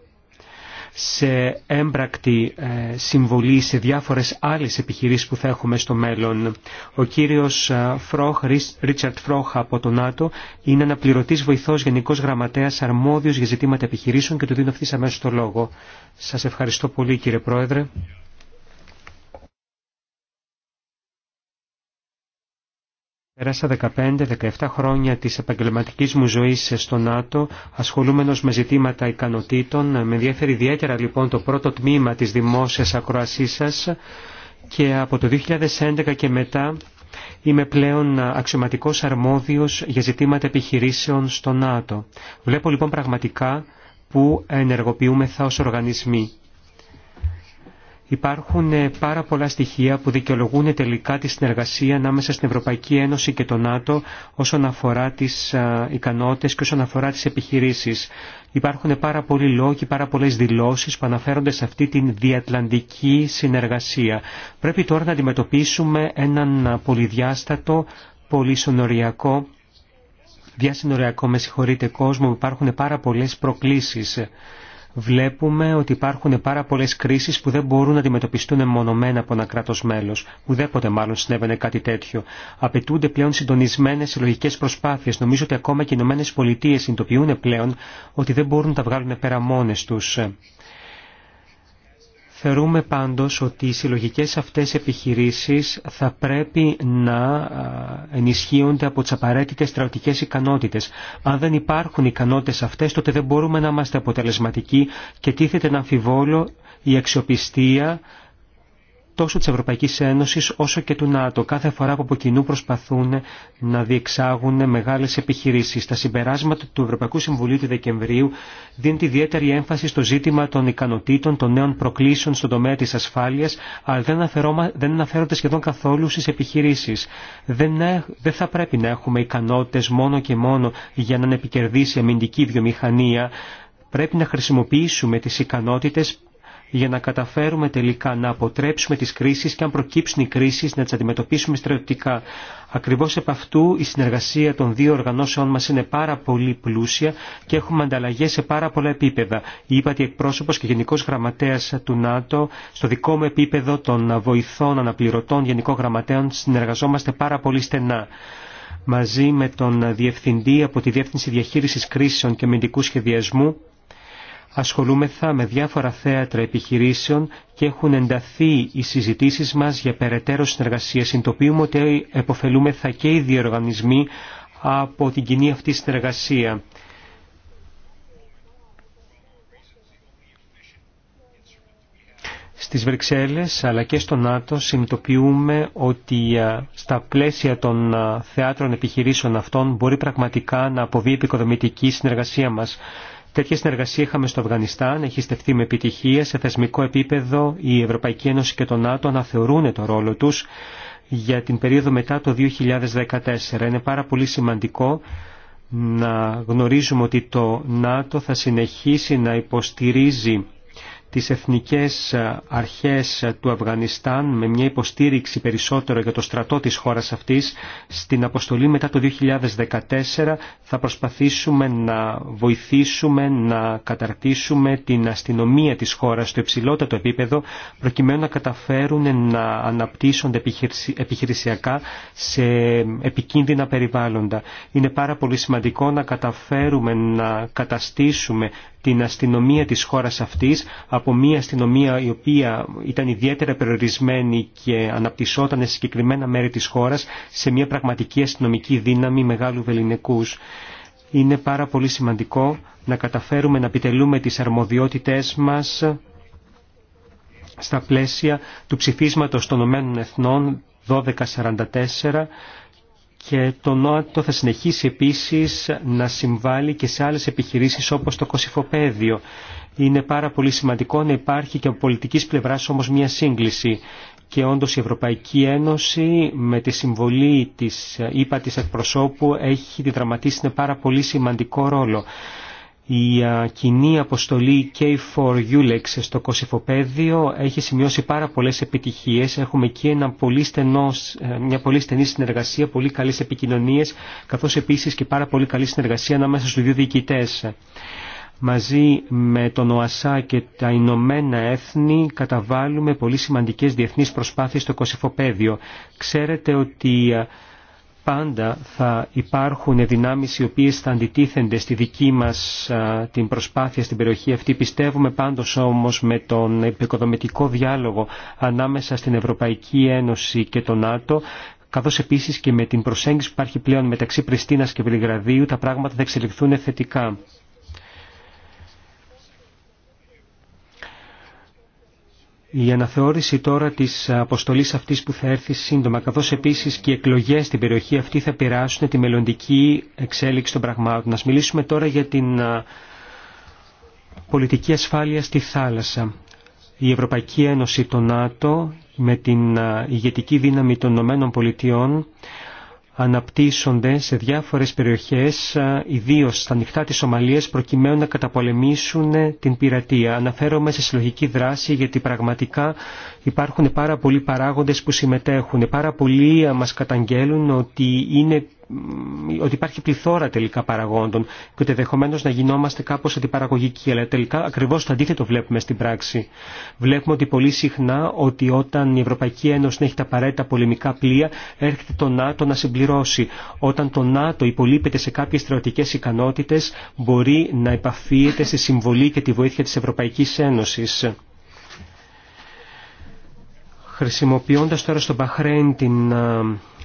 σε έμπρακτη ε, συμβολή σε διάφορες άλλες επιχειρήσεις που θα έχουμε στο μέλλον. Ο κύριος ε, Φρόχ, Ρίτσαρτ Φρόχ από το ΝΑΤΟ είναι αναπληρωτής βοηθός γενικός γραμματέας αρμόδιος για ζητήματα επιχειρήσεων και του δίνω αυτής αμέσως το λόγο. Σας ευχαριστώ πολύ κύριε Πρόεδρε. Πέρασα 15-17 χρόνια της επαγγελματικής μου ζωής στο ΝΑΤΟ, ασχολούμενος με ζητήματα ικανοτήτων. Με ενδιαφέρει ιδιαίτερα λοιπόν το πρώτο τμήμα της δημόσιας ακροασής σας και από το 2011 και μετά είμαι πλέον αξιωματικός αρμόδιος για ζητήματα επιχειρήσεων στο ΝΑΤΟ. Βλέπω λοιπόν πραγματικά που ενεργοποιούμεθα ως οργανισμοί. Υπάρχουν ε, πάρα πολλά στοιχεία που δικαιολογούν τελικά τη συνεργασία ανάμεσα στην Ευρωπαϊκή Ένωση και το ΝΑΤΟ όσον αφορά τις ε, ικανότητες και όσον αφορά τις επιχειρήσεις. Υπάρχουν πάρα πολλοί λόγοι, πάρα πολλές δηλώσεις που αναφέρονται σε αυτή την διατλαντική συνεργασία. Πρέπει τώρα να αντιμετωπίσουμε έναν πολυδιάστατο, πολυσονοριακό, διασυνοριακό, με συγχωρείτε, κόσμο που υπάρχουν πάρα πολλές προκλήσεις βλέπουμε ότι υπάρχουν πάρα πολλέ κρίσει που δεν μπορούν να αντιμετωπιστούν μονομένα από ένα κράτο μέλο. Ουδέποτε μάλλον συνέβαινε κάτι τέτοιο. Απαιτούνται πλέον συντονισμένε συλλογικέ προσπάθειε. Νομίζω ότι ακόμα και οι Ηνωμένε Πολιτείε συνειδητοποιούν πλέον ότι δεν μπορούν να τα βγάλουν πέρα μόνε του. Θεωρούμε πάντως ότι οι συλλογικές αυτές επιχειρήσεις θα πρέπει να ενισχύονται από τις απαραίτητες στρατιωτικές ικανότητες. Αν δεν υπάρχουν ικανότητες αυτές, τότε δεν μπορούμε να είμαστε αποτελεσματικοί και τίθεται να αμφιβόλω η αξιοπιστία τόσο της Ευρωπαϊκής Ένωσης όσο και του ΝΑΤΟ. Κάθε φορά που από κοινού προσπαθούν να διεξάγουν μεγάλες επιχειρήσεις. Τα συμπεράσματα του Ευρωπαϊκού Συμβουλίου του Δεκεμβρίου δίνεται ιδιαίτερη έμφαση στο ζήτημα των ικανοτήτων, των νέων προκλήσεων στον τομέα της ασφάλειας, αλλά δεν, δεν αναφέρονται σχεδόν καθόλου στις επιχειρήσεις. Δεν, δεν θα πρέπει να έχουμε ικανότητες μόνο και μόνο για να επικερδίσει αμυντική βιομηχανία, πρέπει να χρησιμοποιήσουμε τις ικανότητες για να καταφέρουμε τελικά να αποτρέψουμε τις κρίσεις και αν προκύψουν οι κρίσεις να τις αντιμετωπίσουμε στρατιωτικά. Ακριβώς επ' αυτού η συνεργασία των δύο οργανώσεων μας είναι πάρα πολύ πλούσια και έχουμε ανταλλαγές σε πάρα πολλά επίπεδα. Είπα ότι εκπρόσωπος και γενικός γραμματέας του ΝΑΤΟ, στο δικό μου επίπεδο των βοηθών αναπληρωτών γενικών γραμματέων συνεργαζόμαστε πάρα πολύ στενά μαζί με τον Διευθυντή από τη Διεύθυνση Διαχείρισης Κρίσεων και Μεντικού Σχεδιασμού ασχολούμεθα με διάφορα θέατρα επιχειρήσεων και έχουν ενταθεί οι συζητήσεις μας για περαιτέρω συνεργασία. Συντοποιούμε ότι εποφελούμεθα και οι δύο από την κοινή αυτή συνεργασία. Στις Βρυξέλλες αλλά και στο ΝΑΤΟ συνειδητοποιούμε ότι στα πλαίσια των θεάτρων επιχειρήσεων αυτών μπορεί πραγματικά να αποβεί η επικοδομητική συνεργασία μας. Τέτοια συνεργασία είχαμε στο Αφγανιστάν, έχει στεφθεί με επιτυχία. Σε θεσμικό επίπεδο η Ευρωπαϊκή Ένωση και το ΝΑΤΟ αναθεωρούν το ρόλο τους για την περίοδο μετά το 2014. Είναι πάρα πολύ σημαντικό να γνωρίζουμε ότι το ΝΑΤΟ θα συνεχίσει να υποστηρίζει τις εθνικές ε, αρχές του Αφγανιστάν με μια υποστήριξη περισσότερο για το στρατό της χώρας αυτής στην αποστολή μετά το 2014 θα προσπαθήσουμε να βοηθήσουμε να καταρτήσουμε την αστυνομία της χώρας στο υψηλότερο επίπεδο προκειμένου να καταφέρουν να αναπτύσσονται επιχειρησιακά σε επικίνδυνα περιβάλλοντα. Είναι πάρα πολύ σημαντικό να καταφέρουμε να καταστήσουμε την αστυνομία της χώρας αυτής από μια αστυνομία η οποία ήταν ιδιαίτερα περιορισμένη και αναπτυσσόταν σε συγκεκριμένα μέρη της χώρας σε μια πραγματική αστυνομική δύναμη μεγάλου βεληνικούς. Είναι πάρα πολύ σημαντικό να καταφέρουμε να επιτελούμε τις αρμοδιότητές μας στα πλαίσια του ψηφίσματος των Ηνωμένων Εθνών 1244 και το ΝΟΑΤΟ θα συνεχίσει επίσης να συμβάλλει και σε άλλες επιχειρήσεις όπως το Κωσυφοπαίδιο. Είναι πάρα πολύ σημαντικό να υπάρχει και από πολιτικής πλευράς όμως μια σύγκληση και όντως η Ευρωπαϊκή Ένωση με τη συμβολή της ύπα της εκπροσώπου έχει διδραματίσει ένα πάρα πολύ σημαντικό ρόλο. Η κοινή αποστολή K4ULEX στο Κωσυφοπαίδιο έχει σημειώσει πάρα πολλές επιτυχίες. Έχουμε εκεί ένα πολύ ε, μια πολύ στενή συνεργασία, πολύ καλές επικοινωνίες, καθώς επίσης και πάρα πολύ καλή συνεργασία ανάμεσα στους δύο διοικητές. Μαζί με τον ΟΑΣΑ και τα Ηνωμένα Έθνη καταβάλουμε πολύ σημαντικές διεθνείς προσπάθειες στο Κωσυφοπαίδιο. Ξέρετε ότι ε, πάντα θα υπάρχουν δυνάμεις οι οποίες θα αντιτίθενται στη δική μας την προσπάθεια στην περιοχή αυτή. Πιστεύουμε πάντως όμως με τον επικοδομητικό διάλογο ανάμεσα στην Ευρωπαϊκή Ένωση και τον ΝΑΤΟ καθώς επίσης και με την προσέγγιση που υπάρχει πλέον μεταξύ Πριστίνας και Βελιγραδίου τα πράγματα θα εξελιχθούν θετικά. Η αναθεώρηση τώρα της αποστολής αυτής που θα έρθει σύντομα, καθώς επίσης και οι εκλογές στην περιοχή αυτή θα περάσουν τη μελλοντική εξέλιξη των πραγμάτων. Να μιλήσουμε τώρα για την πολιτική ασφάλεια στη θάλασσα. Η Ευρωπαϊκή Ένωση, το ΝΑΤΟ, με την ηγετική δύναμη των ΗΠΑ αναπτύσσονται σε διάφορες περιοχές, ιδίως στα νυχτά της Σομαλίας, προκειμένου να καταπολεμήσουν ε, την πειρατεία. Αναφέρομαι σε συλλογική δράση, γιατί πραγματικά υπάρχουν πάρα πολλοί παράγοντες που συμμετέχουν. Πάρα πολλοί μας καταγγέλουν ότι είναι ότι υπάρχει πληθώρα τελικά παραγόντων και ότι ενδεχομένω να γινόμαστε κάπω αντιπαραγωγικοί. Αλλά τελικά ακριβώ το αντίθετο βλέπουμε στην πράξη. Βλέπουμε ότι πολύ συχνά ότι όταν η Ευρωπαϊκή Ένωση έχει τα απαραίτητα πολεμικά πλοία, έρχεται το ΝΑΤΟ να συμπληρώσει. Όταν το ΝΑΤΟ υπολείπεται σε κάποιε στρατιωτικέ ικανότητε, μπορεί να επαφείεται στη συμβολή και τη βοήθεια τη Ευρωπαϊκή Ένωση. Χρησιμοποιώντας τώρα στο Μπαχρέιν την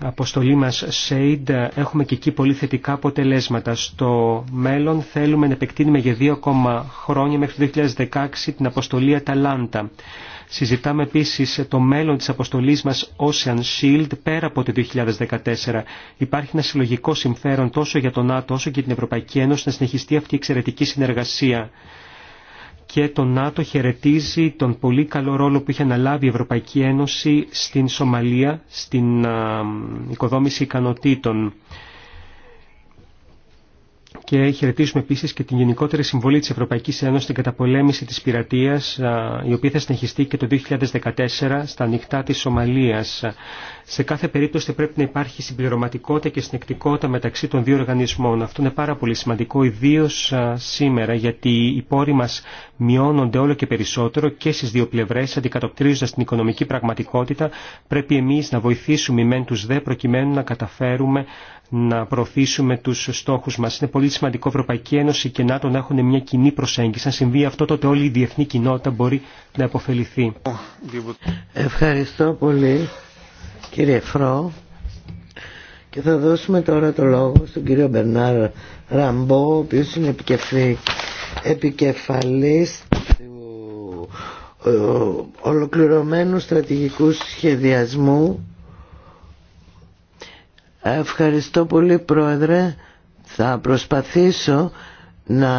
αποστολή μας ΣΕΙΔ έχουμε και εκεί πολύ θετικά αποτελέσματα. Στο μέλλον θέλουμε να επεκτείνουμε για δύο ακόμα χρόνια μέχρι το 2016 την αποστολή Αταλάντα. Συζητάμε επίσης το μέλλον της αποστολής μας Ocean Shield πέρα από το 2014. Υπάρχει ένα συλλογικό συμφέρον τόσο για τον ΝΑΤΟ όσο και την Ευρωπαϊκή Ένωση να συνεχιστεί αυτή η εξαιρετική συνεργασία και το ΝΑΤΟ χαιρετίζει τον πολύ καλό ρόλο που είχε αναλάβει η Ευρωπαϊκή Ένωση στην Σομαλία, στην οικοδόμηση ικανοτήτων και χαιρετίζουμε επίσης και την γενικότερη συμβολή της Ευρωπαϊκής Ένωσης στην καταπολέμηση της πειρατείας, η οποία θα συνεχιστεί και το 2014 στα νυχτά της Σομαλίας. Σε κάθε περίπτωση πρέπει να υπάρχει συμπληρωματικότητα και συνεκτικότητα μεταξύ των δύο οργανισμών. Αυτό είναι πάρα πολύ σημαντικό, ιδίω σήμερα, γιατί οι πόροι μας μειώνονται όλο και περισσότερο και στις δύο πλευρές, αντικατοπτρίζοντας την οικονομική πραγματικότητα. Πρέπει εμεί να βοηθήσουμε μεν τους δε, προκειμένου να καταφέρουμε να προωθήσουμε τους στόχους μας. Είναι πολύ σημαντικό η Ευρωπαϊκή Ένωση και ΝΑΤΟ να έχουν μια κοινή προσέγγιση. Αν συμβεί αυτό τότε όλη η διεθνή κοινότητα μπορεί να αποφεληθεί. Ευχαριστώ πολύ κύριε Φρό. Και θα δώσουμε τώρα το λόγο στον κύριο Μπερνάρ Ραμπό, ο οποίος είναι επικεφαλής του ε, ολοκληρωμένου στρατηγικού σχεδιασμού Ευχαριστώ πολύ Πρόεδρε. Θα προσπαθήσω να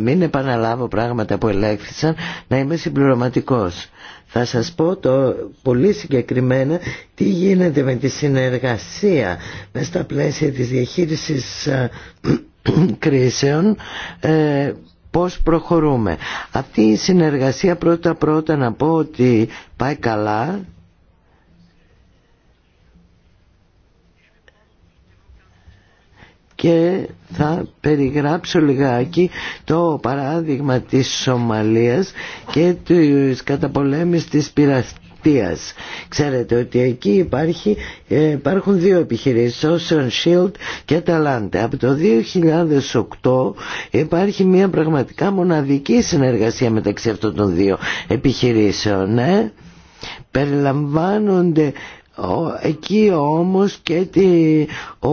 μην επαναλάβω πράγματα που ελέγχθησαν, να είμαι συμπληρωματικός. Θα σας πω το πολύ συγκεκριμένα τι γίνεται με τη συνεργασία με στα πλαίσια της διαχείρισης ε, κρίσεων ε, πώς προχωρούμε. Αυτή η συνεργασία πρώτα πρώτα να πω ότι πάει καλά και θα περιγράψω λιγάκι το παράδειγμα της Σομαλίας και της καταπολέμης της πειραστίας. Ξέρετε ότι εκεί υπάρχει, ε, υπάρχουν δύο επιχειρήσεις, Ocean Shield και Talante. Από το 2008 υπάρχει μια πραγματικά μοναδική συνεργασία μεταξύ αυτών των δύο επιχειρήσεων. Ε? Περιλαμβάνονται Εκεί όμως και τη, ο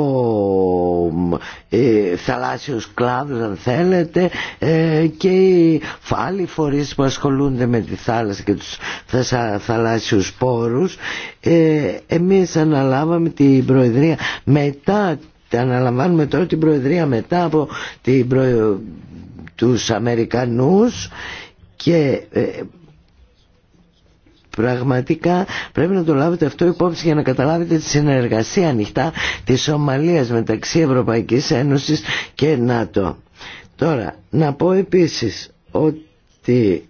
ε, θαλάσσιος αν θέλετε ε, και οι άλλοι φορείς που ασχολούνται με τη θάλασσα και τους θα, θαλάσσιους πόρους ε, εμείς αναλάβαμε την Προεδρία μετά αναλαμβάνουμε τώρα την Προεδρία μετά από την προ, τους Αμερικανούς και ε, Πραγματικά πρέπει να το λάβετε αυτό υπόψη για να καταλάβετε τη συνεργασία ανοιχτά της Σομαλίας μεταξύ Ευρωπαϊκής Ένωσης και ΝΑΤΟ. Τώρα, να πω επίσης ότι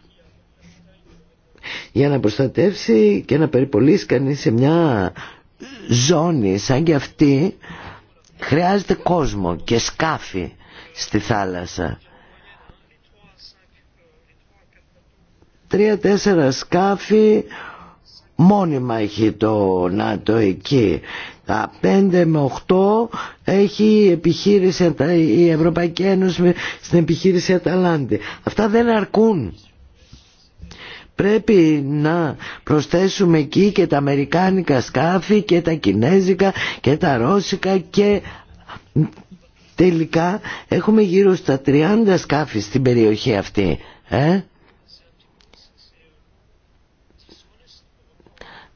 για να προστατεύσει και να περιπολίσει κανείς σε μια ζώνη σαν και αυτή χρειάζεται κόσμο και σκάφη στη θάλασσα τρία-τέσσερα σκάφη μόνιμα έχει το ΝΑΤΟ εκεί. Τα 5 με 8 έχει η, επιχείρηση, η Ευρωπαϊκή Ένωση στην επιχείρηση Αταλάντη. Αυτά δεν αρκούν. Πρέπει να προσθέσουμε εκεί και τα αμερικάνικα σκάφη και τα κινέζικα και τα ρώσικα και τελικά έχουμε γύρω στα 30 σκάφη στην περιοχή αυτή. Ε?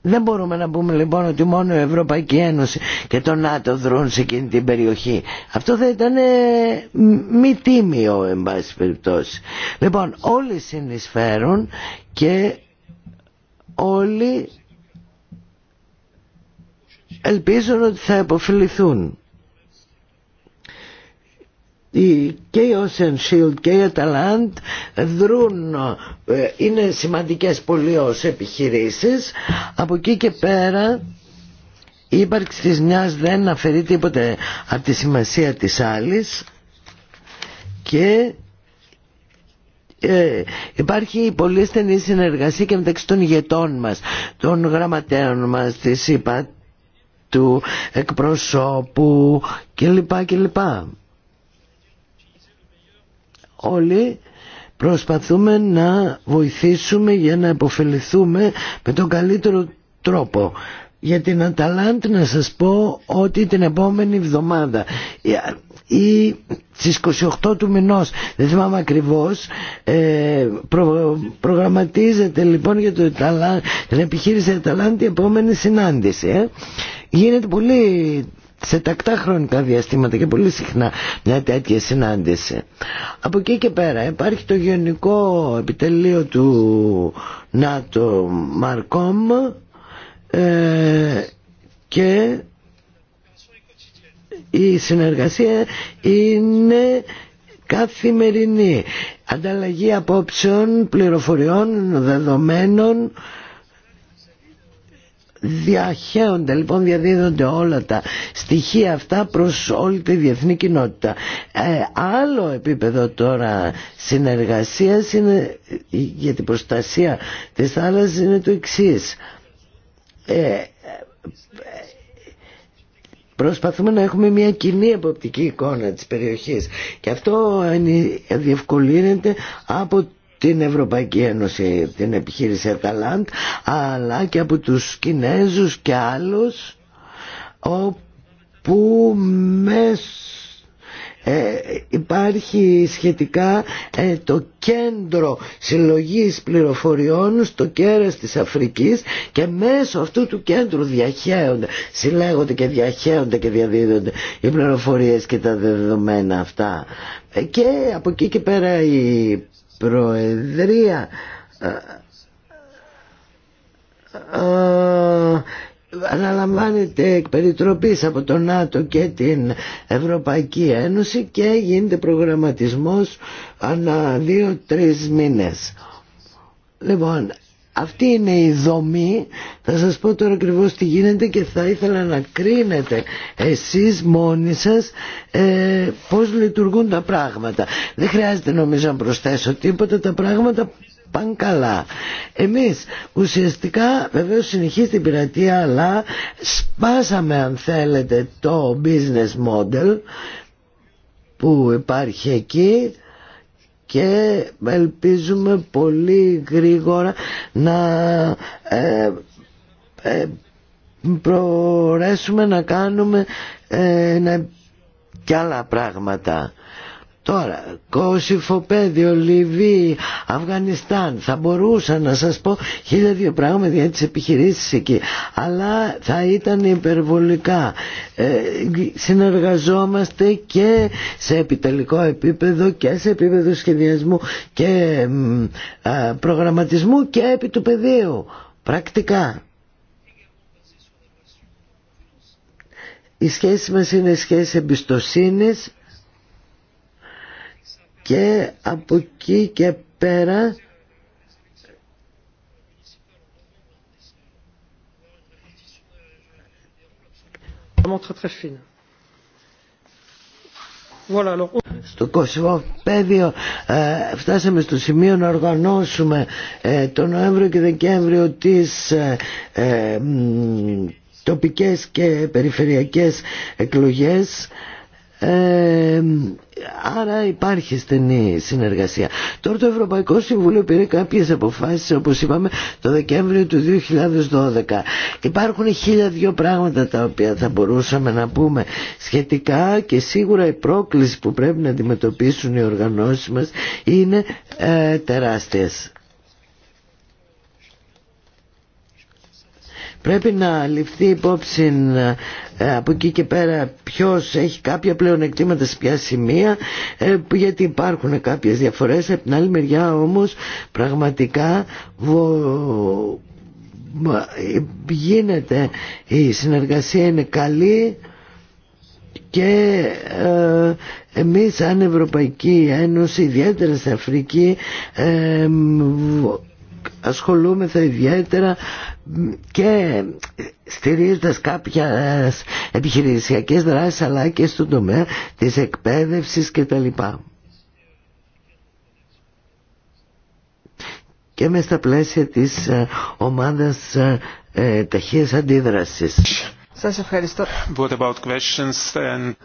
Δεν μπορούμε να πούμε λοιπόν ότι μόνο η Ευρωπαϊκή Ένωση και το ΝΑΤΟ δρούν σε εκείνη την περιοχή. Αυτό θα ήταν ε, μη τίμιο εν πάση περιπτώσει. Λοιπόν όλοι συνεισφέρουν και όλοι ελπίζουν ότι θα επωφεληθούν και η Ocean Shield και η Atalant ε, είναι σημαντικές πολύ ως επιχειρήσεις από εκεί και πέρα η ύπαρξη της μιας δεν αφαιρεί τίποτε από τη σημασία της άλλης και ε, υπάρχει πολύ στενή συνεργασία και μεταξύ των ηγετών μας, των γραμματέων μας, της ΥΠΑ, του εκπροσώπου κλπ. κλπ όλοι προσπαθούμε να βοηθήσουμε για να υποφεληθούμε με τον καλύτερο τρόπο. Για την Αταλάντη να σας πω ότι την επόμενη εβδομάδα ή στις 28 του μηνός, δεν θυμάμαι ακριβώς, ε, προγραμματίζεται λοιπόν για το την επιχείρηση Αταλάντη η επόμενη συνάντηση. Ε. Γίνεται πολύ σε τακτά χρονικά διαστήματα και πολύ συχνά μια τέτοια συνάντηση. Από εκεί και πέρα υπάρχει το γενικό επιτελείο του ΝΑΤΟ Μαρκόμ ε, και η συνεργασία είναι καθημερινή. Ανταλλαγή απόψεων, πληροφοριών, δεδομένων διαχέονται λοιπόν διαδίδονται όλα τα στοιχεία αυτά προς όλη τη διεθνή κοινότητα ε, άλλο επίπεδο τώρα συνεργασίας είναι, για την προστασία της θάλασσας είναι το εξής. Ε, Προσπαθούμε να έχουμε μια κοινή εποπτική εικόνα της περιοχής και αυτό διευκολύνεται από την Ευρωπαϊκή Ένωση, την επιχείρηση Αταλάντ, αλλά και από τους Κινέζους και άλλους, όπου μέσω ε, υπάρχει σχετικά ε, το κέντρο συλλογής πληροφοριών στο κέρας της Αφρικής και μέσω αυτού του κέντρου διαχέονται, συλλέγονται και διαχέονται και διαδίδονται οι πληροφορίες και τα δεδομένα αυτά. Ε, και από εκεί και πέρα η. Προεδρία ε, ε, αναλαμβάνεται εκ περιτροπής από το ΝΑΤΟ και την Ευρωπαϊκή Ένωση και γίνεται προγραμματισμός ανά δύο-τρεις μήνες. Λοιπόν, αυτή είναι η δομή, θα σας πω τώρα ακριβώ τι γίνεται και θα ήθελα να κρίνετε εσείς μόνοι σας ε, πώς λειτουργούν τα πράγματα. Δεν χρειάζεται νομίζω να προσθέσω τίποτα, τα πράγματα πάνε καλά. Εμείς ουσιαστικά βεβαίως συνεχίζει την πειρατεία αλλά σπάσαμε αν θέλετε το business model που υπάρχει εκεί και ελπίζουμε πολύ γρήγορα να ε, ε να κάνουμε ε, να, και άλλα πράγματα. Τώρα, Πέδιο, Λιβύη, Αφγανιστάν, θα μπορούσα να σας πω χίλια δύο πράγματα για τις επιχειρήσεις εκεί, αλλά θα ήταν υπερβολικά. Ε, συνεργαζόμαστε και σε επιτελικό επίπεδο και σε επίπεδο σχεδιασμού και προγραμματισμού και επί του πεδίου, πρακτικά. Η σχέση μας είναι σχέση εμπιστοσύνης και από εκεί και πέρα στο Κωσιβό πεδίο ε, φτάσαμε στο σημείο να οργανώσουμε ε, το Νοέμβριο και Δεκέμβριο τις ε, ε τοπικές και περιφερειακές εκλογές άρα υπάρχει στενή συνεργασία. Τώρα το Ευρωπαϊκό Συμβούλιο πήρε κάποιες αποφάσεις όπως είπαμε το Δεκέμβριο του 2012. Υπάρχουν χίλια δυο πράγματα τα οποία θα μπορούσαμε να πούμε σχετικά και σίγουρα η πρόκληση που πρέπει να αντιμετωπίσουν οι οργανώσεις μας είναι ε, τεράστιες. Πρέπει να ληφθεί υπόψη ε, από εκεί και πέρα ποιος έχει κάποια πλεονεκτήματα σε ποια σημεία ε, γιατί υπάρχουν κάποιες διαφορές. Από την άλλη μεριά όμως πραγματικά γίνεται η συνεργασία είναι καλή και ε, εμείς σαν Ευρωπαϊκή Ένωση ιδιαίτερα στην Αφρική ασχολούμεθα ιδιαίτερα και στηρίζοντας κάποιες επιχειρησιακές δράσεις αλλά και στον τομέα της εκπαίδευσης κτλ. και με στα πλαίσια της ε, ομάδας ε, ε, ταχείας αντίδρασης. Σας ευχαριστώ. What about questions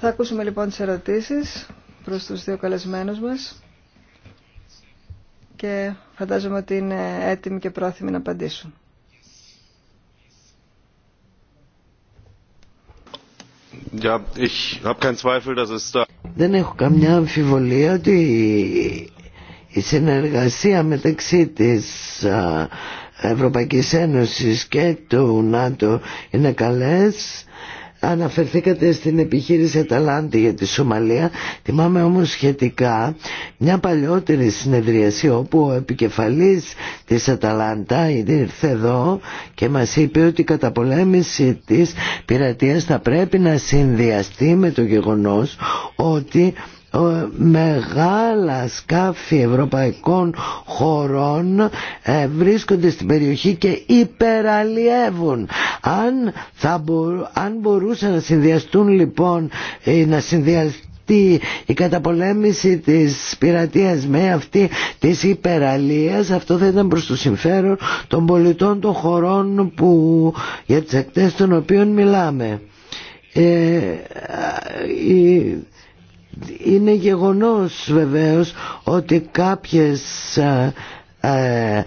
Θα ακούσουμε λοιπόν τις ερωτήσεις προς τους δύο καλεσμένους μας και φαντάζομαι ότι είναι έτοιμοι και πρόθυμοι να απαντήσουν. Δεν έχω καμιά αμφιβολία ότι η συνεργασία μεταξύ της Ευρωπαϊκής Ένωσης και του ΝΑΤΟ είναι καλές Αναφερθήκατε στην επιχείρηση Αταλάντη για τη Σομαλία. Θυμάμαι όμως σχετικά μια παλιότερη συνεδρίαση όπου ο επικεφαλής της Αταλάντα ήρθε εδώ και μας είπε ότι η καταπολέμηση της πειρατείας θα πρέπει να συνδυαστεί με το γεγονός ότι μεγάλα σκάφη ευρωπαϊκών χωρών ε, βρίσκονται στην περιοχή και υπεραλλιεύουν. Αν, θα αν μπορούσαν να συνδυαστούν λοιπόν, η ε, να συνδυαστούν η καταπολέμηση της πειρατείας με αυτή της υπεραλίας αυτό θα ήταν προς το συμφέρον των πολιτών των χωρών που, για τις εκτές των οποίων μιλάμε. Ε, είναι γεγονός βεβαίως ότι κάποιες ε, ε,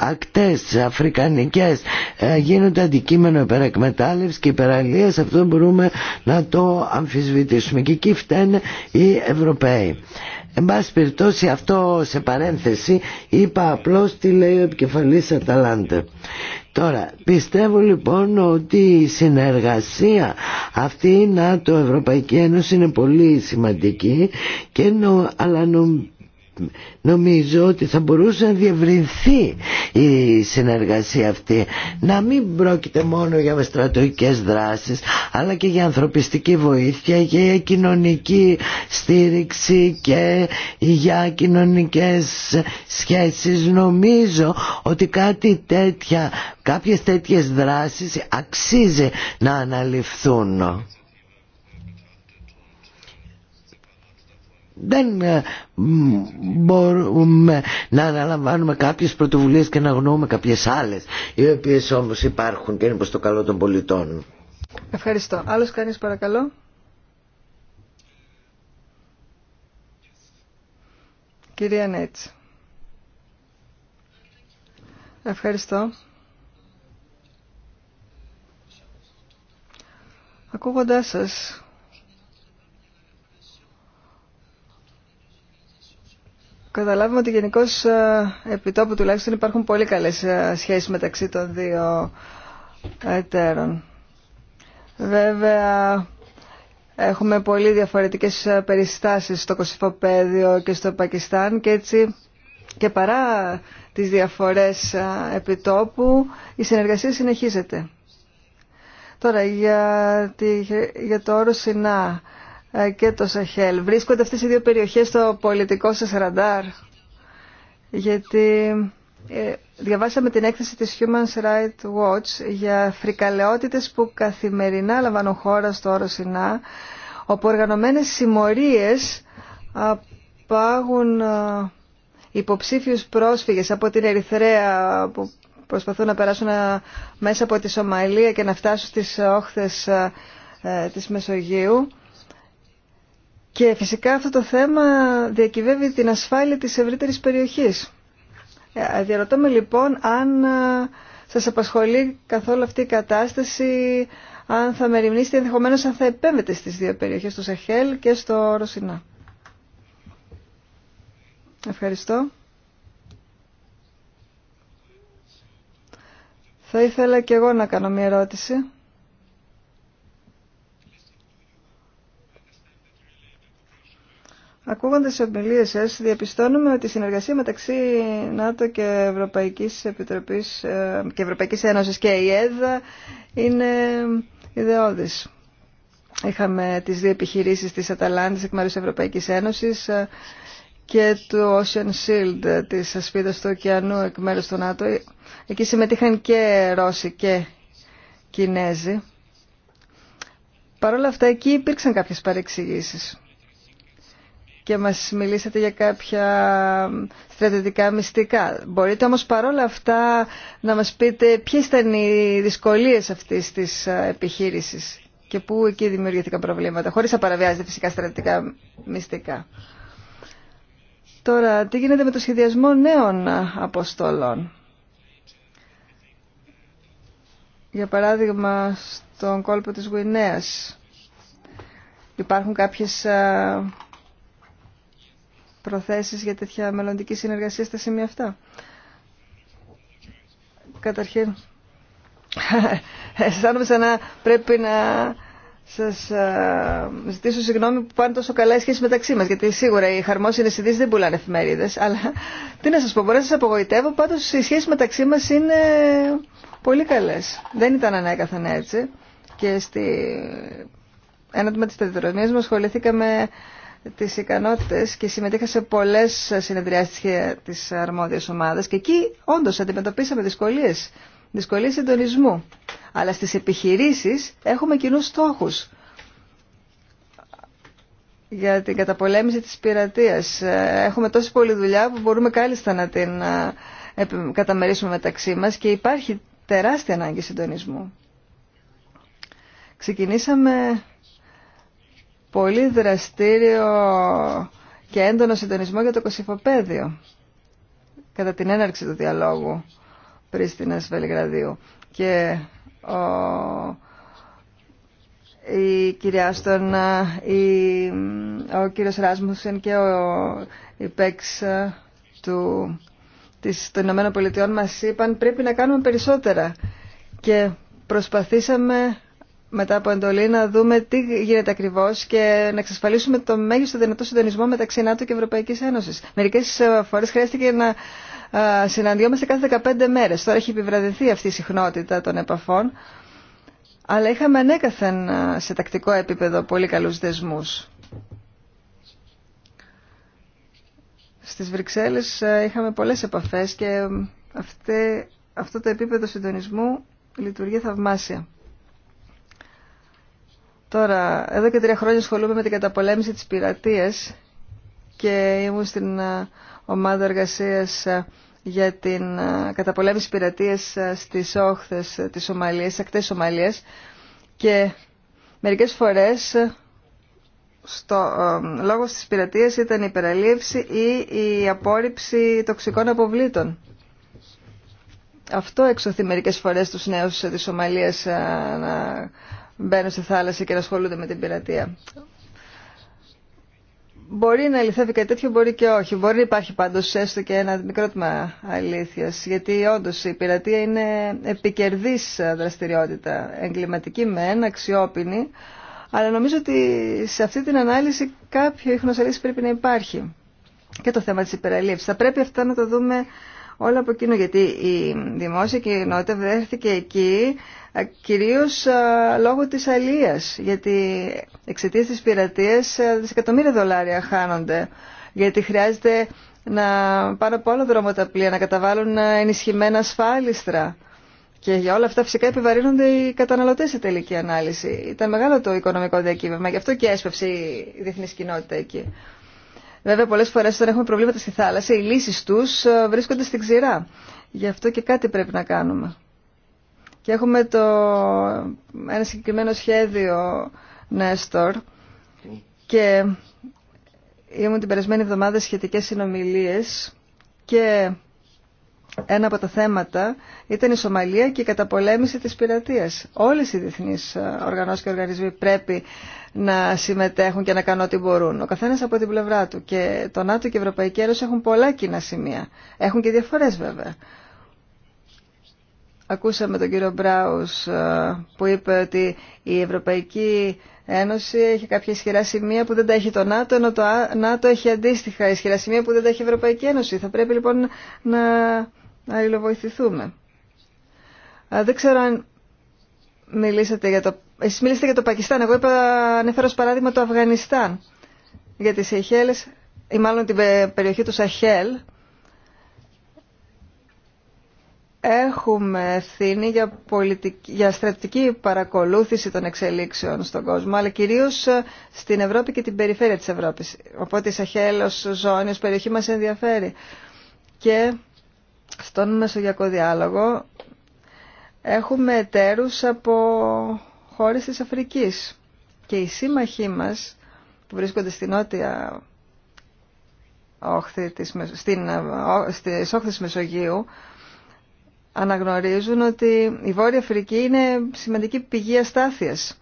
ακτές αφρικανικές ε, γίνονται αντικείμενο υπερεκμετάλλευση και υπεραλίας αυτό μπορούμε να το αμφισβητήσουμε και εκεί φταίνε οι Ευρωπαίοι Εν πάση περιπτώσει αυτό σε παρένθεση είπα απλώς τι λέει ο επικεφαλής Αταλάντε. Τώρα πιστεύω λοιπόν ότι η συνεργασία αυτή να το Ευρωπαϊκή Ένωση είναι πολύ σημαντική και νο, αλλά νομίζω ότι θα μπορούσε να διευρυνθεί η συνεργασία αυτή να μην πρόκειται μόνο για στρατοικές δράσεις αλλά και για ανθρωπιστική βοήθεια για κοινωνική στήριξη και για κοινωνικές σχέσεις νομίζω ότι κάτι τέτοια, κάποιες τέτοιες δράσεις αξίζει να αναλυφθούν δεν ε, μπορούμε να αναλαμβάνουμε κάποιες πρωτοβουλίες και να γνωρούμε κάποιες άλλες οι οποίες όμως υπάρχουν και είναι προς το καλό των πολιτών. Ευχαριστώ. Άλλος κανείς παρακαλώ. Κυρία Νέτς. Ευχαριστώ. Ακούγοντάς σας, Καταλάβουμε ότι γενικώ ε, επιτόπου τουλάχιστον υπάρχουν πολύ καλές ε, σχέσεις μεταξύ των δύο εταίρων. Βέβαια, έχουμε πολύ διαφορετικές ε, περιστάσεις στο Κωσυφοπαίδιο και στο Πακιστάν και έτσι και παρά τις διαφορές επιτόπου η συνεργασία συνεχίζεται. Τώρα για, το όρο ΣΥΝΑ ε, και το Σαχέλ. Βρίσκονται αυτές οι δύο περιοχές στο πολιτικό σα ραντάρ. Γιατί ε, διαβάσαμε την έκθεση της Human Rights Watch για φρικαλαιότητες που καθημερινά λαμβάνουν χώρα στο όρο Σινά, όπου οργανωμένες συμμορίες πάγουν ε, υποψήφιους πρόσφυγες από την Ερυθρέα που προσπαθούν να περάσουν μέσα από τη Σομαλία και να φτάσουν στις όχθες της Μεσογείου και φυσικά αυτό το θέμα διακυβεύει την ασφάλεια της ευρύτερης περιοχής. Ε, Διαρωτώ με λοιπόν αν ε, σας απασχολεί καθόλου αυτή η κατάσταση, αν θα μεριμνήσετε ενδεχομένω αν θα επέμβετε στις δύο περιοχές, στο Σεχέλ και στο Ρωσινά. Ευχαριστώ. Θα ήθελα και εγώ να κάνω μια ερώτηση. Ακούγοντα τι ομιλίε σα, διαπιστώνουμε ότι η συνεργασία μεταξύ ΝΑΤΟ και Ευρωπαϊκής, Επιτροπής, ε, και Ευρωπαϊκής Ένωσης και η ΕΔΑ είναι ιδεώδης. Είχαμε τις δύο επιχειρήσεις της Αταλάντης εκ μέρου Ευρωπαϊκή Ευρωπαϊκής Ένωσης ε, και του Ocean Shield της ασπίδα του ωκεανού εκ μέρου του ΝΑΤΟ. Εκεί συμμετείχαν και Ρώσοι και Κινέζοι. Παρ' όλα αυτά εκεί υπήρξαν κάποιε παρεξηγήσει και μας μιλήσατε για κάποια στρατιωτικά μυστικά. Μπορείτε όμως παρόλα αυτά να μας πείτε ποιες ήταν οι δυσκολίες αυτής της ε, επιχείρησης και πού εκεί δημιουργήθηκαν προβλήματα, χωρίς να παραβιάζετε φυσικά στρατιωτικά μυστικά. Τώρα, τι γίνεται με το σχεδιασμό νέων αποστολών. Για παράδειγμα, στον κόλπο της Γουινέας υπάρχουν κάποιες ε, προθέσεις για τέτοια μελλοντική συνεργασία στα σημεία αυτά. Καταρχήν, αισθάνομαι σαν να πρέπει να σας ζητήσω συγγνώμη που πάνε τόσο καλά οι σχέσεις μεταξύ μας, γιατί σίγουρα οι χαρμόσυνες ειδήσεις δεν πουλάνε εφημερίδες, αλλά τι να σας πω, μπορώ να σας απογοητεύω, πάντως οι σχέσεις μεταξύ μας είναι πολύ καλές. Δεν ήταν ανέκαθεν έτσι και στη... Ένα τμήμα της τετρονίας μας ασχοληθήκαμε τις ικανότητες και συμμετείχα σε πολλές συνεδριάσεις της αρμόδιας ομάδας και εκεί όντως αντιμετωπίσαμε δυσκολίες, δυσκολίες συντονισμού. Αλλά στις επιχειρήσεις έχουμε κοινούς στόχους για την καταπολέμηση της πειρατείας. Έχουμε τόση πολλή δουλειά που μπορούμε κάλλιστα να την καταμερίσουμε μεταξύ μας και υπάρχει τεράστια ανάγκη συντονισμού. Ξεκινήσαμε πολύ δραστήριο και έντονο συντονισμό για το κοσυφοπαίδιο κατά την έναρξη του διαλόγου Πρίστινας Βελιγραδίου. Και ο, η κυρία η, ο κύριος Ράσμουσεν και ο υπέξ του, της, των Ηνωμένων Πολιτειών μας είπαν πρέπει να κάνουμε περισσότερα. Και προσπαθήσαμε μετά από εντολή να δούμε τι γίνεται ακριβώ και να εξασφαλίσουμε το μέγιστο δυνατό συντονισμό μεταξύ ΝΑΤΟ και Ευρωπαϊκή Ένωση. Μερικέ ε, φορέ χρειάστηκε να ε, συναντιόμαστε κάθε 15 μέρε. Τώρα έχει επιβραδυνθεί αυτή η συχνότητα των επαφών. Αλλά είχαμε ανέκαθεν ε, σε τακτικό επίπεδο πολύ καλούς δεσμούς. Στις Βρυξέλλες είχαμε πολλές επαφές και αυτή, αυτό το επίπεδο συντονισμού λειτουργεί θαυμάσια. Τώρα, εδώ και τρία χρόνια ασχολούμαι με την καταπολέμηση της πειρατείας και ήμουν στην ε, ομάδα εργασίας ε, για την ε, καταπολέμηση πειρατείας στις όχθες της Σομαλίας, στις ακτές Σομαλίας και μερικές φορές στο, ε, λόγος της πειρατείας ήταν η υπεραλήψη ή η απόρριψη τοξικών αποβλήτων. Αυτό εξωθεί μερικές φορές τους νέους της Σομαλίας να μπαίνουν στη θάλασσα και να ασχολούνται με την πειρατεία. Μπορεί να αληθεύει κάτι τέτοιο, μπορεί και όχι. Μπορεί να υπάρχει πάντω έστω και ένα μικρό τμήμα αλήθεια. Γιατί όντω η πειρατεία είναι επικερδή δραστηριότητα. Εγκληματική μεν, αξιόπινη. Αλλά νομίζω ότι σε αυτή την ανάλυση κάποιο ίχνος αλήθεια πρέπει να υπάρχει. Και το θέμα τη υπεραλήψη. Θα πρέπει αυτά να το δούμε Όλα από εκείνο γιατί η δημόσια κοινότητα βρέθηκε εκεί ε, κυρίως ε, λόγω της αλίας γιατί εξαιτίας της πειρατείας ε, δισεκατομμύρια δολάρια χάνονται γιατί χρειάζεται να πάνω από όλο δρόμο τα πλοία να καταβάλουν ενισχυμένα ασφάλιστρα και για όλα αυτά φυσικά επιβαρύνονται οι καταναλωτές σε τελική ανάλυση. Ήταν μεγάλο το οικονομικό διακύβευμα, γι' αυτό και έσπευσε η διεθνής κοινότητα εκεί. Βέβαια, πολλέ φορέ όταν έχουμε προβλήματα στη θάλασσα, οι λύσεις τους ε, βρίσκονται στην ξηρά. Γι' αυτό και κάτι πρέπει να κάνουμε. Και έχουμε το, ένα συγκεκριμένο σχέδιο, Νέστορ, και ήμουν την περασμένη εβδομάδα σχετικές συνομιλίες και ένα από τα θέματα ήταν η Σομαλία και η καταπολέμηση της πειρατείας. Όλες οι διεθνείς ε, οργανώσεις και οργανισμοί πρέπει να συμμετέχουν και να κάνουν ό,τι μπορούν. Ο καθένας από την πλευρά του και το ΝΑΤΟ και η Ευρωπαϊκή Ένωση έχουν πολλά κοινά σημεία. Έχουν και διαφορές βέβαια. Ακούσαμε τον κύριο Μπράους ε, που είπε ότι η Ευρωπαϊκή Ένωση έχει κάποια ισχυρά σημεία που δεν τα έχει το ΝΑΤΟ, ενώ το ΝΑΤΟ έχει αντίστοιχα ισχυρά σημεία που δεν τα έχει η Ευρωπαϊκή Ένωση. Θα πρέπει λοιπόν να να αλληλοβοηθηθούμε. δεν ξέρω αν μιλήσατε για το... Εσείς μιλήσατε για το Πακιστάν, εγώ είπα, ανέφερα ως παράδειγμα το Αφγανιστάν. Για τις Αιχέλες ή μάλλον την περιοχή του Σαχέλ, έχουμε ευθύνη για, πολιτική, για στρατηγική παρακολούθηση των εξελίξεων στον κόσμο, αλλά κυρίως ε, στην Ευρώπη και την περιφέρεια της Ευρώπης. Οπότε η Σαχέλ ως ζώνη, ως περιοχή μας ενδιαφέρει. Και στον Μεσογειακό Διάλογο έχουμε εταίρους από χώρες της Αφρικής και οι σύμμαχοί μας που βρίσκονται στην νότια όχθη της, στην, ε, στις όχθες Μεσογείου αναγνωρίζουν ότι η Βόρεια Αφρική είναι σημαντική πηγή αστάθειας.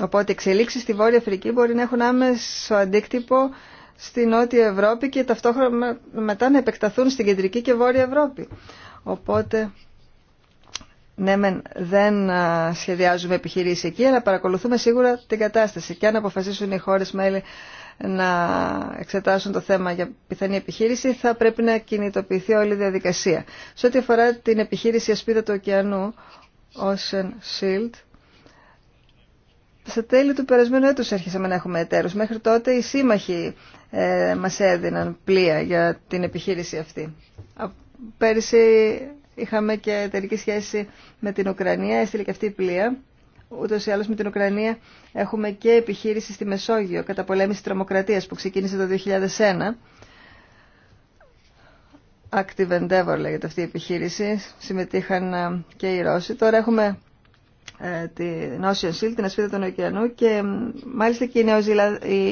Οπότε εξελίξεις στη Βόρεια Αφρική μπορεί να έχουν άμεσο αντίκτυπο στη Νότια Ευρώπη και ταυτόχρονα μετά να επεκταθούν στην Κεντρική και Βόρεια Ευρώπη. Οπότε, ναι δεν σχεδιάζουμε επιχειρήσεις εκεί, αλλά παρακολουθούμε σίγουρα την κατάσταση. Και αν αποφασίσουν οι χώρες μέλη να εξετάσουν το θέμα για πιθανή επιχείρηση, θα πρέπει να κινητοποιηθεί όλη η διαδικασία. Σε ό,τι αφορά την επιχείρηση ασπίδα του ωκεανού, Ocean Shield, στα τέλη του περασμένου έτους έρχεσαμε να έχουμε εταίρους. Μέχρι τότε οι σύμμαχοι ε, μας έδιναν πλοία για την επιχείρηση αυτή. Πέρυσι είχαμε και εταιρική σχέση με την Ουκρανία, έστειλε και αυτή η πλοία. Ούτω ή άλλως με την Ουκρανία έχουμε και επιχείρηση στη Μεσόγειο κατά πολέμηση τρομοκρατίας που ξεκίνησε το 2001. Active Endeavor λέγεται αυτή η επιχείρηση. Συμμετείχαν ε, και οι Ρώσοι. Τώρα έχουμε ε, την Ocean Shield, την ασφίδα των ωκεανού και μάλιστα και η,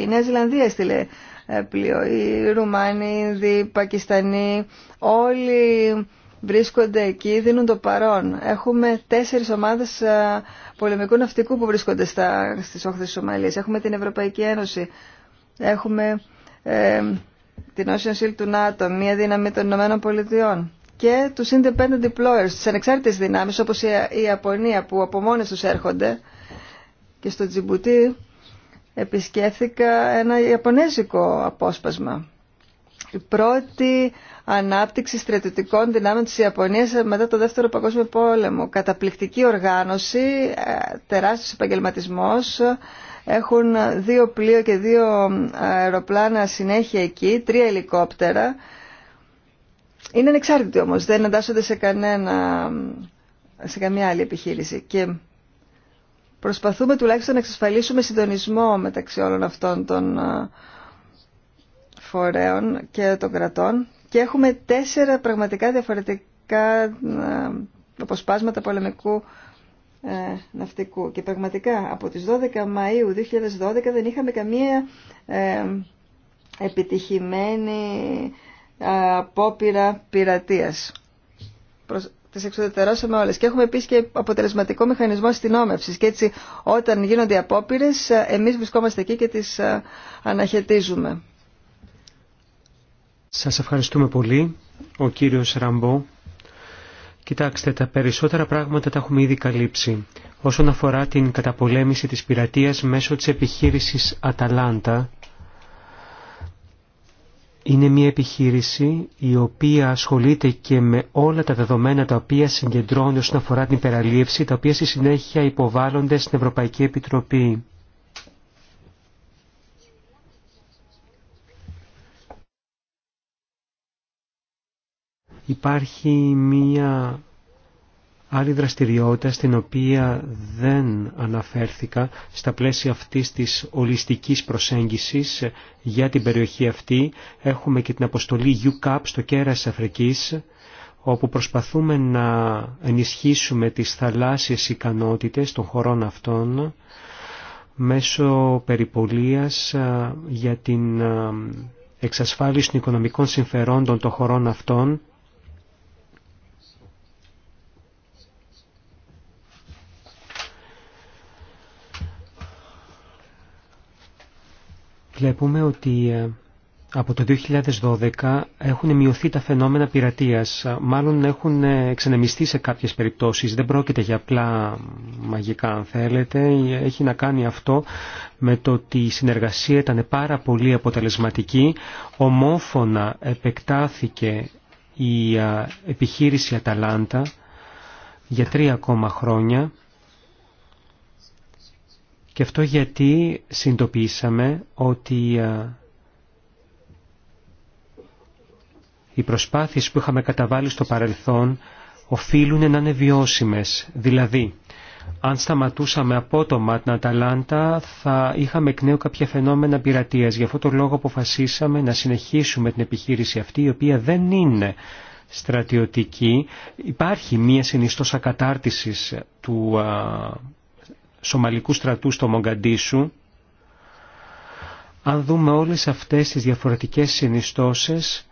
η Νέα Ζηλανδία έστειλε ε, πλοίο. Οι Ρουμάνοι, οι Ινδοί, οι Πακιστανοί, όλοι βρίσκονται εκεί, δίνουν το παρόν. Έχουμε τέσσερις ομάδες ε, πολεμικού ναυτικού που βρίσκονται στα... στις όχθες της Σομαλίας. Έχουμε την Ευρωπαϊκή Ένωση, έχουμε ε, την Ocean Shield του ΝΑΤΟ, μια δύναμη των Ηνωμένων Πολιτειών και του independent deployers, τι ανεξάρτητε δυνάμει, όπω η Ιαπωνία που από μόνες τους έρχονται και στο Τζιμπουτί επισκέφθηκα ένα Ιαπωνέζικο απόσπασμα. Η πρώτη ανάπτυξη στρατιωτικών δυνάμεων της Ιαπωνίας μετά το Δεύτερο Παγκόσμιο Πόλεμο. Καταπληκτική οργάνωση, ε, τεράστιος επαγγελματισμός, έχουν δύο πλοία και δύο ε, αεροπλάνα συνέχεια εκεί, τρία ελικόπτερα είναι ανεξάρτητοι όμως, δεν εντάσσονται σε, κανένα, σε καμία άλλη επιχείρηση. Και προσπαθούμε τουλάχιστον να εξασφαλίσουμε συντονισμό μεταξύ όλων αυτών των φορέων και των κρατών και έχουμε τέσσερα πραγματικά διαφορετικά αποσπάσματα πολεμικού ε, ναυτικού. Και πραγματικά από τις 12 Μαΐου 2012 δεν είχαμε καμία ε, επιτυχημένη απόπειρα πειρατείας. Τις εξουδετερώσαμε όλες και έχουμε επίσης και αποτελεσματικό μηχανισμό αστυνόμευση. και έτσι όταν γίνονται οι απόπειρες εμείς βρισκόμαστε εκεί και τις αναχαιτίζουμε. Σας ευχαριστούμε πολύ, ο κύριος Ραμπό. Κοιτάξτε, τα περισσότερα πράγματα τα έχουμε ήδη καλύψει. Όσον αφορά την καταπολέμηση της πειρατείας μέσω της επιχείρησης Αταλάντα, είναι μια επιχείρηση η οποία ασχολείται και με όλα τα δεδομένα τα οποία συγκεντρώνει όσον αφορά την υπεραλίευση, τα οποία στη συνέχεια υποβάλλονται στην Ευρωπαϊκή Επιτροπή. Υπάρχει μια άλλη δραστηριότητα στην οποία δεν αναφέρθηκα στα πλαίσια αυτής της ολιστικής προσέγγισης για την περιοχή αυτή. Έχουμε και την αποστολή UCAP στο κέρας Αφρικής όπου προσπαθούμε να ενισχύσουμε τις θαλάσσιες ικανότητες των χωρών αυτών μέσω περιπολίας ε, για την ε, εξασφάλιση των οικονομικών συμφερόντων των χωρών αυτών Βλέπουμε ότι ε, από το 2012 έχουν μειωθεί τα φαινόμενα πειρατείας. Μάλλον έχουν ε, εξανεμιστεί σε κάποιες περιπτώσεις. Δεν πρόκειται για απλά μαγικά αν θέλετε. Έχει να κάνει αυτό με το ότι η συνεργασία ήταν πάρα πολύ αποτελεσματική. Ομόφωνα επεκτάθηκε η επιχείρηση Αταλάντα για τρία ακόμα χρόνια και αυτό γιατί συντοπίσαμε ότι ε, οι προσπάθειες που είχαμε καταβάλει στο παρελθόν οφείλουν να είναι βιώσιμες. Δηλαδή, αν σταματούσαμε απότομα την Αταλάντα θα είχαμε εκ νέου κάποια φαινόμενα πειρατείας. Γι' αυτό το λόγο αποφασίσαμε να συνεχίσουμε την επιχείρηση αυτή η οποία δεν είναι στρατιωτική. Υπάρχει μία συνιστός κατάρτισης του ε, Σομαλικού στρατού στο Μογκαντίσου. αν δούμε όλες αυτές τις διαφορετικές συνιστώσεις,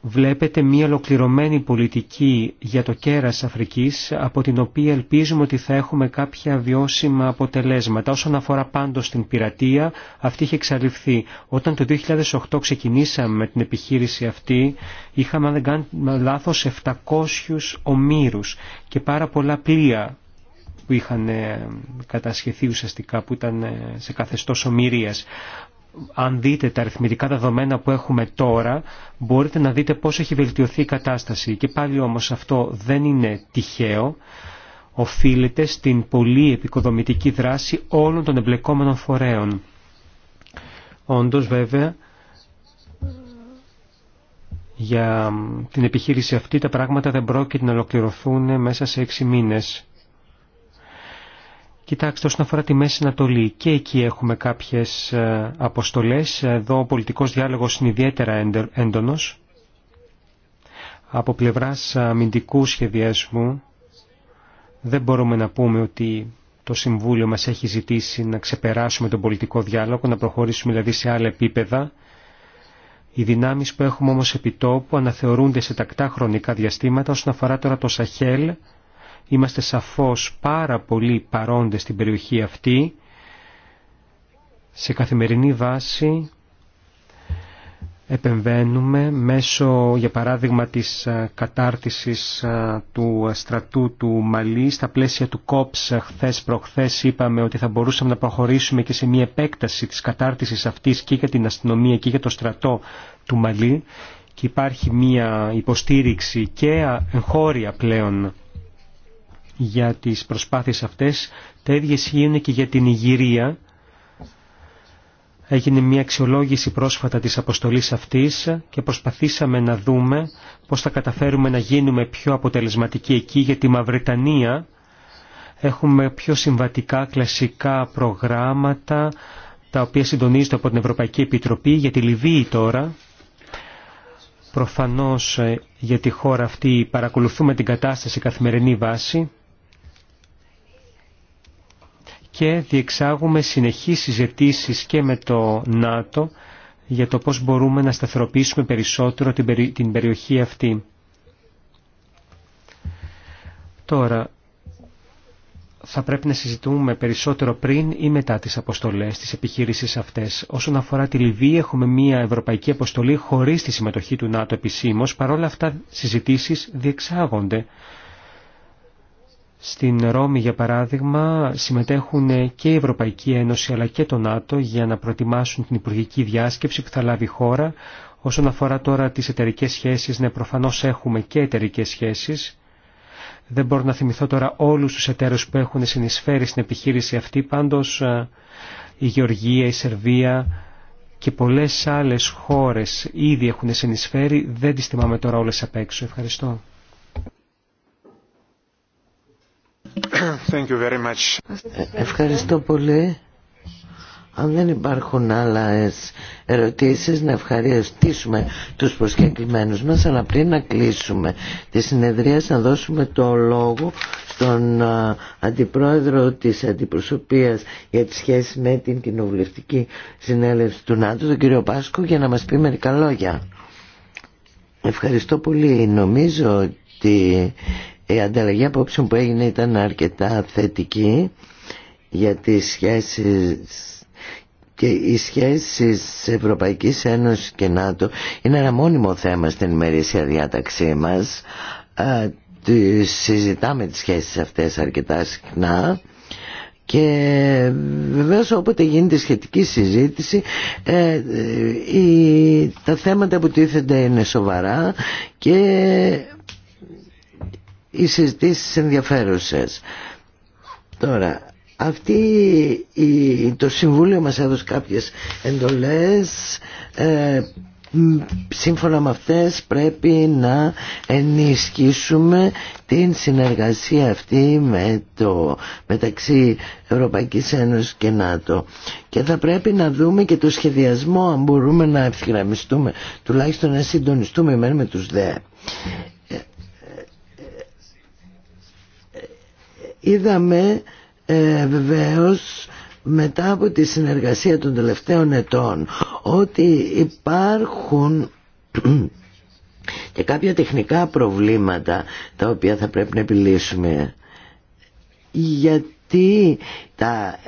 βλέπετε μία ολοκληρωμένη πολιτική για το κέρας Αφρικής, από την οποία ελπίζουμε ότι θα έχουμε κάποια βιώσιμα αποτελέσματα. Όσον αφορά πάντως την πειρατεία, αυτή είχε εξαλειφθεί. Όταν το 2008 ξεκινήσαμε με την επιχείρηση αυτή, είχαμε, αν δεν κάνω λάθος, 700 ομήρους και πάρα πολλά πλοία που είχαν ε, κατασχεθεί ουσιαστικά, που ήταν ε, σε καθεστώς ομοιρίας. Αν δείτε τα αριθμητικά δεδομένα που έχουμε τώρα, μπορείτε να δείτε πώς έχει βελτιωθεί η κατάσταση. Και πάλι όμως αυτό δεν είναι τυχαίο οφείλεται στην πολύ επικοδομητική δράση όλων των εμπλεκόμενων φορέων. Όντως βέβαια για την επιχείρηση αυτή τα πράγματα δεν πρόκειται να ολοκληρωθούν μέσα σε έξι μήνες. Κοιτάξτε, όσον αφορά τη Μέση Ανατολή, και εκεί έχουμε κάποιες ε, αποστολές. Εδώ ο πολιτικός διάλογος είναι ιδιαίτερα έντονος. Από πλευράς αμυντικού σχεδιασμού δεν μπορούμε να πούμε ότι το Συμβούλιο μας έχει ζητήσει να ξεπεράσουμε τον πολιτικό διάλογο, να προχωρήσουμε δηλαδή σε άλλα επίπεδα. Οι δυνάμεις που έχουμε όμως επιτόπου αναθεωρούνται σε τακτά χρονικά διαστήματα όσον αφορά τώρα το Σαχέλ, Είμαστε σαφώς πάρα πολύ παρόντες στην περιοχή αυτή, σε καθημερινή βάση επεμβαίνουμε μέσω, για παράδειγμα, της κατάρτισης του στρατού του Μαλή. Στα πλαίσια του ΚΟΠΣ χθες προχθές είπαμε ότι θα μπορούσαμε να προχωρήσουμε και σε μια επέκταση της κατάρτισης αυτής και για την αστυνομία και για το στρατό του Μαλή και υπάρχει μια υποστήριξη και εγχώρια πλέον για τις προσπάθειες αυτές. Τα ίδια ισχύουν και για την Ιγυρία. Έγινε μια αξιολόγηση πρόσφατα της αποστολής αυτής και προσπαθήσαμε να δούμε πώς θα καταφέρουμε να γίνουμε πιο αποτελεσματικοί εκεί για τη Μαυρετανία. Έχουμε πιο συμβατικά κλασικά προγράμματα τα οποία συντονίζονται από την Ευρωπαϊκή Επιτροπή για τη Λιβύη τώρα. Προφανώς ε, για τη χώρα αυτή παρακολουθούμε την κατάσταση καθημερινή βάση και διεξάγουμε συνεχείς συζητήσεις και με το ΝΑΤΟ για το πώς μπορούμε να σταθεροποιήσουμε περισσότερο την περιοχή αυτή. Τώρα, θα πρέπει να συζητούμε περισσότερο πριν ή μετά τις αποστολές τις επιχείρησεις αυτές. Όσον αφορά τη Λιβύη έχουμε μια ευρωπαϊκή αποστολή χωρίς τη συμμετοχή του ΝΑΤΟ επισήμως, παρόλα αυτά συζητήσεις διεξάγονται. Στην Ρώμη, για παράδειγμα, συμμετέχουν και η Ευρωπαϊκή Ένωση αλλά και το ΝΑΤΟ για να προετοιμάσουν την υπουργική διάσκεψη που θα λάβει η χώρα. Όσον αφορά τώρα τις εταιρικέ σχέσεις, ναι, προφανώς έχουμε και εταιρικέ σχέσεις. Δεν μπορώ να θυμηθώ τώρα όλους τους εταίρους που έχουν συνεισφέρει στην επιχείρηση αυτή, πάντως ε, η Γεωργία, η Σερβία και πολλές άλλες χώρες ήδη έχουν συνεισφέρει. Δεν τις θυμάμαι τώρα όλες απ' έξω. Ευχαριστώ. Ευχαριστώ πολύ. Αν δεν υπάρχουν άλλες ερωτήσεις να ευχαριστήσουμε τους προσκεκλημένους μας αλλά πριν να κλείσουμε τη συνεδρία να δώσουμε το λόγο στον αντιπρόεδρο της αντιπροσωπείας για τη σχέση με την κοινοβουλευτική συνέλευση του ΝΑΤΟ τον κύριο Πάσκο για να μας πει μερικά λόγια. Ευχαριστώ πολύ. Νομίζω ότι η ανταλλαγή απόψεων που έγινε ήταν αρκετά θετική για τις σχέσεις και οι σχέσεις Ευρωπαϊκής Ένωσης και ΝΑΤΟ είναι ένα μόνιμο θέμα στην ημερήσια διάταξή μας. συζητάμε τις σχέσεις αυτές αρκετά συχνά και βεβαίως όποτε γίνεται σχετική συζήτηση ε, ε η, τα θέματα που τίθενται είναι σοβαρά και οι συζητήσεις ενδιαφέρουσες. Τώρα, αυτή η, το Συμβούλιο μας έδωσε κάποιες εντολές ε, σύμφωνα με αυτές πρέπει να ενισχύσουμε την συνεργασία αυτή με το, μεταξύ Ευρωπαϊκής Ένωσης και ΝΑΤΟ και θα πρέπει να δούμε και το σχεδιασμό αν μπορούμε να ευθυγραμμιστούμε τουλάχιστον να συντονιστούμε με τους ΔΕΕ. είδαμε ε, μετά από τη συνεργασία των τελευταίων ετών ότι υπάρχουν και κάποια τεχνικά προβλήματα τα οποία θα πρέπει να επιλύσουμε γιατί τα,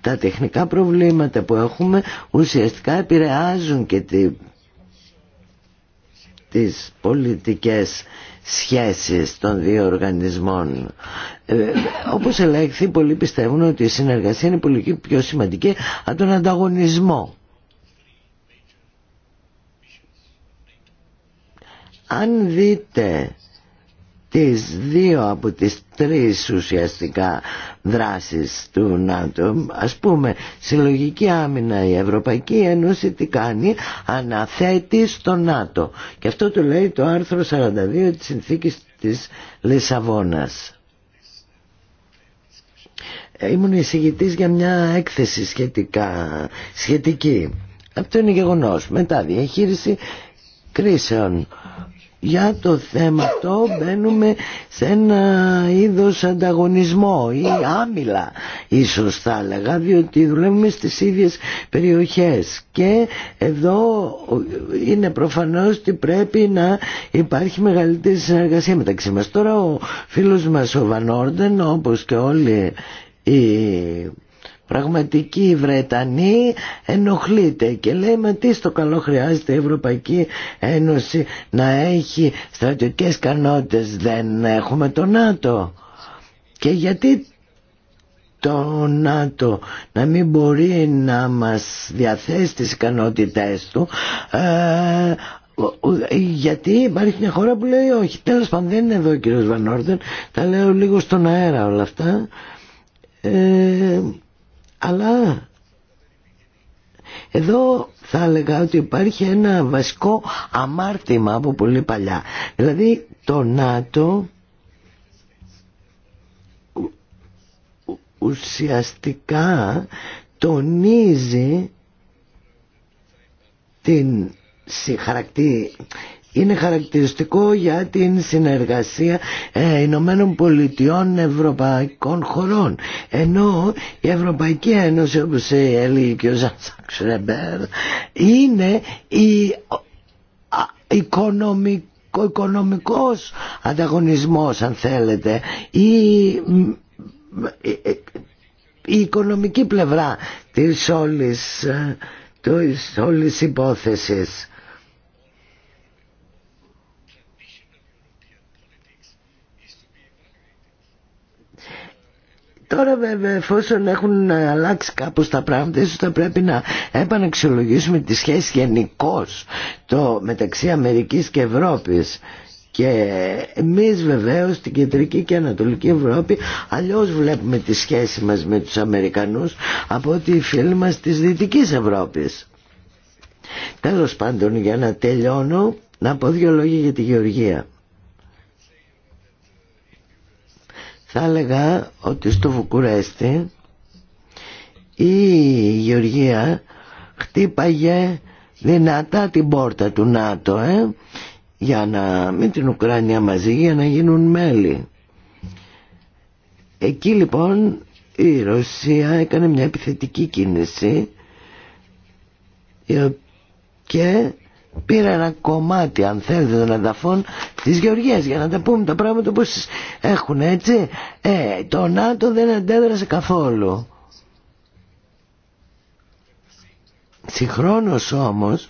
τα τεχνικά προβλήματα που έχουμε ουσιαστικά επηρεάζουν και τη, τις πολιτικές σχέσεις των δύο οργανισμών. Ε, όπως ελέγχθη, πολλοί πιστεύουν ότι η συνεργασία είναι πολύ πιο σημαντική από τον ανταγωνισμό. Αν δείτε τις δύο από τις τρεις ουσιαστικά δράσεις του ΝΑΤΟ ας πούμε συλλογική άμυνα η Ευρωπαϊκή Ένωση τι κάνει αναθέτει στο ΝΑΤΟ και αυτό το λέει το άρθρο 42 της συνθήκης της Λισαβόνας ε, ήμουν εισηγητής για μια έκθεση σχετικά, σχετική αυτό είναι γεγονός μετά διαχείριση κρίσεων για το θέμα αυτό μπαίνουμε σε ένα είδος ανταγωνισμό ή άμυλα ίσως θα έλεγα διότι δουλεύουμε στις ίδιες περιοχές και εδώ είναι προφανώς ότι πρέπει να υπάρχει μεγαλύτερη συνεργασία μεταξύ μας. Τώρα ο φίλος μας ο Βανόρντεν όπως και όλοι οι πραγματική Βρετανή ενοχλείται και λέει μα τι στο καλό χρειάζεται η Ευρωπαϊκή Ένωση να έχει στρατιωτικές κανότητες δεν έχουμε το ΝΑΤΟ και γιατί το ΝΑΤΟ να μην μπορεί να μας διαθέσει τις ικανότητές του ε, γιατί υπάρχει μια χώρα που λέει όχι τέλος πάντων δεν είναι εδώ ο κύριος τα λέω λίγο στον αέρα όλα αυτά ε, αλλά εδώ θα έλεγα ότι υπάρχει ένα βασικό αμάρτημα από πολύ παλιά. Δηλαδή το ΝΑΤΟ ουσιαστικά τονίζει την συγχαρακτή είναι χαρακτηριστικό για την συνεργασία ε, Ηνωμένων Πολιτειών Ευρωπαϊκών χωρών. Ενώ η Ευρωπαϊκή Ένωση, όπως έλεγε και ο Σρέμπερ είναι η οικονομικό, οικονομικός ανταγωνισμός αν θέλετε ή ε, ε, η οικονομική πλευρά της όλης, ε, της όλης υπόθεσης Τώρα βέβαια εφόσον έχουν αλλάξει κάπως τα πράγματα ίσως θα πρέπει να επαναξιολογήσουμε τη σχέση γενικώ το μεταξύ Αμερικής και Ευρώπης και εμείς βεβαίως στην Κεντρική και Ανατολική Ευρώπη αλλιώς βλέπουμε τη σχέση μας με τους Αμερικανούς από ότι οι φίλοι μας της Δυτικής Ευρώπης. Τέλος πάντων για να τελειώνω να πω δύο λόγια για τη Γεωργία. Θα έλεγα ότι στο Βουκουρέστι η Γεωργία χτύπαγε δυνατά την πόρτα του ΝΑΤΟ ε, για να μην την Ουκρανία μαζί για να γίνουν μέλη. Εκεί λοιπόν η Ρωσία έκανε μια επιθετική κίνηση και πήρα ένα κομμάτι αν θέλετε των εδαφών της Γεωργίας για να τα πούμε τα πράγματα όπως έχουν έτσι ε, το ΝΑΤΟ δεν αντέδρασε καθόλου συγχρόνως όμως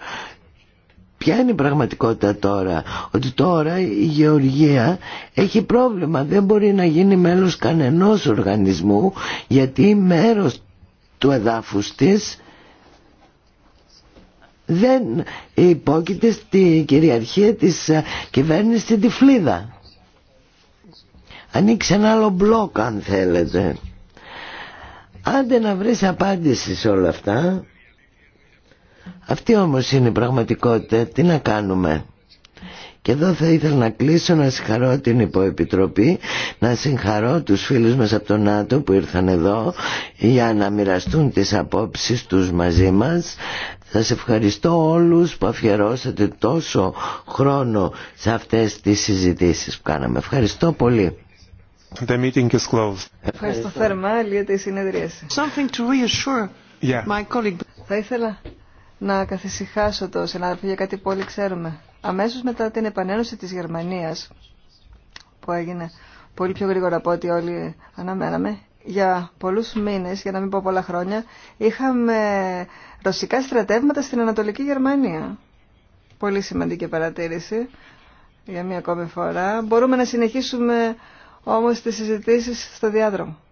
Ποια είναι η πραγματικότητα τώρα, ότι τώρα η Γεωργία έχει πρόβλημα, δεν μπορεί να γίνει μέλος κανενός οργανισμού γιατί μέρος του εδάφους της δεν υπόκειται στη κυριαρχία της ε, κυβέρνησης στην Τυφλίδα. Ανοίξει ένα άλλο μπλοκ αν θέλετε. Άντε να βρεις απάντηση σε όλα αυτά. Αυτή όμως είναι η πραγματικότητα. Τι να κάνουμε. Και εδώ θα ήθελα να κλείσω να συγχαρώ την υποεπιτροπή, να συγχαρώ τους φίλους μας από τον ΝΑΤΟ που ήρθαν εδώ για να μοιραστούν τις απόψεις τους μαζί μας. Σας ευχαριστώ όλους που αφιερώσατε τόσο χρόνο σε αυτές τις συζητήσεις που κάναμε. Ευχαριστώ πολύ. The meeting is closed. Ευχαριστώ θερμά για τη συνεδρίαση. Something to reassure my colleague. Θα ήθελα να καθησυχάσω το συνάδελφο για κάτι που όλοι ξέρουμε. Αμέσως μετά την επανένωση της Γερμανίας, που έγινε πολύ πιο γρήγορα από ό,τι όλοι αναμέναμε, για πολλούς μήνες, για να μην πω πολλά χρόνια, είχαμε ρωσικά στρατεύματα στην Ανατολική Γερμανία. Πολύ σημαντική παρατήρηση για μία ακόμη φορά. Μπορούμε να συνεχίσουμε όμως τις συζητήσεις στο διάδρομο.